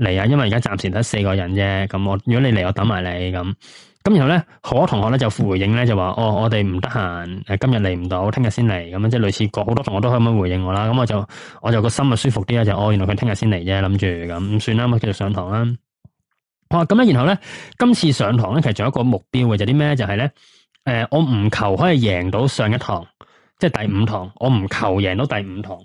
嚟啊？因為而家暫時得四個人啫。咁我如果你嚟，我等埋你咁。咁然後咧，好多同學咧就回應咧就話哦，我哋唔得閒，誒今日嚟唔到，聽日先嚟咁樣，即係類似，好多同學都可以咁樣回應我啦。咁我就我就個心啊舒服啲啊，就哦，原來佢聽日先嚟啫，諗住咁，唔算啦，咁繼續上堂啦。好，咁咧然後咧，今次上堂咧其實仲有一個目標嘅，就啲、是、咩就係、是、咧，誒、呃、我唔求可以贏到上一堂，即係第五堂，我唔求贏到第五堂。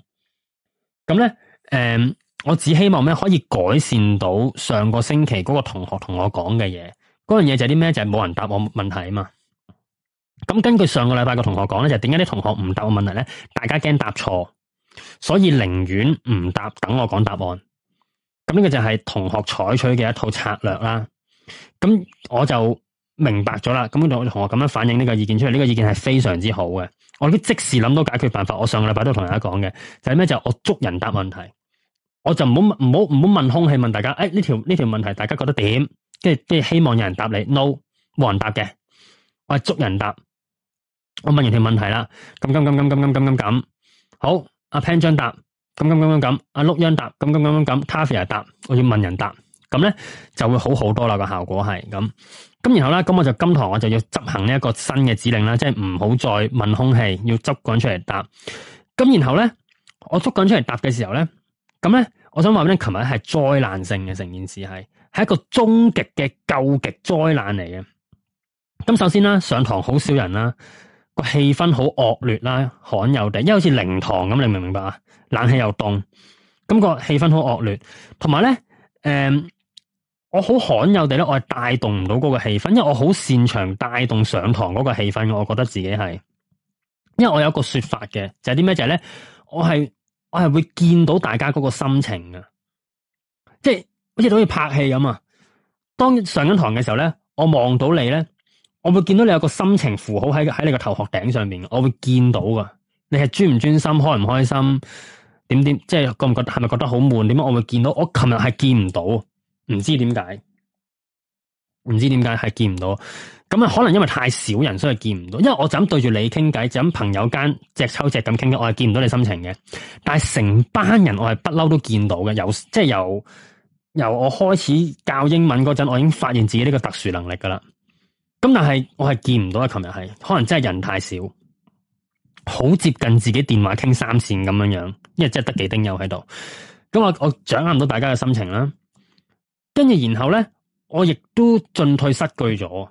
咁咧，誒、呃、我只希望咩可以改善到上個星期嗰個同學同我講嘅嘢。嗰樣嘢就係啲咩？就係、係、冇人答我問題啊嘛。咁根據上個禮拜個同學講咧，就點解啲同學唔答我問題咧？大家驚答錯，所以寧願唔答，等我講答案。咁呢個就係同學採取嘅一套策略啦。咁我就明白咗啦。咁個同學咁樣反映呢個意見出嚟，呢、呢個意見係非常之好嘅。我啲即時諗到解決辦法。我上個禮拜都同大家講嘅就係咩？就係就係、我捉人答問題，我就唔好唔好唔好問空氣問大家。誒、哎，呢條呢條問題大家覺得點？即係即係希望有人答你，no 冇人答嘅，我係捉人答。我問完條問題啦，咁咁咁咁咁咁咁咁。好，阿潘張答，咁咁咁咁咁。阿碌央答，咁咁咁咁咁。咖啡又答，我要問人答。咁咧就會好好多啦，個效果係咁。咁然後咧，咁我就今堂我就要執行呢一個新嘅指令啦，即係唔好再問空氣，要捉個人出嚟答。咁然後咧，我捉個人出嚟答嘅時候咧，咁咧，我想話俾你，琴日係災難性嘅成件事係。係一個終極嘅究極災難嚟嘅。咁首先啦，上堂好少人啦，個氣氛好惡劣啦，罕有地，因為好似靈堂咁，你明唔明白啊？冷氣又凍，咁個氣氛好惡劣，同埋咧，誒、嗯，我好罕有地咧，我係帶動唔到嗰個氣氛，因為我好擅長帶動上堂嗰個氣氛，我覺得自己係，因為我有個說法嘅，就係啲咩，就係、是、咧，我係我係會見到大家嗰個心情嘅，即係。好似好似拍戲咁啊！當上緊堂嘅時候咧，我望到你咧，我會見到你有個心情符號喺喺你個頭殼頂上面，我會見到噶。你係專唔專心，開唔開心，點點，即係覺唔覺得係咪覺得好悶？點解我會見到？我琴日係見唔到，唔知點解，唔知點解係見唔到。咁啊，可能因為太少人，所以見唔到。因為我就咁對住你傾偈，就咁朋友間隻抽隻咁傾偈，我係見唔到你心情嘅。但係成班人，我係不嬲都見到嘅，有即係有。由我開始教英文嗰陣，我已經發現自己呢個特殊能力噶啦。咁但係我係見唔到啊！琴日係可能真係人太少，好接近自己電話傾三線咁樣樣，因為真係得幾丁友喺度。咁我我掌握唔到大家嘅心情啦。跟住然後咧，我亦都進退失據咗。嗰、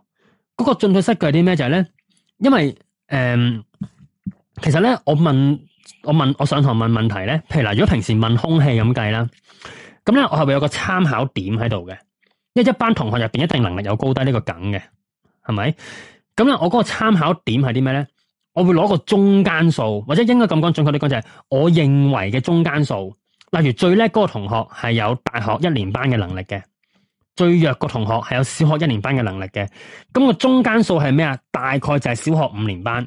那個進退失據係啲咩？就係咧，因為誒、呃，其實咧，我問我問我上堂問問題咧，譬如嗱，如果平時問空氣咁計啦。咁咧、嗯，我係咪有個參考點喺度嘅？因為一班同學入邊一定能力有高低呢，呢個梗嘅，係咪？咁、嗯、咧，我嗰個參考點係啲咩咧？我會攞個中間數，或者應該咁講，準確啲講就係我認為嘅中間數。例如最叻嗰個同學係有大學一年班嘅能力嘅，最弱個同學係有小學一年班嘅能力嘅。咁、咁個中間數係咩啊？大概就係小學五年班。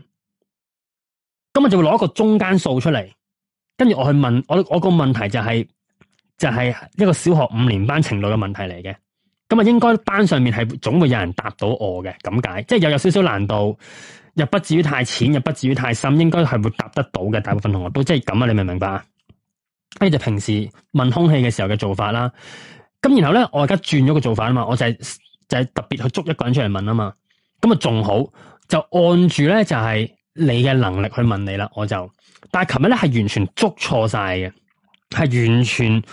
咁我就會攞一個中間數出嚟，跟住我去問我我個問題就係、是。就係一個小學五年班程度嘅問題嚟嘅，咁啊應該班上面係總會有人答到我嘅，咁解，即係又有少少難度，又不至於太淺，又不至於太深，應該係會答得到嘅。大部分同學都即係咁啊，你明唔明白啊？呢就平時問空氣嘅時候嘅做法啦，咁然後咧我而家轉咗個做法啊嘛，我就係就係特別去捉一個人出嚟問啊嘛，咁啊仲好，就按住咧就係你嘅能力去問你啦，我就，但係琴日咧係完全捉錯晒嘅。係完全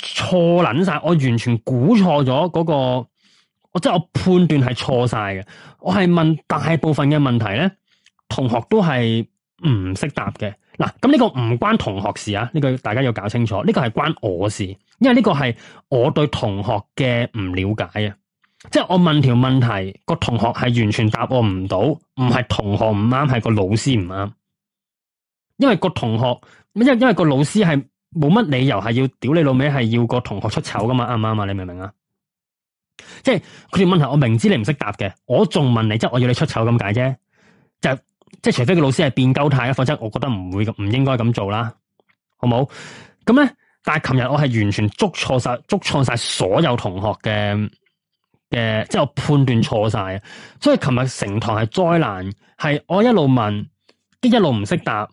錯捻晒，我完全估錯咗嗰個，我即係我判斷係錯晒嘅。我係問大部分嘅問題咧，同學都係唔識答嘅。嗱，咁呢個唔關同學事啊，呢個大家要搞清楚。呢個係關我事，因為呢個係我對同學嘅唔了解啊。即係我問條問題，個同學係完全答案唔到，唔係同學唔啱，係個老師唔啱。因為個同學，咁因因為個老師係。冇乜理由係要屌你老味，係要個同學出醜噶嘛？啱唔啱啊？你明唔明啊？即係佢哋問題，我明知你唔識答嘅，我仲問你，即係我要你出醜咁解啫。就即係除非個老師係變鳩態啊，否則我覺得唔會唔應該咁做啦。好冇？咁咧，但係琴日我係完全捉錯晒，捉錯晒所有同學嘅嘅，即係我判斷錯晒。所以琴日成堂係災難，係我一路問，一路唔識答。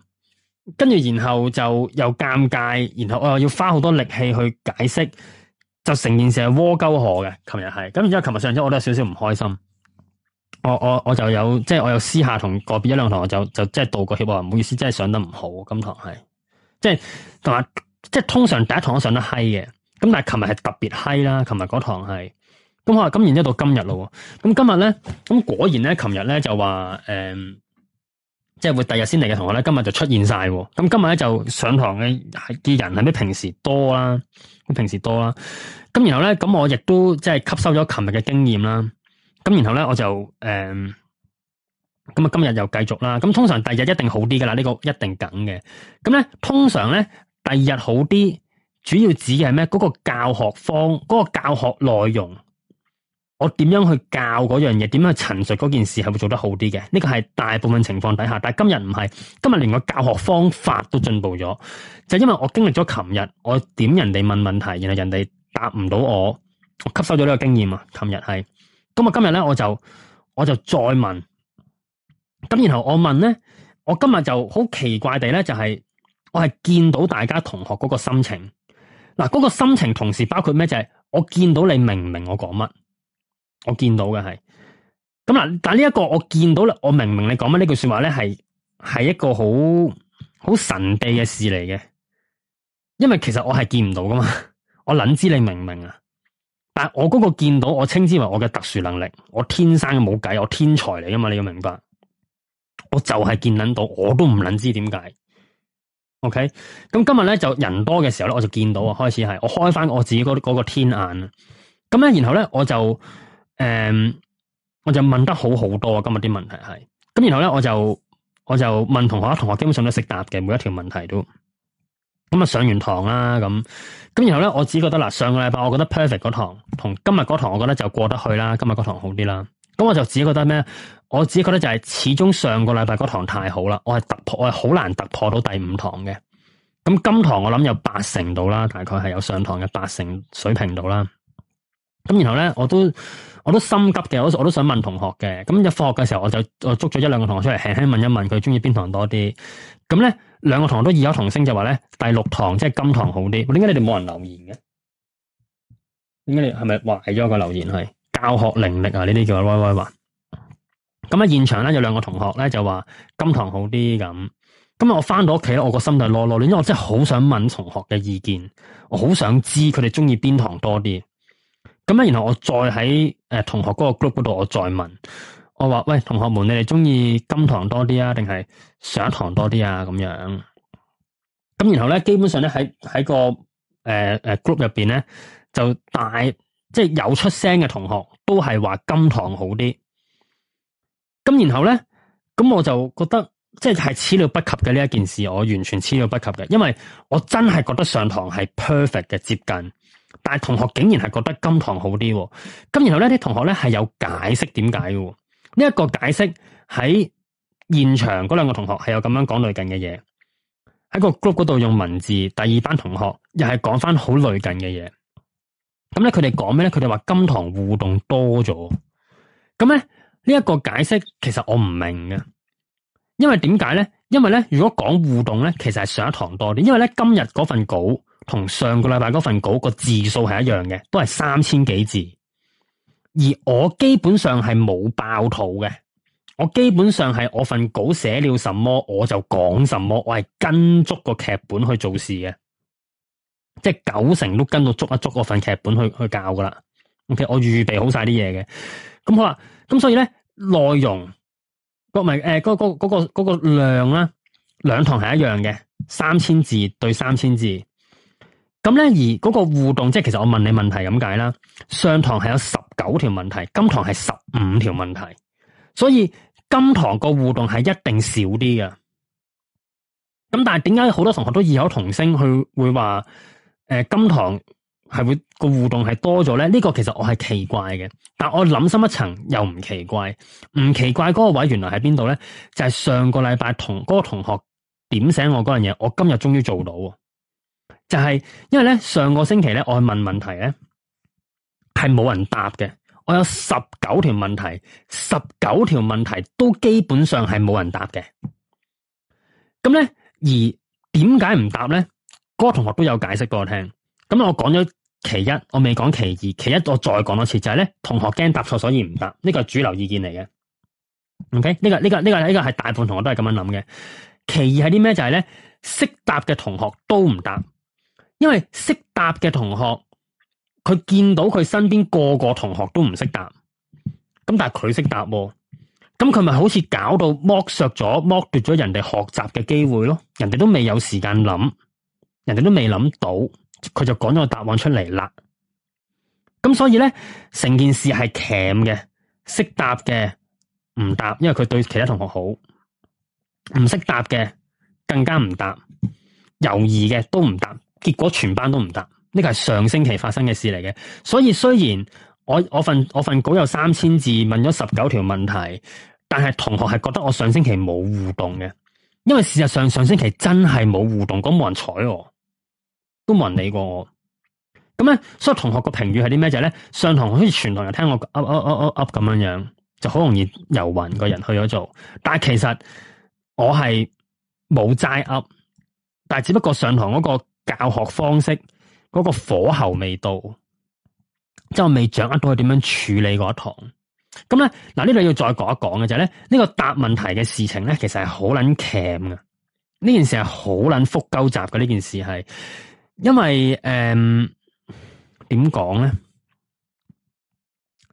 跟住然後就又尷尬，然後我又要花好多力氣去解釋，就成件事係窩鳩河嘅。琴日係，咁然之後琴日上咗，我都有少少唔開心。我我我就有即係、就是、我有私下同個別一兩堂，學就就即係道個歉，唔好意思，真係上得唔好。今堂係，即係同埋即係通常第一堂上得嗨嘅，咁但係琴日係特別嗨啦。琴日嗰堂係，咁我咁，然之後到今日咯，咁今日咧，咁果然咧，琴日咧就話誒。嗯即係會第二日先嚟嘅同學咧，今日就出現晒。咁今日咧就上堂嘅係啲人係咪？平時多啦，咁平時多啦。咁然後咧，咁我亦都即係吸收咗琴日嘅經驗啦。咁然後咧，我就誒，咁、呃、啊今日又繼續啦。咁通常第二日一定好啲噶啦，呢、這個一定梗嘅。咁咧通常咧，第二日好啲，主要指嘅係咩？嗰、那個教學方，嗰、那個教學內容。我點樣去教嗰樣嘢？點樣去陳述嗰件事係會做得好啲嘅？呢個係大部分情況底下，但係今日唔係，今日連個教學方法都進步咗，就因為我經歷咗琴日，我點人哋問問題，然後人哋答唔到我，我吸收咗呢個經驗啊。琴日係咁啊，今日咧我就我就再問咁，然後我問咧，我今日就好奇怪地咧，就係我係見到大家同學嗰個心情嗱，嗰個心情同時包括咩？就係我見到你明唔明我講乜？我見到嘅係咁嗱，但呢一個我見到啦，我明明你講緊呢句說話咧，係係一個好好神秘嘅事嚟嘅，因為其實我係見唔到噶嘛，我諗知你明唔明啊？但係我嗰個見到，我稱之為我嘅特殊能力，我天生冇計，我天才嚟噶嘛，你要明白。我就係見諗到，我都唔諗知點解。OK，咁今日咧就人多嘅時候咧，我就見到啊，開始係我開翻我自己嗰嗰個天眼啊，咁咧然後咧我就。誒、嗯，我就問得好好多、啊、今日啲問題係，咁然後咧我就我就問同學，同學基本上都識答嘅，每一條問題都，咁、嗯、啊上完堂啦咁，咁、嗯、然後咧我只覺得啦，上個禮拜我覺得 perfect 嗰堂，同今日嗰堂我覺得就過得去啦，今日嗰堂好啲啦，咁、嗯、我就自己覺得咩？我自己覺得就係始終上個禮拜嗰堂太好啦，我係突破，我係好難突破到第五堂嘅，咁今堂我諗有八成度啦，大概係有上堂嘅八成水平度啦，咁、嗯、然後咧我都。我都心急嘅，我都我都想問同學嘅。咁一課嘅時候，我就我捉咗一兩個同學出嚟，輕輕問一問佢中意邊堂多啲。咁咧，兩個同學都異口同聲就話咧，第六堂即係金堂好啲。點解你哋冇人留言嘅？點解你係咪壞咗個留言？係教學能力啊，呢啲叫啊喂喂話。咁、呃、喺、呃呃、現場咧，有兩個同學咧就話金堂好啲咁。今日我翻到屋企咧，我個心就囉囉攣，因為我真係好想問同學嘅意見，我好想知佢哋中意邊堂多啲。咁樣，然後我再喺誒、呃、同學嗰個 group 嗰度，我再問，我話喂，同學們，你哋中意金堂多啲啊，定係上堂多啲啊？咁樣。咁然後咧，基本上咧喺喺個誒誒、呃、group 入邊咧，就大即係有出聲嘅同學都係話金堂好啲。咁然後咧，咁我就覺得即係始料不及嘅呢一件事，我完全始料不及嘅，因為我真係覺得上堂係 perfect 嘅接近。但係同學竟然係覺得金堂好啲。哦，咁然後咧，啲同學咧係有解釋點解嘅。呢一個解釋喺現場嗰兩個同學係有咁樣講類近嘅嘢，喺個 group 嗰度用文字。第二班同學又係講翻好類近嘅嘢。咁咧佢哋講咩咧？佢哋話金堂互動多咗。咁咧呢一個解釋其實我唔明嘅，因為點解咧？因為咧如果講互動咧，其實係上一堂多啲。因為咧今日嗰份稿。同上個禮拜嗰份稿個字數係一樣嘅，都係三千幾字。而我基本上係冇爆肚嘅，我基本上係我份稿寫了什麼我就講什麼，我係跟足個劇本去做事嘅，即係九成都跟到足一足嗰份劇本去去教噶啦。OK，我預備好晒啲嘢嘅。咁好啦，咁所以咧內容，同埋誒嗰個、嗰個、嗰個嗰個嗰個量啦，兩堂係一樣嘅，三千字對三千字。咁咧，而嗰個互動，即係其實我問你問題咁解啦。上堂係有十九條問題，今堂係十五條問題，所以今堂個互動係一定少啲嘅。咁但係點解好多同學都異口同聲去會話？誒、呃，今堂係會個互動係多咗咧？呢、這個其實我係奇怪嘅，但我諗深一層又唔奇怪，唔奇怪嗰個位原來喺邊度咧？就係、是、上個禮拜同嗰、那個同學點醒我嗰樣嘢，我今日終於做到。就係因為咧，上個星期咧，我去問問題咧，係冇人答嘅。我有十九條問題，十九條問題都基本上係冇人答嘅。咁咧，而點解唔答咧？嗰個同學都有解釋俾我聽。咁我講咗其一，我未講其二。其一，我再講多次就係咧，同學驚答錯，所以唔答。呢個係主流意見嚟嘅。OK，呢個呢個呢個呢個係大部分同學都係咁樣諗嘅。其二係啲咩？就係咧，識答嘅同學都唔答。因為識答嘅同學，佢見到佢身邊個個同學都唔識答，咁但係佢識答，咁佢咪好似搞到剝削咗、剝奪咗人哋學習嘅機會咯？人哋都未有時間諗，人哋都未諗到，佢就講咗個答案出嚟啦。咁所以咧，成件事係卡嘅，識答嘅唔答，因為佢對其他同學好；唔識答嘅更加唔答，猶豫嘅都唔答。結果全班都唔得。呢個係上星期發生嘅事嚟嘅。所以雖然我我份我份稿有三千字，問咗十九條問題，但係同學係覺得我上星期冇互動嘅，因為事實上上星期真係冇互動，咁冇人睬我，都冇人理過我。咁咧，所以同學個評語係啲咩就係咧？上堂好似全堂人聽我噏噏噏噏噏咁樣樣，就好容易遊魂個人去咗做。但係其實我係冇齋噏，但係只不過上堂嗰個。教學方式嗰個火候未到，即係就未掌握到佢點樣處理嗰一堂。咁咧，嗱呢度要再講一講嘅就係咧，呢個答問題嘅事情咧，其實係好捻鉗嘅，呢件事係好捻複鳩雜嘅。呢件事係因為誒點講咧？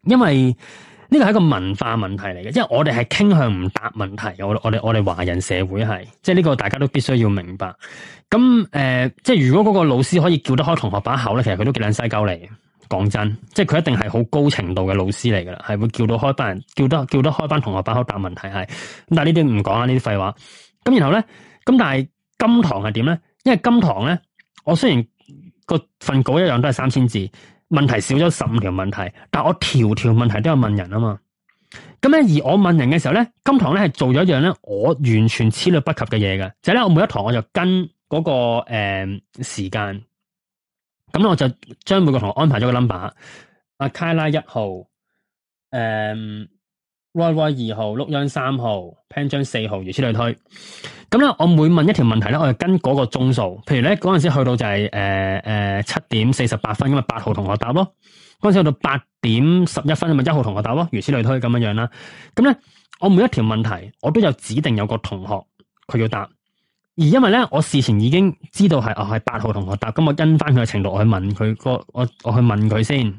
因為。嗯呢個係一個文化問題嚟嘅，即係我哋係傾向唔答問題嘅，我我哋我哋華人社會係，即係呢個大家都必須要明白。咁誒、呃，即係如果嗰個老師可以叫得開同學把口咧，其實佢都幾靚西鳩嚟，講真，即係佢一定係好高程度嘅老師嚟噶啦，係會叫到開班人，叫得叫得開班同學把口答問題係。咁但係呢啲唔講啦，呢啲廢話。咁然後咧，咁但係金堂係點咧？因為金堂咧，我雖然個份稿一樣都係三千字。問題少咗十五條問題，但我條條問題都有問人啊嘛。咁咧，而我問人嘅時候咧，今堂咧係做咗一樣咧，我完全始料不及嘅嘢嘅，就係咧，我每一堂我就跟嗰、那個誒、嗯、時間，咁咧我就將每個同學安排咗個 number，阿卡拉一號，誒、嗯。外外二號、錄音三號、pen 張四號，如此類推。咁咧，我每問一條問題咧，我就跟嗰個鐘數。譬如咧，嗰陣時去到就係誒誒七點四十八分，咁咪八號同學答咯。嗰陣時去到八點十一分，咁咪一號同學答咯，如此類推咁樣樣啦。咁咧，我每一條問題，我都有指定有個同學佢要答。而因為咧，我事前已經知道係哦係八號同學答，咁我因翻佢嘅程度我去問佢，個我我去問佢先。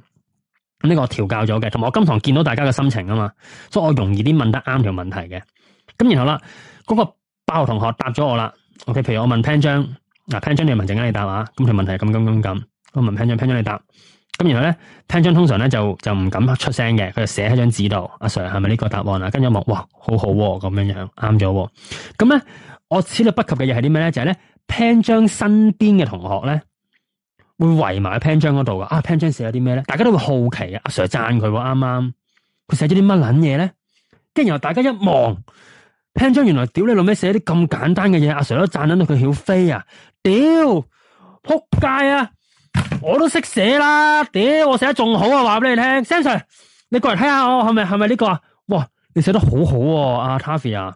咁呢個我調教咗嘅，同埋我今堂見到大家嘅心情啊嘛，所以我容易啲問得啱條問題嘅。咁然後啦，嗰、那個大學同學答咗我啦。OK，譬如我問潘章、啊，嗱潘章你問文靜你答啊，咁、這、條、個、問題係咁咁咁咁。我問潘章，潘章你答。咁然後咧，潘章通常咧就就唔敢出聲嘅，佢就寫喺張紙度。阿 Sir 係咪呢個答案啊？跟住我望哇，好好咁樣樣，啱咗、啊。咁咧，我始料不及嘅嘢係啲咩咧？就係、是、咧，潘章身邊嘅同學咧。會圍埋喺 pen 張嗰度噶啊 pen 張寫咗啲咩咧？大家都會好奇啊，阿 Sir 讚佢喎，啱啱佢寫咗啲乜撚嘢咧？跟住然後大家一望 pen 張， 原來屌你老味寫啲咁簡單嘅嘢，阿、啊、Sir 都讚緊到佢曉飛啊！屌扑街啊！我都識寫啦，屌我寫得仲好啊！話俾你聽，Sam sir，你過嚟睇下我係咪係咪呢個、啊？哇，你寫得好好、啊、喎，阿、啊、Taffy、啊、a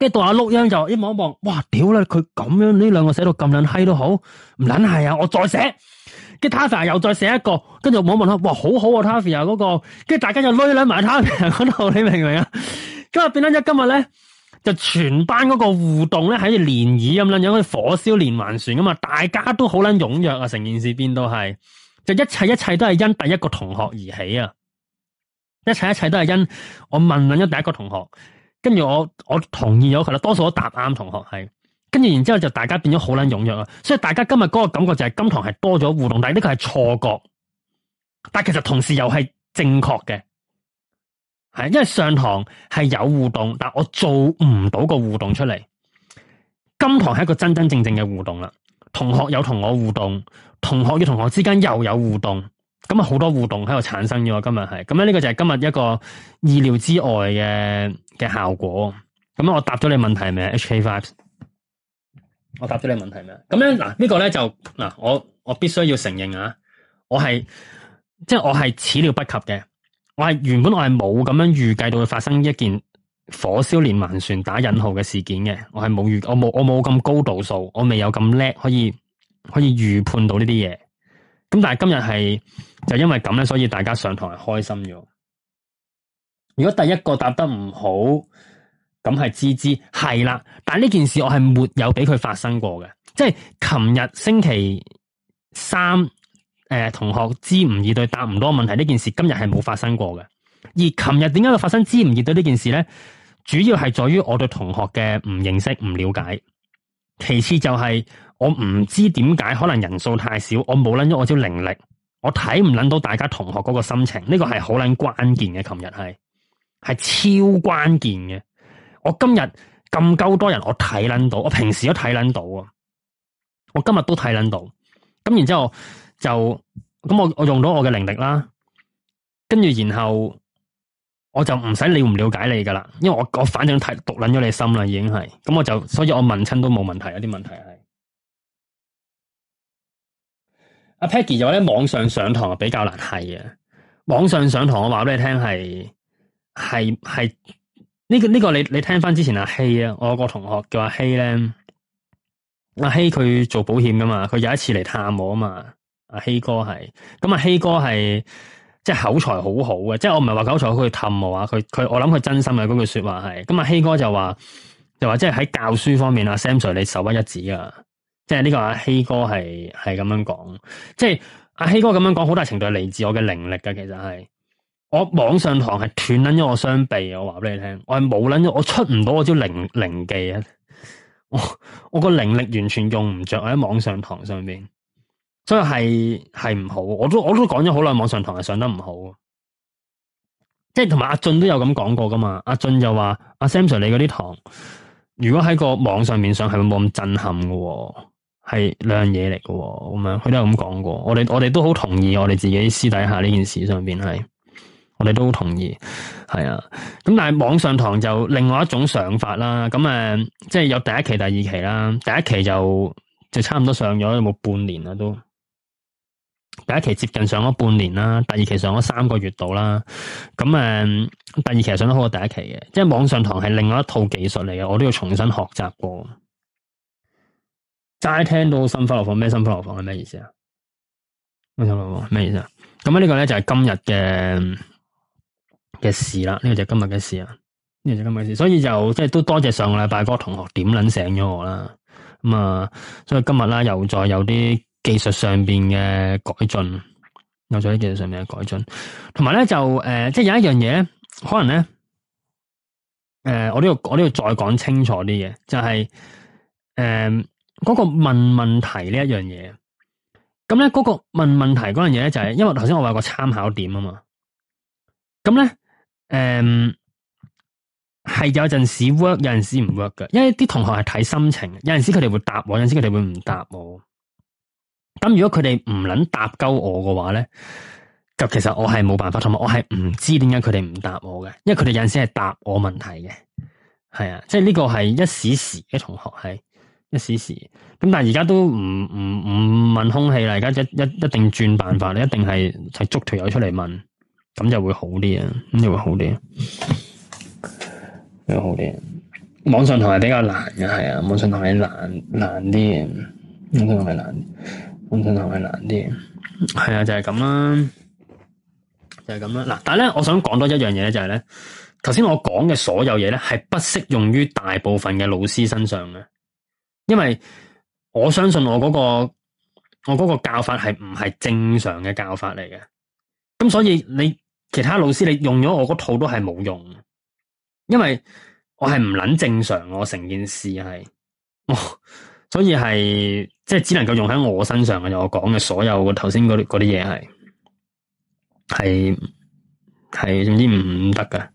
跟住到阿碌央就一望一望，哇！屌啦，佢咁樣呢兩個寫到咁撚閪都好，唔撚係啊！我再寫，跟住 Tashi 又再寫一個，跟住我冇問啦，哇！好好啊，Tashi 啊嗰個，跟住大家又撈撚埋 Tashi 嗰度， [laughs] 你明唔明啊？今日變咗，一今日咧就全班嗰個互動咧係連耳咁樣樣，好似火燒連環船咁嘛，大家都好撚踴躍啊，成件事變到係，就一切一切都係因第一個同學而起啊！一切一切都係因我問咗第一個同學。跟住我，我同意咗佢啦，多數都答啱同學係，跟住然之後就大家變咗好撚踴躍啦，所以大家今日嗰個感覺就係今堂係多咗互動，但係呢個係錯覺，但係其實同時又係正確嘅，係因為上堂係有互動，但我做唔到個互動出嚟，今堂係一個真真正正嘅互動啦，同學有同我互動，同學與同學之間又有互動。咁啊，好多互動喺度產生咗，今日係咁樣。呢個就係今日一個意料之外嘅嘅效果。咁我答咗你問題係咩？HK Five，我答咗你問題未？咁咧嗱，呢個咧就嗱，我我必須要承認啊，我係即係我係始料不及嘅。我係原本我係冇咁樣預計到會發生一件火燒連環船打引號嘅事件嘅。我係冇預，我冇我冇咁高度數，我未有咁叻，可以可以預判到呢啲嘢。咁但係今日係就因為咁咧，所以大家上堂係開心咗。如果第一個答得唔好，咁係知知係啦。但呢件事我係沒有俾佢發生過嘅，即係琴日星期三誒、呃，同學知唔易對答唔多問題呢件事，今日係冇發生過嘅。而琴日點解會發生知唔易對呢件事咧？主要係在於我對同學嘅唔認識、唔了解，其次就係、是。我唔知點解，可能人數太少，我冇捻咗我招靈力，我睇唔捻到大家同學嗰個心情。呢個係好捻關鍵嘅，琴日係係超關鍵嘅。我今日咁鳩多人，我睇捻到，我平時都睇捻到啊，我今日都睇捻到。咁然之後就咁，我用我用咗我嘅靈力啦，跟住然後我就唔使理唔了解你噶啦，因為我我反正睇讀捻咗你心啦，已經係咁，我就所以我問親都冇問題，有啲問題啊。阿 Peggy 就話咧網上上堂比較難係啊，網上上堂我話俾你,、這個這個、你,你聽係係係呢個呢個你你聽翻之前阿希啊，我有個同學叫阿希咧，阿希佢做保險噶嘛，佢有一次嚟探我啊嘛，阿希哥係咁啊，阿希哥係即係口,口才好好嘅，即係我唔係話口才好佢氹我啊，佢佢我諗佢真心嘅嗰句說話係，咁阿希哥就話就話即係喺教書方面啊 Samson 你首屈一指啊。即係呢個阿希哥係係咁樣講，即係阿希哥咁樣講，好大程度係嚟自我嘅靈力嘅。其實係我網上堂係斷捻咗我雙臂，我話俾你聽，我係冇捻咗，我出唔到我招靈靈技啊！我我個靈力完全用唔着喺網上堂上邊，所以係係唔好。我都我都講咗好耐，網上堂係上得唔好。即係同埋阿俊都有咁講過噶嘛？阿俊就話阿、啊、Samson 你嗰啲堂，如果喺個網上面上係會冇咁震撼嘅，啊。係兩樣嘢嚟嘅，咁樣佢都有咁講過。我哋我哋都好同意，我哋自己私底下呢件事上邊係，我哋都好同意。係啊，咁但係網上堂就另外一種想法啦。咁誒，即係有第一期、第二期啦。第一期就就差唔多上咗有冇半年啦，都第一期接近上咗半年啦，第二期上咗三個月度啦。咁誒，第二期係上得好過第一期嘅，即係網上堂係另外一套技術嚟嘅，我都要重新學習過。齋聽到心花落房，咩心花落房係咩意思啊？心花落房咩意思啊？咁呢個咧，就係今日嘅嘅事啦。呢個就今日嘅事啊，呢、呢個就今日嘅事，呢個、事。所以就即係都多謝上個禮拜嗰個同學點捻醒咗我啦。咁啊，所以今日啦又再有啲技術上邊嘅改進，又再啲技術上面嘅改進。同埋咧就誒、呃，即係有一樣嘢可能咧誒、呃，我都要，我都要再講清楚啲嘢，就係、是、誒。呃嗰個問問題呢一樣嘢，咁咧嗰個問問題嗰樣嘢咧就係、是，因為頭先我話個參考點啊嘛，咁咧，誒、嗯，係有陣時 work，有陣時唔 work 嘅，因為啲同學係睇心情。有陣時佢哋會答我，有陣時佢哋會唔答我。咁如果佢哋唔撚答鳩我嘅話咧，就其實我係冇辦法同埋我係唔知點解佢哋唔答我嘅，因為佢哋有陣時係答我問題嘅，係啊，即係呢個係一時時嘅同學係。一時時咁，但係而家都唔唔唔問空氣啦。而家一一一，一定轉辦法，你一定係係捉條友出嚟問，咁就會好啲啊。咁就會好啲，又好啲。網上同係比較難嘅，係啊，網上同係難難啲嘅。嗯、網上同難，網上同係難啲，係啊，就係咁啦，就係咁啦嗱。但係咧，我想講多一樣嘢咧，就係咧，頭先我講嘅所有嘢咧，係不適用於大部分嘅老師身上嘅。因為我相信我嗰個我嗰個教法係唔係正常嘅教法嚟嘅，咁所以你其他老師你用咗我嗰套都係冇用，因為我係唔捻正常，我成件事係，所以係即係只能夠用喺我身上嘅，我講嘅所有我頭先嗰啲嗰啲嘢係係係，總之唔得噶。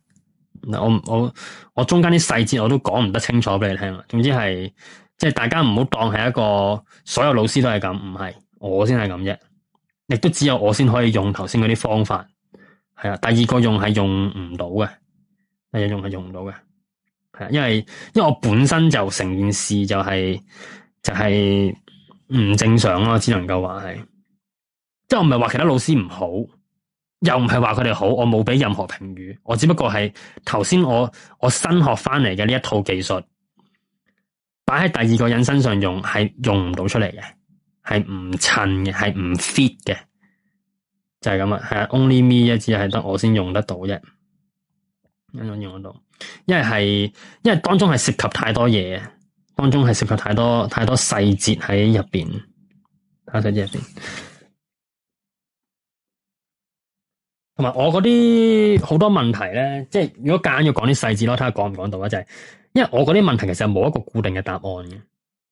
嗱我我我中間啲細節我都講唔得清楚俾你聽啦，總之係。即係大家唔好當係一個所有老師都係咁，唔係我先係咁啫。亦都只有我先可以用頭先嗰啲方法，係啊。第二個用係用唔到嘅，第二個用係用唔到嘅，係因為因為我本身就成件事就係就係唔正常咯，只能夠話係。即係我唔係話其他老師唔好，又唔係話佢哋好，我冇俾任何評語，我只不過係頭先我我新學翻嚟嘅呢一套技術。擺喺第二個人身上用係用唔到出嚟嘅，係唔襯嘅，係唔 fit 嘅，就係咁啊！係啊 only me 只係得我先用得到啫，先用得到，因為係因為當中係涉及太多嘢，當中係涉及太多太多細節喺入邊，睇下細節入邊。同埋我嗰啲好多問題咧，即係如果夾硬要講啲細節咯，睇下講唔講到啊，就係。因為我嗰啲問題其實冇一個固定嘅答案嘅，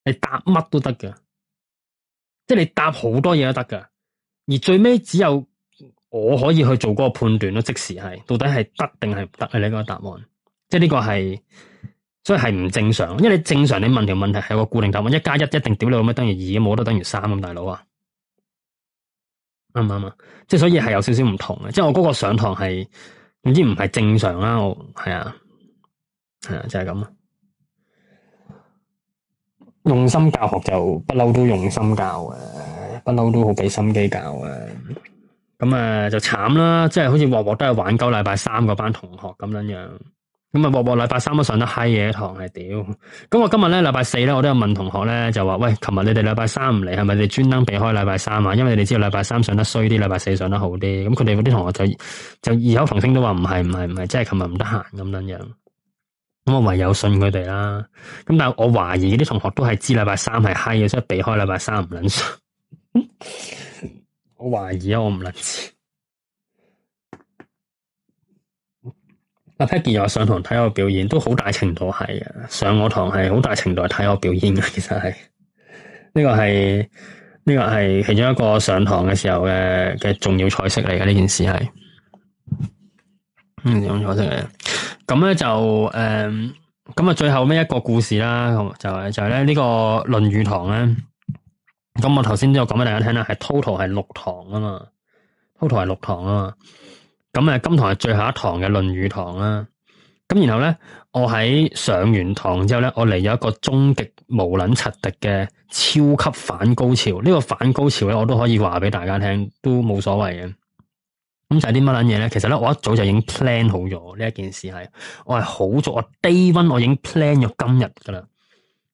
你答乜都得嘅，即係你答好多嘢都得嘅，而最尾只有我可以去做嗰個判斷咯，即時係到底係得定係唔得嘅你呢個答案，即係呢個係所以係唔正常，因為你正常你問條問題係有個固定答案，一加一一定屌你老母等於二冇得等於三咁，大佬啊，啱唔啱啊？即係所以係有少少唔同嘅，即係我嗰個上堂係總之唔係正常啦，我係啊。係啊，就係、是、咁啊！用心教學就不嬲都用心教嘅，不嬲都好畀心機教嘅。咁啊、嗯嗯、就慘啦，即係好似鑊鑊都係玩鳩禮拜三嗰班同學咁樣樣。咁啊，鑊鑊禮拜三都上得嗨嘢、那個、堂，係屌。咁我今日咧禮拜四咧，我都有問同學咧，就話，喂，琴日你哋禮拜三唔嚟，係咪你專登避開禮拜三啊？因為你哋知道禮拜三上，上得衰啲，禮拜四上得好啲。咁佢哋嗰啲同學就就異口同聲都話唔係唔係唔係，即係琴日唔得閒咁樣樣。咁我唯有信佢哋啦。咁但係我懷疑啲同學都係知禮拜三係嗨嘅，所以避開禮拜三唔撚信。我懷疑啊，我唔撚知。阿 Peggy 又我上堂睇我表演，都好大程度係啊。上我堂係好大程度係睇我表演嘅，其實係呢、這個係呢、這個係其中一個上堂嘅時候嘅嘅重要菜式嚟嘅呢件事係。嗯，用咗出嚟。咁、嗯、咧就誒，咁啊最後咩一個故事啦，就係、是、就係咧呢個論語堂咧。咁我頭先都有講俾大家聽啦，係 total 係六堂啊嘛，total 係六堂啊嘛。咁誒，今堂係最後一堂嘅論語堂啦。咁然後咧，我喺上完堂之後咧，我嚟咗一個終極無撚柒敵嘅超級反高潮。呢、這個反高潮咧，我都可以話俾大家聽，都冇所謂嘅。咁就係啲乜撚嘢咧？其實咧，我一早就已經 plan 好咗呢一件事係，我係好足，我 day one 我已經 plan 咗今日噶啦。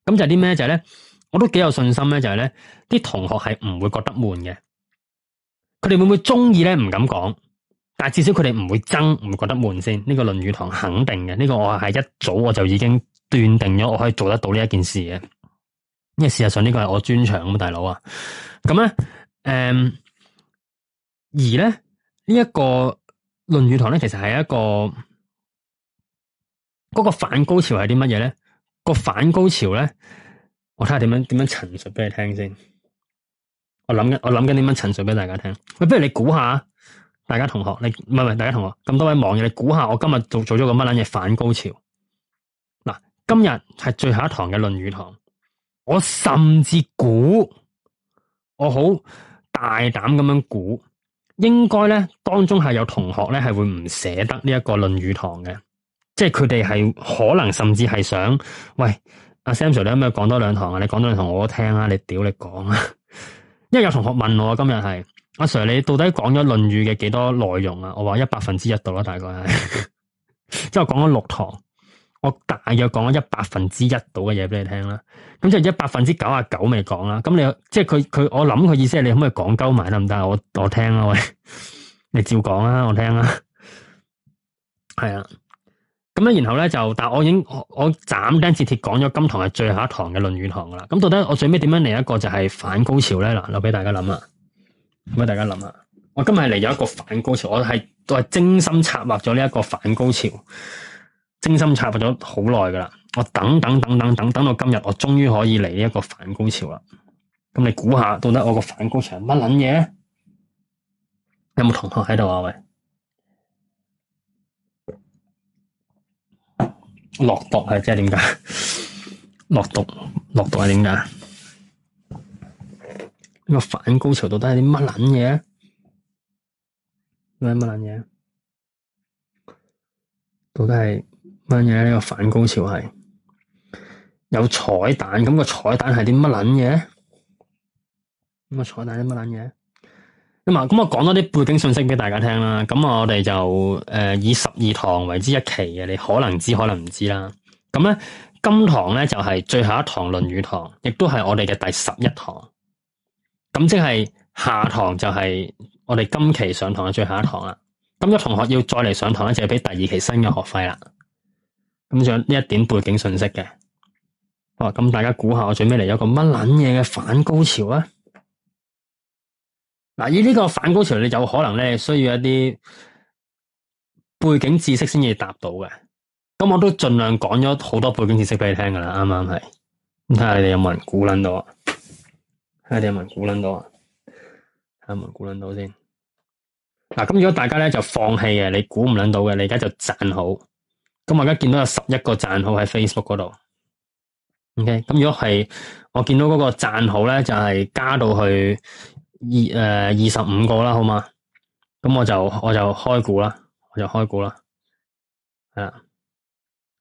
咁就係啲咩就係、是、咧，我都幾有信心咧，就係、是、咧，啲同學係唔會覺得悶嘅，佢哋會唔會中意咧？唔敢講，但係至少佢哋唔會爭，唔會覺得悶先。呢、這個論語堂肯定嘅，呢、這個我係一早我就已經斷定咗，我可以做得到呢一件事嘅。因為事實上個呢個係我專長咁大佬啊。咁咧，誒，而咧。呢一個論語堂咧，其實係一個嗰個反高潮係啲乜嘢咧？個反高潮咧，我睇下點樣點樣陳述俾你聽先。我諗緊，我諗緊點樣陳述俾大家聽。喂、不如你估下，大家同學，你唔係唔係大家同學咁多位網友，你估下我今日做做咗個乜撚嘢反高潮？嗱、啊，今日係最後一堂嘅論語堂，我甚至估，我好大膽咁樣估。應該咧，當中係有同學咧係會唔捨得呢一個論語堂嘅，即係佢哋係可能甚至係想，喂，阿 Sam Sir 你可唔可以講多兩堂啊？你講多兩堂我聽啊！你屌你講啊！ [laughs] 因為有同學問我今日係，阿 Sir 你到底講咗論語嘅幾多內容啊？我話一百分之一度啦，大概係，即係我講咗六堂。我大約講咗一百分之一度嘅嘢俾你聽啦，咁就一百分之九啊九未講啦。咁你即係佢佢，我諗佢意思係你可唔可以講鳩埋得唔得？我我聽啦，喂，你照講啦，我聽啦，係啊。咁咧，然後咧就，但係我已經我斬釘截鐵講咗今堂係最後一堂嘅論語堂啦。咁到底我最尾點樣嚟一個就係反高潮咧？嗱，留俾大家諗啊，咁俾大家諗啊。我今日嚟有一個反高潮，我係我係精心策劃咗呢一個反高潮。精心策劃咗好耐噶啦，我等等等等等等到今日，我終於可以嚟呢一個反高潮啦。咁你估下，到底我個反高潮係乜撚嘢？有冇同學喺度啊？喂，落毒係即係點解？落毒，落毒係點解？呢個反高潮到底係啲乜撚嘢？乜撚嘢？到底係？乜嘢呢、呢個反高潮係有彩蛋咁，咁個彩蛋係啲乜撚嘢？咁、咁個彩蛋啲乜撚嘢咁啊？咁、嗯嗯嗯、我講多啲背景信息俾大家聽啦。咁、嗯、我哋就誒、呃、以十二堂為之一期嘅，你可能知可能唔知啦。咁、嗯、咧、嗯、今堂咧就係最後一堂《論語》堂，亦都係我哋嘅第十一堂。咁、嗯、即係下堂就係我哋今期上堂嘅最後一堂啦。咁有同學要再嚟上堂咧，就要俾第二期新嘅學費啦。咁就呢一點背景信息嘅，哦、啊，咁大家估下我最尾嚟咗個乜撚嘢嘅反高潮啊？嗱，以呢個反高潮，你有可能咧需要一啲背景知識先至答到嘅。咁、啊，我都盡量講咗好多背景知識畀你聽噶啦，啱啱係？咁睇下你哋有冇人估捻到啊？睇下你有冇人估捻到啊？睇下有冇人估捻到，到先？嗱、啊，咁如果大家咧就放棄嘅，你估唔捻到嘅，你而家就賺好。咁我而家見到有十一個讚好喺 Facebook 嗰度，OK？咁如果係我見到嗰個讚好咧，就係、是、加到去二誒二十五個啦，好嘛？咁我就我就開估啦，我就開估啦，係啦。Yeah.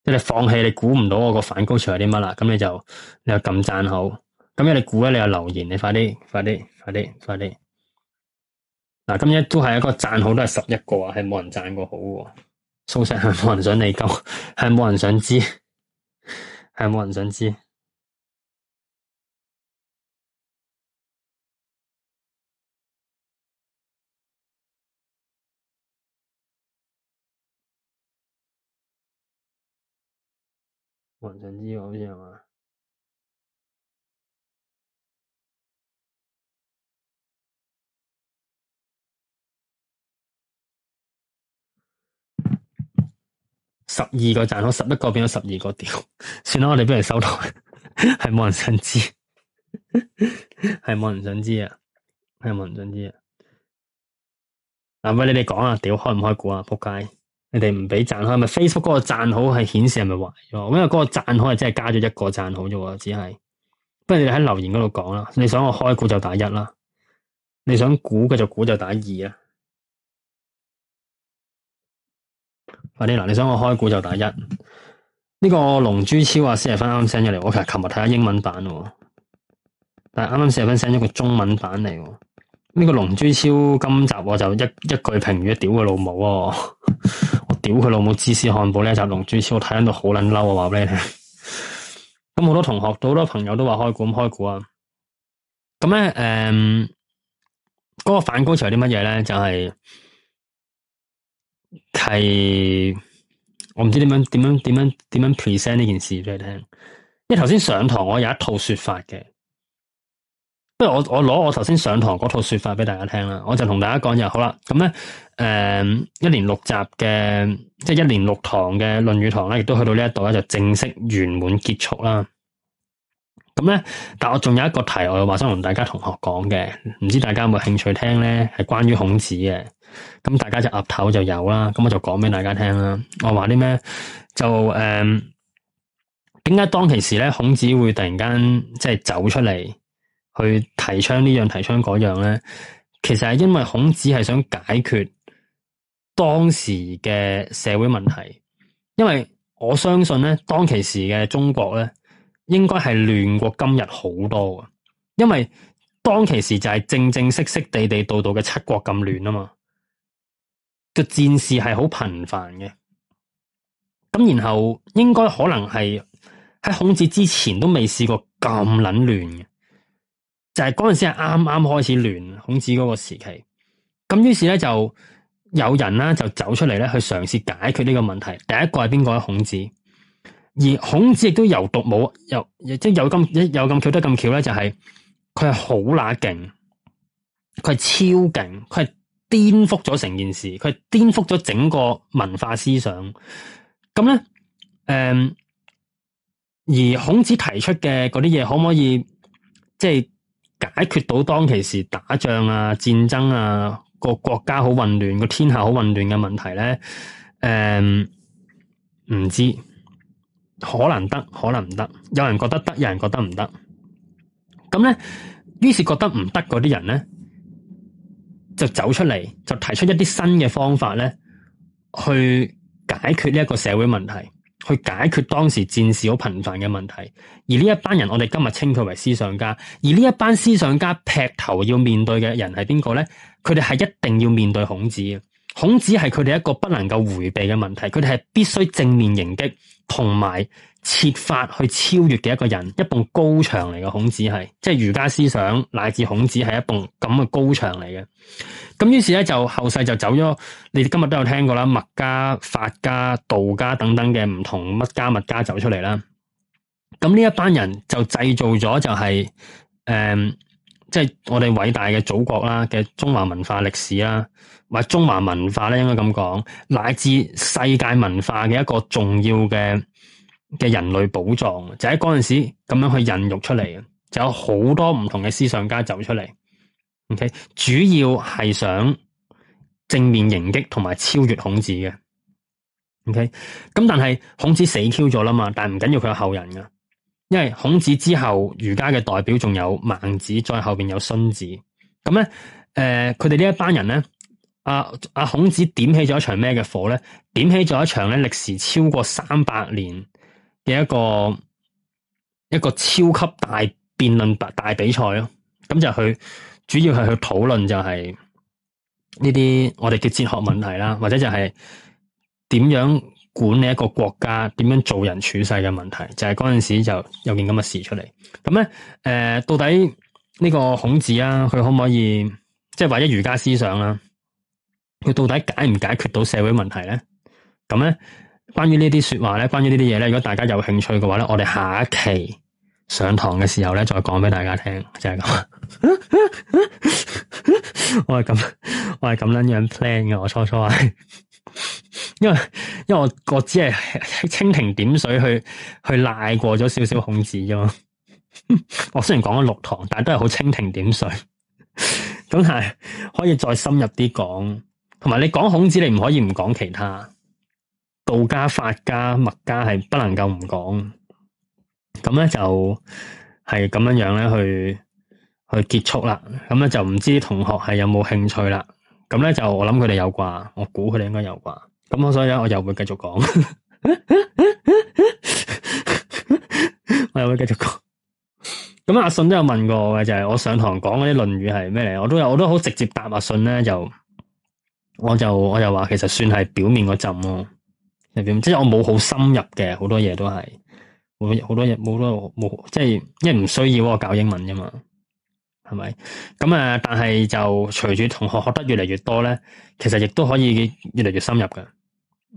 即係你放棄，你估唔到我個反高潮係啲乜啦？咁你就你又撳讚好，咁如果你估咧，你又留言，你快啲快啲快啲快啲嗱、啊。今日都係一個讚好，都係十一個啊，係冇人讚過好喎。收成係冇人想嚟救，金係冇人想知，係冇人想知。冇人想知，好少啊。十二個讚好，十一個變咗十二個屌，算啦，我哋不如收台，係 [laughs] 冇人想知，係冇人想知啊，係冇人想知啊。嗱，喂你哋講啊，屌開唔開估啊？仆街，你哋唔畀讚好咪、就是、Facebook 嗰個讚好係顯示係咪壞咗？因為嗰個讚好係真係加咗一個讚好啫喎，只係不如你哋喺留言嗰度講啦。你想我開估就打一啦，你想估佢就估就打二啊。阿嗱，你想我開估就打一。呢、這個《龍珠超》啊，四十分啱 send 咗嚟。我其實琴日睇下英文版喎，但係啱啱四十分 send 咗個中文版嚟。呢、這個《龍珠超》今集我就一一句評語：屌佢老母哦！ [laughs] 我屌佢老母芝士漢堡呢一集龍珠超》我睇緊到好撚嬲啊！話俾你聽。咁 [laughs] 好多同學，好多朋友都話開估，咁開估啊！咁咧，誒、嗯，嗰、那個反高潮係啲乜嘢咧？就係、是。係我唔知點樣點樣點樣點樣 present 呢件事俾你聽，因為頭先上堂我有一套說法嘅，不如我我攞我頭先上堂嗰套說法俾大家聽啦，我就同大家講就是、好啦，咁咧，誒一年六集嘅，即係一年六堂嘅論語堂咧，亦都去到呢一度咧就正式圓滿結束啦。咁、嗯、咧，但我仲有一個題外話想同大家同學講嘅，唔知大家有冇興趣聽咧？係關於孔子嘅。咁大家就壓頭就有啦，咁我就講俾大家聽啦。我話啲咩就誒，點解當其時咧，孔子會突然間即係走出嚟去提倡呢樣提倡嗰樣咧？其實係因為孔子係想解決當時嘅社會問題，因為我相信咧，當其時嘅中國咧，應該係亂過今日好多噶，因為當其時就係正正式式、地地道道嘅七國咁亂啊嘛。個戰士係好頻繁嘅，咁然後應該可能係喺孔子之前都未試過咁撚亂嘅就係嗰陣時係啱啱開始亂，孔子嗰個時期，咁於是咧就有人啦就走出嚟咧去嘗試解決呢個問題。第一個係邊個咧？孔子，而孔子亦都有獨冇又即係又咁又咁巧得咁巧咧，就係佢係好乸勁，佢係、就是、超勁，佢係。顛覆咗成件事，佢係顛覆咗整個文化思想。咁咧，誒、嗯，而孔子提出嘅嗰啲嘢，可唔可以即係解決到當其時打仗啊、戰爭啊、個國家好混亂、個天下好混亂嘅問題咧？誒、嗯，唔知，可能得，可能唔得。有人覺得得，有人覺得唔得。咁咧，於是覺得唔得嗰啲人咧。就走出嚟，就提出一啲新嘅方法咧，去解決呢一個社會問題，去解決當時戰事好頻繁嘅問題。而呢一班人，我哋今日稱佢為思想家。而呢一班思想家劈頭要面對嘅人係邊個咧？佢哋係一定要面對孔子嘅。孔子係佢哋一個不能夠回避嘅問題，佢哋係必須正面迎擊，同埋。設法去超越嘅一個人，一棟高牆嚟嘅。孔子係即係儒家思想，乃至孔子係一棟咁嘅高牆嚟嘅。咁於是咧，就後世就走咗。你哋今日都有聽過啦，墨家、法家、道家等等嘅唔同乜家物家走出嚟啦。咁呢一班人就製造咗，就是嗯，就係誒，即係我哋偉大嘅祖國啦，嘅中華文化歷史啦，或者中華文化咧，應該咁講，乃至世界文化嘅一個重要嘅。嘅人類寶藏就喺嗰陣時咁樣去孕育出嚟嘅，就有好多唔同嘅思想家走出嚟。OK，主要係想正面迎擊同埋超越孔子嘅。OK，咁但係孔子死 Q 咗啦嘛，但係唔緊要佢嘅後人啊，因為孔子之後儒家嘅代表仲有孟子，再後邊有荀子。咁咧，誒、呃，佢哋呢一班人咧，阿、啊、阿、啊、孔子點起咗一場咩嘅火咧？點起咗一場咧，歷時超過三百年。嘅一個一個超級大辯論大，大比賽咯，咁就去主要係去討論就係呢啲我哋嘅哲學問題啦，或者就係、是、點樣管理一個國家，點樣做人處世嘅問題，就係嗰陣時就有件咁嘅事出嚟。咁咧，誒、呃，到底呢個孔子啊，佢可唔可以即係或者儒家思想啦、啊，佢到底解唔解決到社會問題咧？咁咧？關於呢啲說話咧，關於呢啲嘢咧，如果大家有興趣嘅話咧，我哋下一期上堂嘅時候咧，再講俾大家聽，就係、是、咁。 [laughs] 我係咁，我係咁樣樣 plan 嘅，我初初係，因為因為我我只係蜻蜓點水去去賴過咗少少孔子啫嘛。 [laughs] 我雖然講咗六堂，但係都係好蜻蜓點水。咁 [laughs] 係可以再深入啲講，同埋你講孔子，你唔可以唔講其他。道家、法家、墨家係不能夠唔講，咁咧就係、是、咁樣樣咧去去結束啦。咁咧就唔知同學係有冇興趣啦。咁咧就我諗佢哋有啩，我估佢哋應該有啩。咁我所以咧我又會繼續講，我又會繼續講。咁 [laughs] [laughs] 阿信都有問過我嘅，就係、是、我上堂講嗰啲《論語》係咩嚟？我都有，我都好直接答阿信咧，就我就我就話其實算係表面嗰陣咯。即係我冇好深入嘅，好多嘢都係，冇好多嘢，冇多冇，即係，因為唔需要我教英文啫嘛，係咪？咁啊，但係就隨住同學學得越嚟越多咧，其實亦都可以越嚟越深入嘅，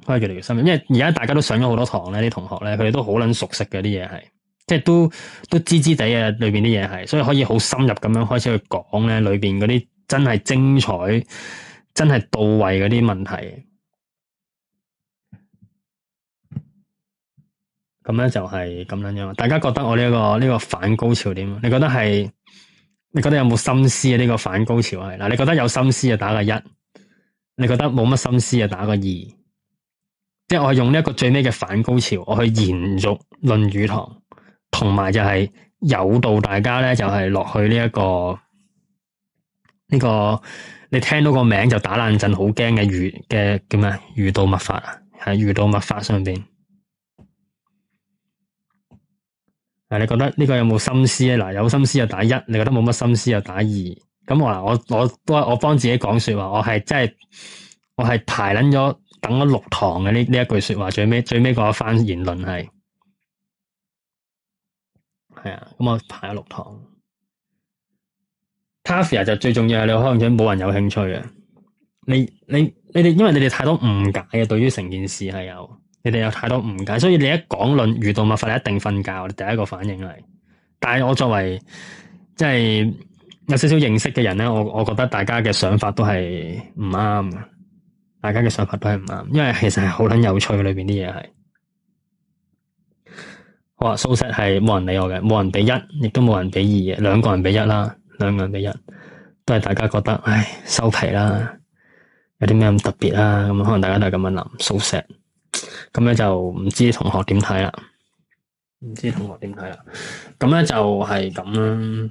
可以越嚟越深入。因為而家大家都上咗好多堂咧，啲同學咧，佢哋都好撚熟悉嘅啲嘢係，即係都都知知哋啊裏邊啲嘢係，所以可以好深入咁樣開始去講咧裏邊嗰啲真係精彩、真係到位嗰啲問題。咁咧就係咁樣樣，大家覺得我呢、這、一個呢、這個反高潮點？你覺得係你覺得有冇心思啊？呢、這個反高潮係嗱，你覺得有心思就打個一，你覺得冇乜心思就打個二，即係我係用呢一個最尾嘅反高潮，我去延續《論語堂》，同埋就係誘導大家咧，就係、是、落去呢、這、一個呢、這個，你聽到個名就打爛陣，好驚嘅遇嘅叫咩？遇到物法啊，喺遇到物法上邊。你覺得呢個有冇心思咧？有心思就打一，你覺得冇乜心思就打二。咁我嗱，我我，我幫自己講說話，我係真係我係排撚咗等咗六堂嘅呢呢一句說話，最尾最尾嗰一番言論係係啊，咁我排咗六堂。Tavia 就最重要係你開場冇人有興趣嘅，你你你哋，因為你哋太多誤解啊，對於成件事係有。你哋有太多誤解，所以你一講論遇到物法，你一定瞓覺。你第一個反應係，但係我作為即係有少少認識嘅人咧，我我覺得大家嘅想法都係唔啱，大家嘅想法都係唔啱，因為其實係好捻有趣，裏邊啲嘢係。好啊，素食係冇人理我嘅，冇人俾一，亦都冇人俾二嘅。兩個人俾一啦，兩個人俾一都係大家覺得唉收皮啦，有啲咩咁特別啦？咁可能大家都係咁樣諗素食。So 咁咧就唔知同學點睇啦，唔知同學點睇啦。咁咧就係咁啦，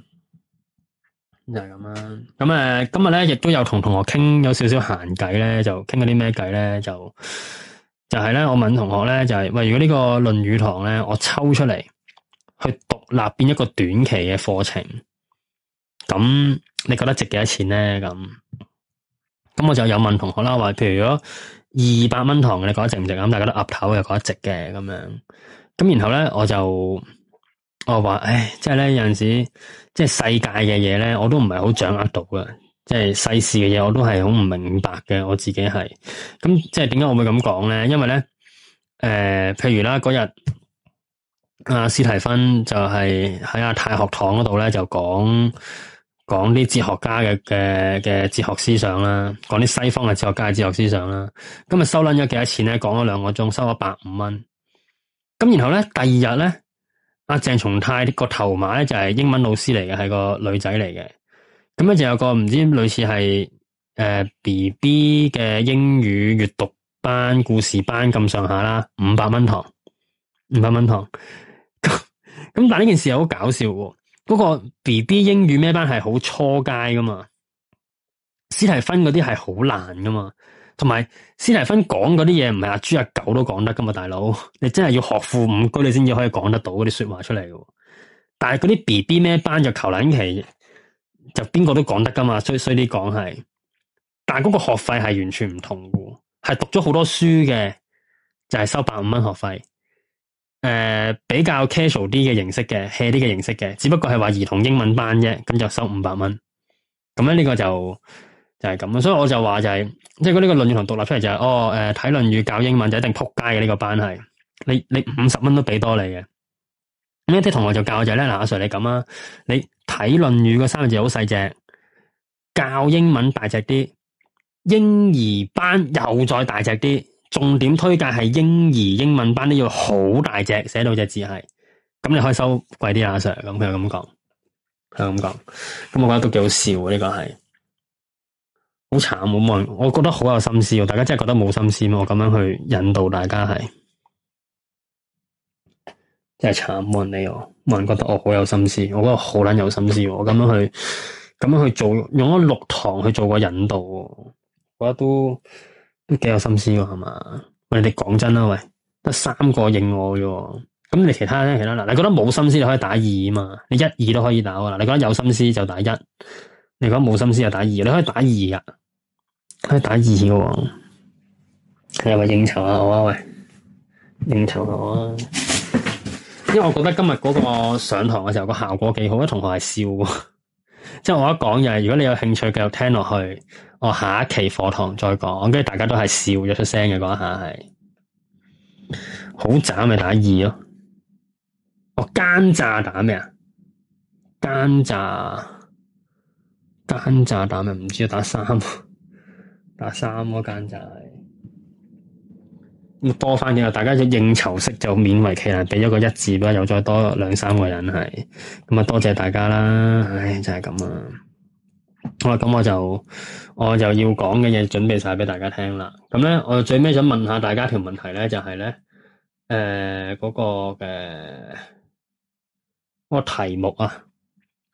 就係咁啦。咁誒、呃，今日咧亦都有同同學傾有少少閒偈咧，就傾咗啲咩偈咧，就就係、是、咧，我問同學咧就係、是、喂，如果呢個論語堂咧，我抽出嚟去獨立變一個短期嘅課程，咁你覺得值幾多錢咧？咁咁我就有問同學啦，話譬如如果。二百蚊糖嘅，你覺得值唔值啊？咁大家都岌頭嘅，覺得值嘅咁樣。咁然後咧，我就我話，唉，即係咧有陣時，即係世界嘅嘢咧，我都唔係好掌握到嘅，即係世事嘅嘢，我都係好唔明白嘅。我自己係，咁即係點解我會咁講咧？因為咧，誒、呃，譬如啦，嗰日阿史提芬就係喺阿太學堂嗰度咧，就講。講啲哲學家嘅嘅嘅哲學思想啦，講啲西方嘅哲學家嘅哲學思想啦。今日收捻咗幾多錢咧？講咗兩個鐘，收咗百五蚊。咁然後咧，第二日咧，阿鄭松泰個頭馬咧就係、是、英文老師嚟嘅，係個女仔嚟嘅。咁咧就有個唔知類似係誒、呃、B B 嘅英語閱讀班、故事班咁上下啦，五百蚊堂，五百蚊堂。咁 [laughs] 咁但呢件事又好搞笑喎。嗰個 B B 英語咩班係好初階噶嘛？斯提芬嗰啲係好難噶嘛？同埋斯提芬講嗰啲嘢唔係阿豬阿狗都講得噶嘛？大佬，你真係要學富五車你先至可以講得到嗰啲說話出嚟噶。但係嗰啲 B B 咩班求就求撚其就邊個都講得噶嘛？衰衰啲講係，但係嗰個學費係完全唔同噶，係讀咗好多書嘅，就係、是、收百五蚊學費。誒、呃，比較 casual 啲嘅形式嘅，hea 啲嘅形式嘅，只不過係話兒童英文班啫，咁就收五百蚊。咁咧呢個就就係、是、咁，所以我就話就係、是，即係如果呢個論語同獨立出嚟就係、是，哦，誒睇論語教英文就、這個、一定扑街嘅呢個班係，你你五十蚊都畀多你嘅。呢一啲同學就教就咧、是，嗱阿、啊、Sir 你咁啊，你睇論語個三個字好細隻，教英文大隻啲，嬰兒班又再大隻啲。重點推介係嬰兒英文班，都要好大隻，寫到隻字係，咁你可以收貴啲啊，阿 Sir 咁佢咁講，佢咁講，咁我覺得都幾好笑啊，呢個係，好慘冇人，我覺得好有心思，大家真係覺得冇心思咩？我咁樣去引導大家係，真係慘冇人理我，冇人覺得我好有心思，我覺得好撚有心思，我咁樣去，咁樣去做，用咗六堂去做個引導，我覺得都。都幾有心思噶係嘛？喂，你哋講真啦，喂，得三個應我嘅，咁你其他咧，其他嗱，你覺得冇心思你可以打二啊嘛，你一二都可以打噶啦，你覺得有心思就打一，你覺得冇心思就打二，你可以打二噶，可以打二嘅，你係咪應酬下我喂，應酬下我啊，因為我覺得今日嗰個上堂嘅時候個效果幾好啊，同學係笑嘅，即 [laughs] 係我一講又係，如果你有興趣繼續聽落去。我、哦、下一期課堂再講，跟住大家都係笑咗出聲嘅嗰一下係，好渣咪打二咯、哦，我奸詐打咩啊？奸詐，奸詐打咪唔知要打三，打三嗰奸詐，咁、哦、多翻嘅，大家就應酬式就勉為其難，俾咗個字一字啦，又再多兩三個人係，咁啊多謝大家啦，唉，就係咁啊，好啦，咁我就。我就要講嘅嘢準備晒畀大家聽啦。咁咧，我最尾想問下大家條問題咧，就係咧，誒，嗰個誒，嗰個題目啊，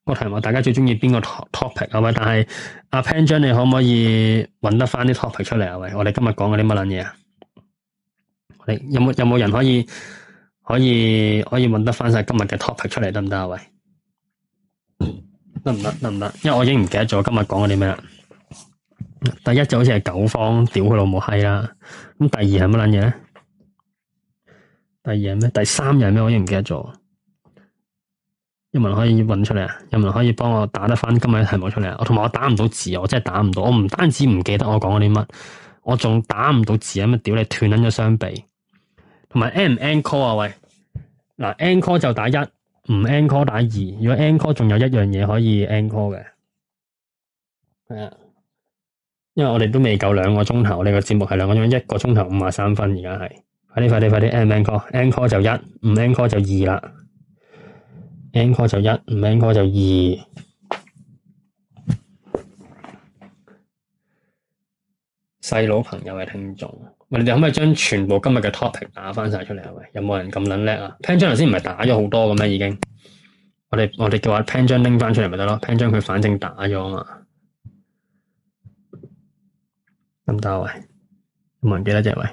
嗰個題目，大家最中意邊個 topic 啊？係咪？但係阿 Pan 張，你可唔可以搵得翻啲 topic 出嚟啊？喂，我哋今日講嘅啲乜撚嘢啊？你有冇有冇人可以可以可以搵得翻晒今日嘅 topic 出嚟得唔得啊？喂，得唔得？得唔得？因為我已經唔記得咗今日講嘅啲咩啦。第一就好似係九方屌佢老母閪啦，咁第二係乜撚嘢咧？第二係咩？第三係咩？我已經唔記得咗。有冇人可以搵出嚟啊？有冇人可以幫我打得翻今日啲題目出嚟啊？我同埋我打唔到字，我真係打唔到。我唔單止唔記得我講嗰啲乜，我仲打唔到字啊！乜屌你斷捻咗雙臂。同埋 N 唔 N call 啊，喂！嗱，N call 就打一，唔 N call 打二。如果 N call 仲有一樣嘢可以 N call 嘅，係啊。因為我哋都未夠兩個鐘頭，呢個節目係兩個鐘，一個鐘頭五十三分，而家係快啲，快啲，快啲！N M N call N call 就一，唔 a n call 就二啦。N call 就一，唔 a n call 就二。細佬朋友嘅聽眾，喂，你哋可唔可以將全部今日嘅 topic 打翻晒出嚟啊？喂，有冇人咁撚叻啊？Panjang 頭先唔係打咗好多嘅咩？已經，我哋我哋叫阿 Pan 張拎翻出嚟咪得咯？Panjang 佢反正打咗嘛。咁多位，有冇人記得啫，位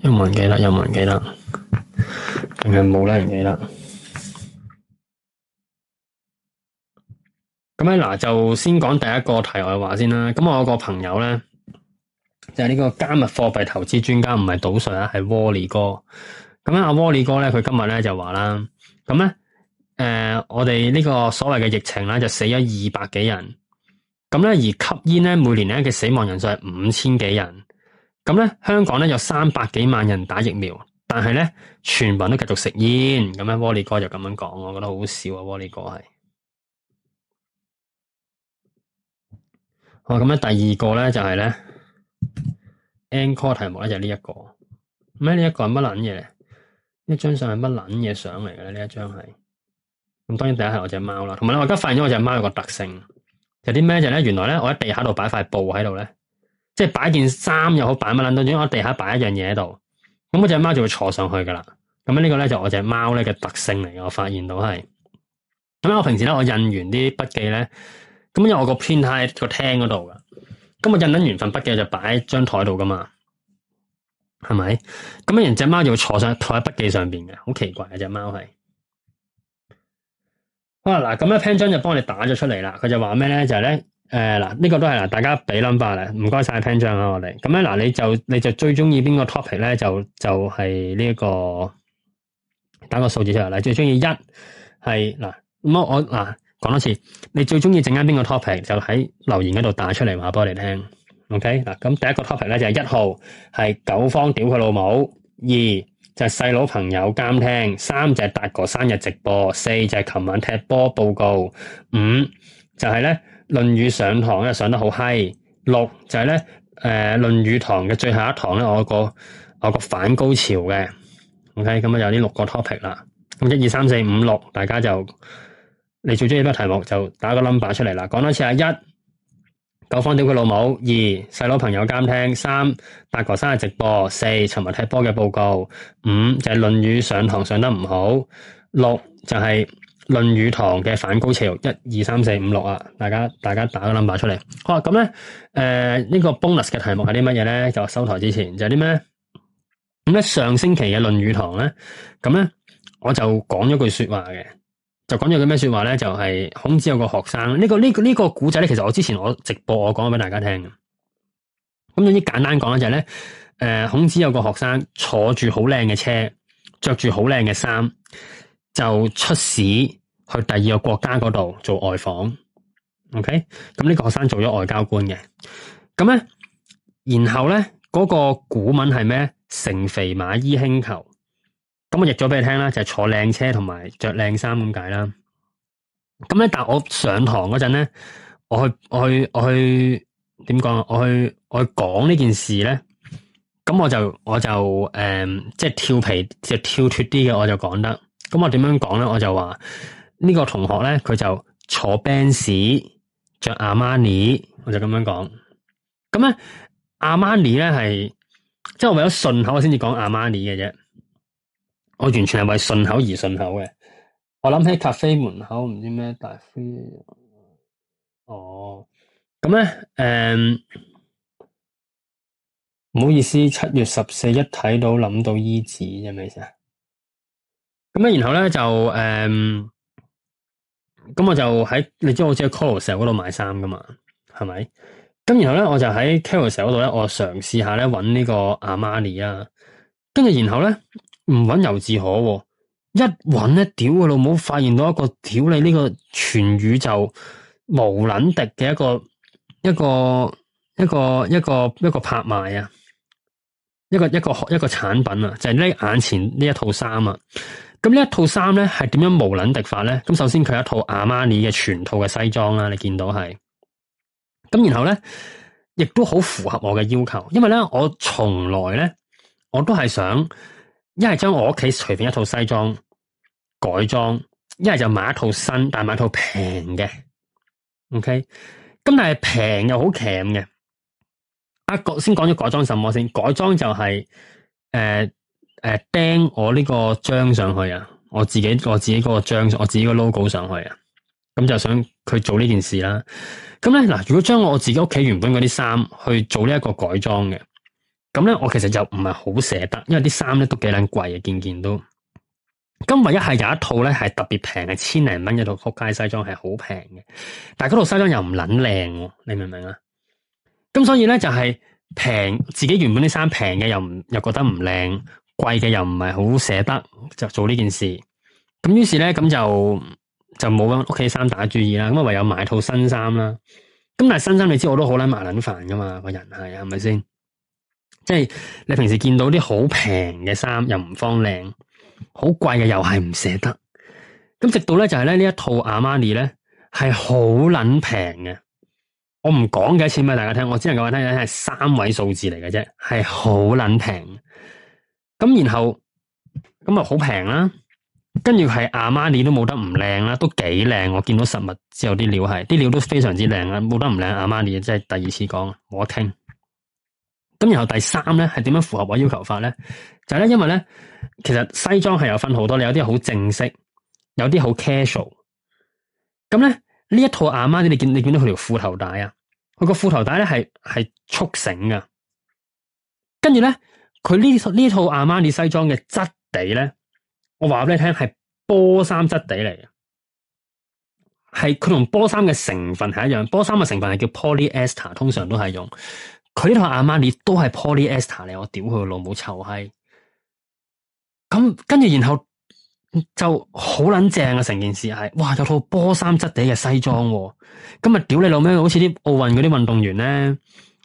有冇人記得，有冇人記得，定係冇咧？唔記得。咁咧嗱，就先講第一個題外話先啦。咁我有個朋友咧，就係、是、呢個加密貨幣投資專家，唔係賭術啊，係 Wallie 哥。咁咧，阿 Wallie 哥咧，佢今日咧就話啦，咁咧。誒、呃，我哋呢個所謂嘅疫情咧，就、呃、死咗二百幾人。咁咧，而吸煙咧，每年咧嘅死亡人數係五千幾人。咁咧，香港咧有三百幾萬人打疫苗，但係咧，全民都繼續食煙。咁樣呢，窩里哥就咁樣講，我覺得好笑啊！窩里哥係。哦，咁咧、啊、第二個咧就係咧，encore 題目咧就呢、是、一、這個。咩、啊這個、呢一個係乜撚嘢？呢張相係乜撚嘢相嚟嘅咧？呢一張係？咁當然第一係我隻貓啦，同埋咧，我而家發現咗我隻貓有個特性，有啲咩就係咧，原來咧，我喺地下度擺塊布喺度咧，即係擺件衫又好，擺乜撚到，總之我地下擺一樣嘢喺度，咁嗰隻貓就會坐上去噶啦。咁呢個咧就我隻貓咧嘅特性嚟，我發現到係。咁咧，我平時咧我印完啲筆記咧，咁因為我個 printer 喺個廳嗰度噶，咁我印撚完份筆記就擺喺張台度噶嘛，係咪？咁樣人隻貓就會坐上台喺筆記上邊嘅，好奇怪啊！隻貓係。哇嗱，咁樣潘章就幫你打咗出嚟啦，佢就話咩咧？就係、是、咧，誒、呃、嗱，呢、這個都係嗱，大家俾 number 啦，唔該晒潘章我啊我哋。咁樣嗱，你就你就最中意邊個 topic 咧？就就係呢一個打個數字出嚟啦。最中意一係嗱，咁、啊、我嗱講、啊、多次，你最中意整間邊個 topic 就喺留言嗰度打出嚟話俾我哋聽。OK、啊、嗱，咁第一個 topic 咧就係、是、一號係狗方屌佢老母，二。就係細佬朋友監聽，三就係達哥生日直播，四就係琴晚踢波報告，五就係咧《論語》上堂咧上,上得好嗨，六就係咧誒《論語》堂嘅最後一堂咧我個我個反高潮嘅，OK 咁啊有呢六個 topic 啦，咁一二三四五六大家就你最中意邊個題目就打個 number 出嚟啦，講多次啊一。1, 九方屌佢老母，二細佬朋友監聽，三八哥生日直播，四尋日踢波嘅報告，五就係、是、論語上堂上，上得唔好，六就係、是、論語堂嘅反高潮，一二三四五六啊！大家大家打個 number 出嚟。好啦，咁咧，誒、呃、呢、這個 bonus 嘅題目係啲乜嘢咧？就收台之前就係啲咩？咁咧上星期嘅論語堂咧，咁咧我就講咗句說話嘅。就講咗個咩說話咧？就係、是、孔子有個學生，呢、這個呢、這個呢、這個古仔咧，其實我之前我直播我講咗俾大家聽嘅。咁總之簡單講咧就係、是、咧，誒、呃，孔子有個學生坐住好靚嘅車，着住好靚嘅衫，就出使去第二個國家嗰度做外訪。OK，咁呢個學生做咗外交官嘅。咁咧，然後咧嗰、那個古文係咩？乘肥馬衣輕裘。咁我譯咗俾你聽啦，就係、是、坐靚車同埋着靚衫咁解啦。咁咧，但我上堂嗰陣咧，我去我去我去點講啊？我去我去講呢件事咧。咁我就我就誒，即係跳皮即係跳脫啲嘅，我就講得。咁、嗯、我點樣講咧？我就話呢、呢個同學咧，佢就坐 Benz，着阿瑪尼，我就咁樣講。咁咧，阿瑪尼咧係即係我為咗順口，我先至講阿瑪尼嘅啫。我完全係為順口而順口嘅，我諗起咖啡門口唔知咩大飛，哦，咁咧，誒、嗯，唔好意思，七月十四一睇到諗到醫治啫，咩事啊？咁咧，然後咧就誒，咁、嗯、我就喺你知我只 Karl 石嗰度買衫噶嘛，係咪？咁然後咧，我就喺 Karl 石嗰度咧，我嘗試下咧搵呢個阿瑪尼啊，跟住然後咧。唔揾尤智可、啊，一揾咧，屌佢老母！發現到一個屌你呢個全宇宙無撚敵嘅一個一個一個一個一個拍賣啊！一個一個一個產品啊，就呢、是、眼前呢一套衫啊！咁呢一套衫咧，係點樣無撚敵法咧？咁首先佢一套阿瑪尼嘅全套嘅西裝啦、啊，你見到係咁，然後咧亦都好符合我嘅要求，因為咧我從來咧我都係想。一係將我屋企隨便一套西裝改裝，一係就買一套新，但係買套平嘅。OK，咁但係平又好騎嘅。啊，先講咗改裝什麼先？改裝就係誒誒釘我呢個章上去啊，我自己我自己個章，我自己個 logo 上去啊。咁就想佢做呢件事啦。咁咧嗱，如果將我自己屋企原本嗰啲衫去做呢一個改裝嘅。咁咧，我其實就唔係好捨得，因為啲衫咧都幾撚貴嘅，件件都。咁，唯一係有一套咧，係特別平嘅，千零蚊一套仆街西裝，係好平嘅。但係嗰套西裝又唔撚靚，你明唔明啊？咁所以咧，就係、是、平自己原本啲衫平嘅，又唔又覺得唔靚，貴嘅又唔係好捨得就做呢件事。咁於是咧，咁就就冇揾屋企衫打主意啦。咁啊，唯有買套新衫啦。咁但係新衫，你知我都好撚麻撚煩㗎嘛，個人係啊，係咪先？即係你平時見到啲好平嘅衫又唔方靚，好貴嘅又係唔捨得。咁直到咧就係咧，呢一套阿瑪尼咧係好撚平嘅。我唔講幾多錢俾大家聽，我只能夠話俾大家聽係三位數字嚟嘅啫，係好撚平。咁然後咁啊好平啦，跟住係阿瑪尼都冇得唔靚啦，都幾靚。我見到實物之後啲料係啲料都非常之靚啊，冇得唔靚。阿瑪尼即係第二次講冇得傾。咁然後第三咧係點樣符合我要求法咧？就係咧，因為咧，其實西裝係有分好多，你有啲好正式，有啲好 casual。咁咧，呢一套阿瑪尼，你見你見到佢條褲頭帶啊？佢個褲頭帶咧係係束繩噶。跟住咧，佢呢套呢套阿瑪尼西裝嘅質地咧，我話俾你聽係波衫質地嚟嘅，係佢同波衫嘅成分係一樣，波衫嘅成分係叫 polyester，通常都係用。佢呢套阿瑪尼都係 Polyester 嚟，我屌佢個老母臭閪！咁跟住然後就好撚正啊，成件事係哇，有套波衫質地嘅西裝喎、啊，今日屌你老咩？好似啲奧運嗰啲運動員咧，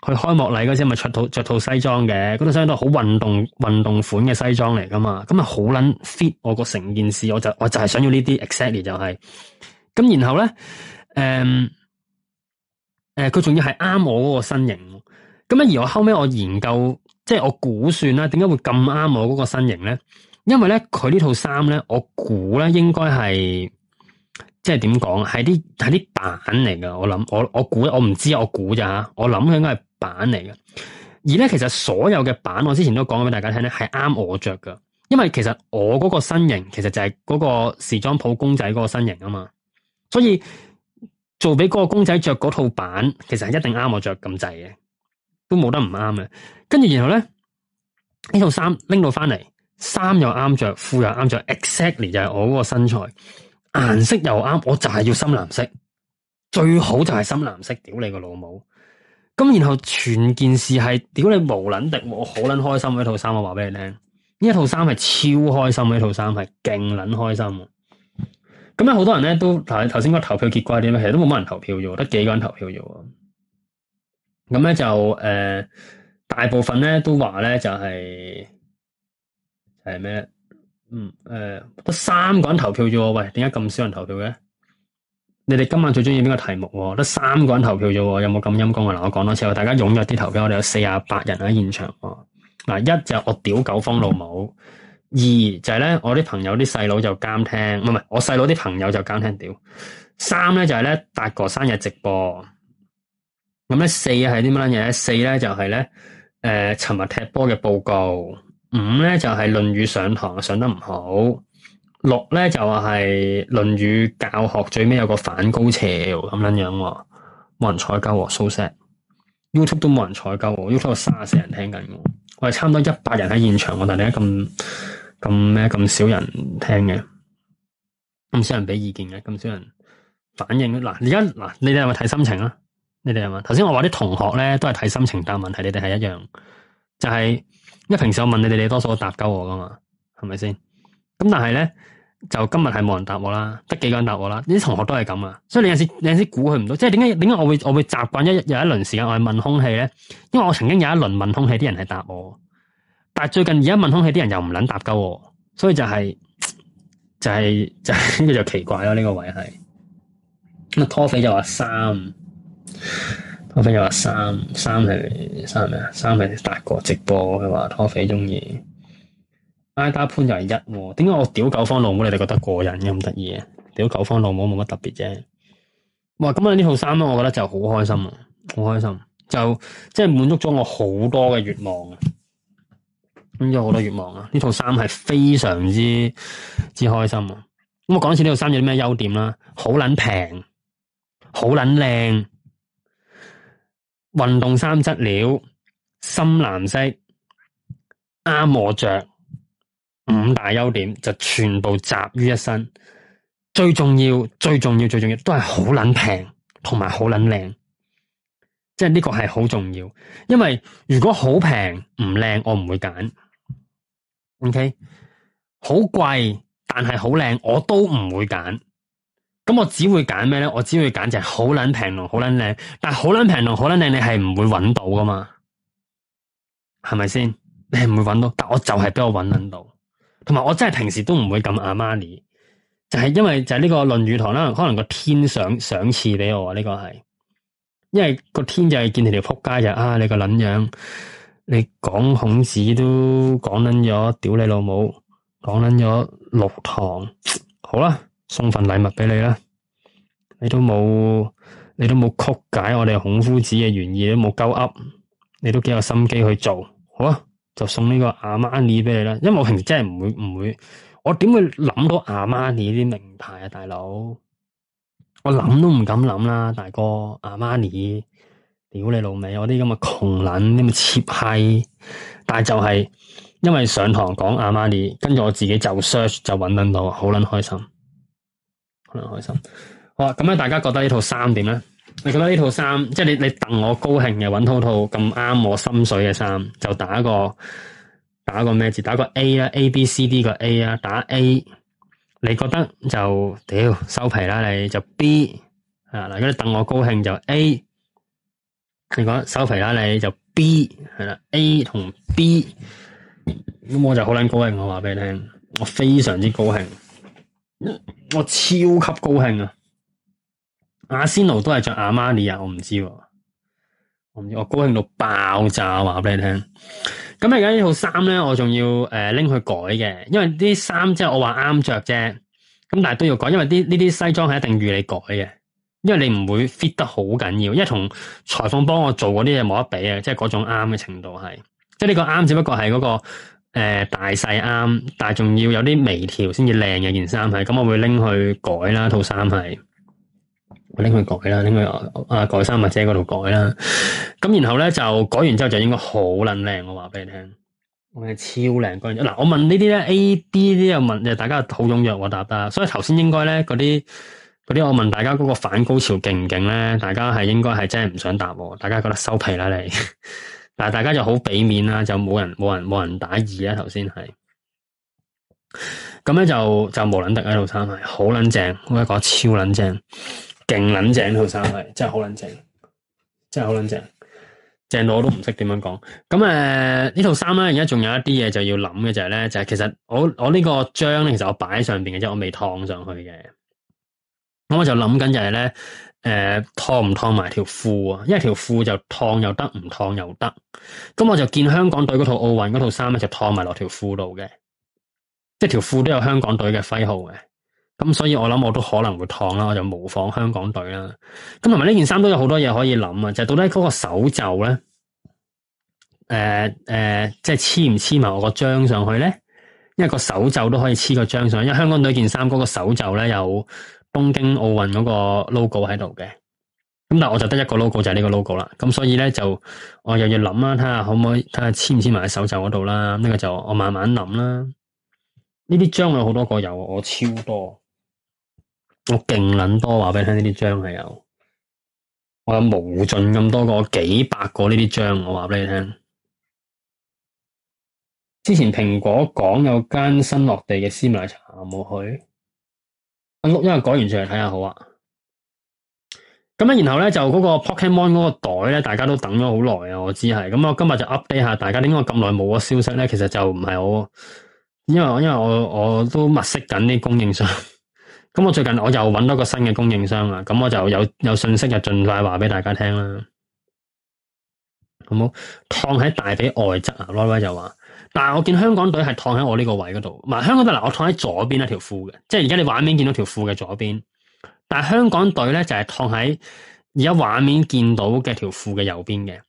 去開幕禮嗰時咪着套着套西裝嘅，嗰套相當好運動運動款嘅西裝嚟噶嘛，咁啊好撚 fit 我個成件事，我就我就係想要呢啲，exactly 就係、是、咁然後咧，誒誒佢仲要係啱我嗰個身形。咁咧，而我後尾我研究，即係我估算啦，點解會咁啱我嗰個身形咧？因為咧，佢呢套衫咧，我估咧應該係，即係點講，係啲係啲板嚟噶。我諗，我我估，我唔知，我估咋吓？我諗佢應該係板嚟噶。而咧，其實所有嘅板我之前都講咗俾大家聽咧，係啱我着噶。因為其實我嗰個身形其實就係嗰個時裝鋪公仔嗰個身形啊嘛。所以做俾嗰個公仔着嗰套板，其實係一定啱我着咁滯嘅。都冇得唔啱嘅，跟住然後咧，呢套衫拎到翻嚟，衫又啱着，褲又啱着，exactly 就係我嗰個身材，顏色又啱，我就係要深藍色，最好就係深藍色，屌你個老母！咁然後全件事係屌你無撚敵，我好撚開心嘅一套衫，我話俾你聽，呢一套衫係超開心嘅一套衫，係勁撚開心。咁啊，好多人咧都，但係頭先嗰投票結果係點咧？其實都冇乜人投票咋，得幾個人投票咋。咁咧就誒、呃，大部分咧都話咧就係係咩？嗯誒，得、呃、三個人投票啫喎！喂，點解咁少人投票嘅？你哋今晚最中意邊個題目喎？得三個人投票啫喎！有冇咁陰功啊？嗱，我講多次，大家踴躍啲投票，我哋有四啊八人喺現場喎。嗱，一就我屌九方老母，二就係咧我啲朋友啲細佬就監聽，唔係我細佬啲朋友就監聽屌。三咧就係咧達哥生日直播。咁咧四係啲乜嘢？四呢就係呢，誒，呃，尋日踢波嘅報告。五呢就係論語上堂上得唔好。六呢就係論語教學最尾有個反高潮咁樣樣，冇人採購。social YouTube 都冇人採購。YouTube 三十四人聽緊喎，我哋差唔多一百人喺現場喎，但係點解咁咁咩咁少人聽嘅，咁少人俾意見嘅，咁少人反應嘅？嗱，而家嗱你哋係咪睇心情啊？你哋係嘛？頭先我話啲同學咧都係睇心情，答問題你哋係一樣，就係、是、因為平時我問你哋，你多數答鳩我噶嘛，係咪先？咁但係咧就今日係冇人答我啦，得幾個人答我啦，呢啲同學都係咁啊，所以你有陣時你有時估佢唔到，即係點解點解我會我會習慣一有一輪時間我係問空氣咧？因為我曾經有一輪問空氣啲人係答我，但係最近而家問空氣啲人又唔捻答鳩我，所以就係、是、就係、是、就跟住就奇怪咯，呢 [laughs] 個位係咁拖肥就話三。拖肥又話三三係三係咩啊？三係達哥直播佢話拖肥中意，ida 潘又係一喎。點解我屌九方老母你哋覺得過癮嘅咁得意啊？屌九方老母冇乜特別啫。哇！咁啊呢套衫咧，我覺得就好開心啊，好開心就即係滿足咗我好多嘅願望。咁有好多願望啊！呢套衫係非常之之開心啊！咁我講一次呢套衫有啲咩優點啦、啊？好捻平，好捻靚。運動衫質料深藍色，啱我着。五大優點就全部集於一身，最重要最重要最重要都係好撚平同埋好撚靚，即係呢個係好重要。因為如果好平唔靚，我唔會揀。OK，好貴但係好靚，我都唔會揀。咁我只會揀咩咧？我只會揀就係好撚平咯，好撚靚。但係好撚平咯，好撚靚，你係唔會揾到噶嘛？係咪先？你係唔會揾到。但我就係畀我揾撚到。同埋我真係平時都唔會咁阿瑪尼，就係、是、因為就係呢個論語堂啦。可能個天賞賞賜畀我呢、啊這個係，因為個天就係見你條仆街就啊，你個撚樣！你講孔子都講撚咗，屌你老母，講撚咗六堂，好啦。送份禮物俾你啦，你都冇，你都冇曲解我哋孔夫子嘅原意，都冇鳩噏，你都幾有心機去做，好啊，就送呢個阿瑪尼俾你啦。因為我平時真係唔會唔會，我點會諗到阿瑪尼呢啲名牌啊，大佬，我諗都唔敢諗啦，大哥阿瑪尼，mani, 屌你老味，我啲咁嘅窮卵，啲咁嘅 cheap 閪，但就係因為上堂講阿瑪尼，跟住我自己就 search 就揾到，好撚開心。可能開心，好啦，咁咧大家覺得呢套衫點咧？你覺得呢套衫，即係你你等我高興嘅，揾到套咁啱我心水嘅衫，就打個打個咩字？打個 A 啦，A B C D 個 A 啦，打 A，你覺得就屌收皮啦，你就 B 啊嗱，如果你等我高興就 A，你講收皮啦，你就 B 係啦，A 同 B，咁我就好捻高興，我話俾你聽，我非常之高興。我超級高興啊！阿仙奴都係着阿瑪尼啊！我唔知，我唔知，我高興到爆炸，話俾你聽。咁而家呢套衫咧，我仲要誒拎、呃、去改嘅，因為啲衫即係我話啱着啫。咁但係都要改，因為啲呢啲西裝係一定預你改嘅，因為你唔會 fit 得好緊要，因為同裁縫幫我做嗰啲嘢冇得比啊，即係嗰種啱嘅程度係，即係呢個啱只不過係嗰、嗰個。誒、呃，大細啱，但係仲要有啲微調先至靚嘅件衫係，咁我會拎去改啦，套衫係，我拎去改啦，拎去阿、啊、改衫或者嗰度改啦，咁然後咧就改完之後就應該好撚靚，我話俾你聽，我嘅超靚嗰件，嗱我問呢啲咧 A、d 啲又問，大家好踴躍，我答得，所以頭先應該咧嗰啲啲我問大家嗰個反高潮勁唔勁咧，大家係應該係真係唔想答我，大家覺得收皮啦你。 [laughs] 嗱，大家就好俾面啦，就冇人冇人冇人打二啦、啊。頭先係，咁咧就就無卵得呢套衫係好卵正，我嗰個超卵正，勁卵正呢套衫係，真係好卵正，真係好卵正，正到我都唔識點樣講。咁誒，呃、套呢套衫咧，而家仲有一啲嘢就要諗嘅就係咧，就係、是、其實我我個呢個章咧，其實我擺喺上邊嘅啫，我未燙上去嘅，咁我就諗緊就係咧。誒，燙唔燙埋條褲啊？因為條褲就燙又得，唔燙又得。咁我就見香港隊嗰套奧運嗰套衫咧，就燙埋落條褲度嘅，即係條褲都有香港隊嘅徽號嘅。咁所以我諗我都可能會燙啦，我就模仿香港隊啦。咁同埋呢件衫都有好多嘢可以諗啊，就係、到底嗰個手袖咧，誒、呃、誒、呃，即係黐唔黐埋我個章上去咧？因為個手袖都可以黐個章上去，因為香港隊件衫嗰個手袖咧有東京奧運嗰個 logo 喺度嘅，咁但我就得一個 logo 就係呢個 logo 啦，咁所以呢，就我又要諗啦、啊，睇下可唔可以睇下簽唔簽埋喺手肘嗰度啦，呢、那個就我慢慢諗啦、啊。呢啲章有好多個有，我超多，我勁撚多話俾你聽，呢啲章係有，我有無盡咁多個，幾百個呢啲章，我話俾你聽。之前蘋果講有間新落地嘅絲襪奶茶冇去。因為改完出嚟睇下好啊，咁咧然後咧就嗰個 Pokemon、ok、嗰個袋咧，大家都等咗好耐啊，我知係，咁我今日就 update 下大家，點解我咁耐冇個消息咧？其實就唔係好，因為因為我我都物色緊啲供應商，咁 [laughs] 我最近我又揾到個新嘅供應商啊，咁我就有有信息就盡快話俾大家聽啦。好冇，燙喺大髀外側啊，威威就話。但係我見香港隊係躺喺我呢個位嗰度，唔係香港隊嗱，我躺喺左邊一條褲嘅，即係而家你畫面見到條褲嘅左邊。但係香港隊咧就係、是、躺喺而家畫面見到嘅條褲嘅右邊嘅，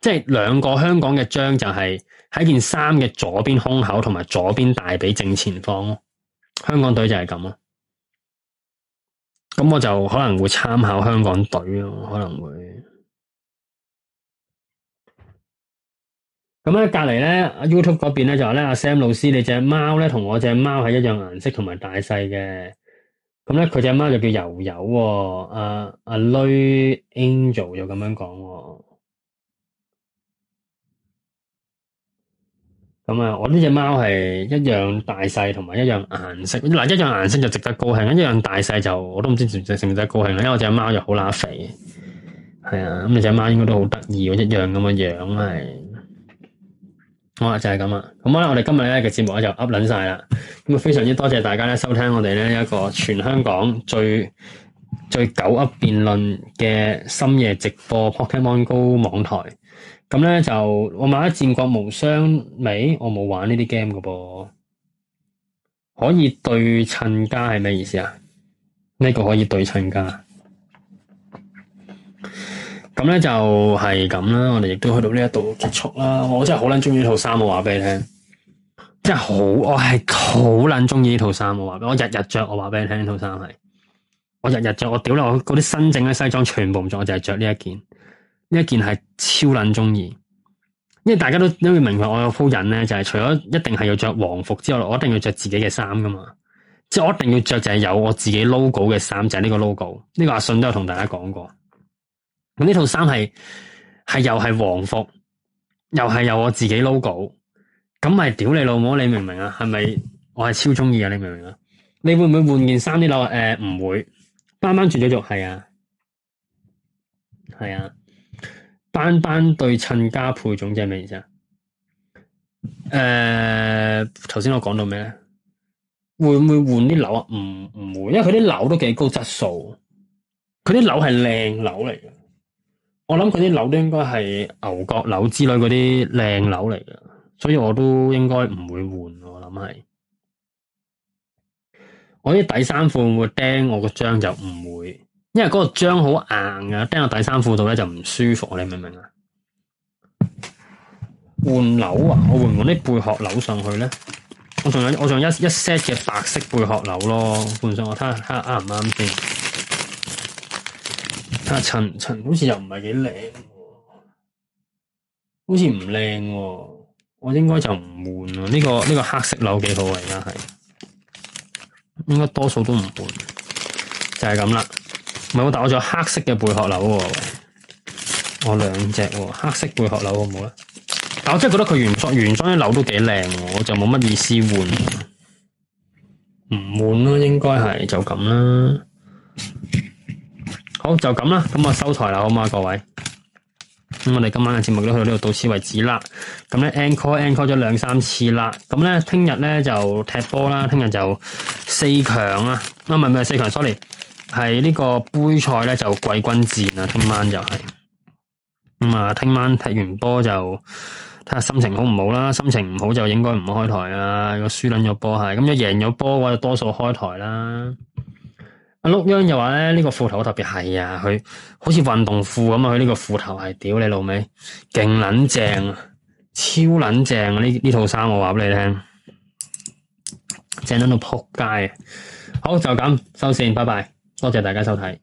即係兩個香港嘅章就係喺件衫嘅左邊胸口同埋左邊大髀正前方。香港隊就係咁咯，咁我就可能會參考香港隊咯，可能會。咁咧，隔籬咧，YouTube 嗰邊咧就話咧，阿 Sam 老師，你隻貓咧同我隻貓係一樣顏色同埋大細嘅。咁、嗯、咧，佢隻貓就叫柔柔喎。阿阿女 Angel 又咁樣講喎。咁、嗯、啊，我呢隻貓係一樣大細同埋一樣顏色。嗱，一樣顏色就值得高興，一樣大細就我都唔知值唔值得高興啦。因為我隻貓又好乸肥。係啊，咁、嗯、你隻貓應該都好得意喎，一樣咁嘅樣係、就是。哦就係，好我就係咁啊。咁咧我哋今日咧嘅節目咧就 u 噏撚晒啦，咁啊非常之多謝大家咧收聽我哋呢一個全香港最最狗噏辯論嘅深夜直播 Pokemon Go 網台，咁、嗯、咧就我買咗戰國無雙未？我冇玩呢啲 game 㗎噃，可以對稱加係咩意思啊？呢、這個可以對稱加？咁咧就係咁啦，我哋亦都去到呢一度結束啦。我真係好捻鍾意呢套衫，我話俾你聽，真係好，我係好捻鍾意呢套衫。我話俾你聽，我日日着，我話俾你聽，呢套衫係我日日着。我屌咯，嗰啲新整嘅西裝全部唔着，我就係着呢一件。呢一件係超捻鍾意。因為大家都都會明白，我有鋪癮咧，就係、是、除咗一定係要着皇服之外，我一定要着自己嘅衫噶嘛。即係我一定要着就係有我自己 logo 嘅衫，就係、是、呢個 logo。呢個阿信都有同大家講過。我呢套衫係又係皇服，又係有我自己 logo，咁咪屌你老母！你明唔明啊？係咪我係超中意啊？你明唔明啊？你會唔會換件衫啲樓誒？唔、呃、唔會，斑斑絕咗種係啊，係啊，斑斑對稱加配種即係咩意思啊？誒、呃，頭先我講到咩呢？會唔會換啲樓啊？唔、嗯、唔會，因為佢啲樓都幾高質素的，佢啲樓係靚樓嚟嘅。我諗佢啲樓都應該係牛角樓之類嗰啲靚樓嚟嘅，所以我都應該唔會換。我諗係我啲底衫褲會釘我個章就唔會，因為嗰個章好硬嘅，釘落底衫褲度咧就唔舒服。你明唔明啊？換樓啊？我換唔換啲貝殼樓上去咧？我仲有我仲有一一 set 嘅白色貝殼樓咯，換上我睇下睇下啱唔啱先。啊，陳陳好似又唔係幾靚喎，好似唔靚喎，我應該就唔換喎、啊。呢個呢個黑色樓幾好啊，而家係，應該多數都唔換，就係咁啦。唔係、啊，我打係我黑色嘅貝殼樓喎，我兩隻喎、啊，黑色貝殼樓好唔好咧？但我真係覺得佢原裝原裝啲樓都幾靚、啊，我就冇乜意思換、啊，唔換啦、啊，應該係就咁啦。好，就咁啦，咁我收台啦，好嗎，各位？咁我哋今晚嘅節目都去到呢度，到此為止啦。咁咧，encore encore 咗兩三次啦。咁咧，聽日咧就踢波啦，聽日就四強啊！啊唔係唔係四強，sorry，係呢個杯賽咧就季軍戰啊，聽晚就係、是。咁、嗯、啊，聽晚踢完波就睇下心情好唔好啦。心情唔好就應該唔好開台啦。如果輸撚咗波係，咁如果贏咗波嘅話，就多數開台啦。阿祿央又話咧呢個褲頭特別係啊，佢好似運動褲咁啊，佢呢個褲頭係屌你老味，勁撚正，啊，超撚正啊！呢呢套衫我話畀你聽，正到撲街啊！好，就咁收線，拜拜，多謝大家收睇。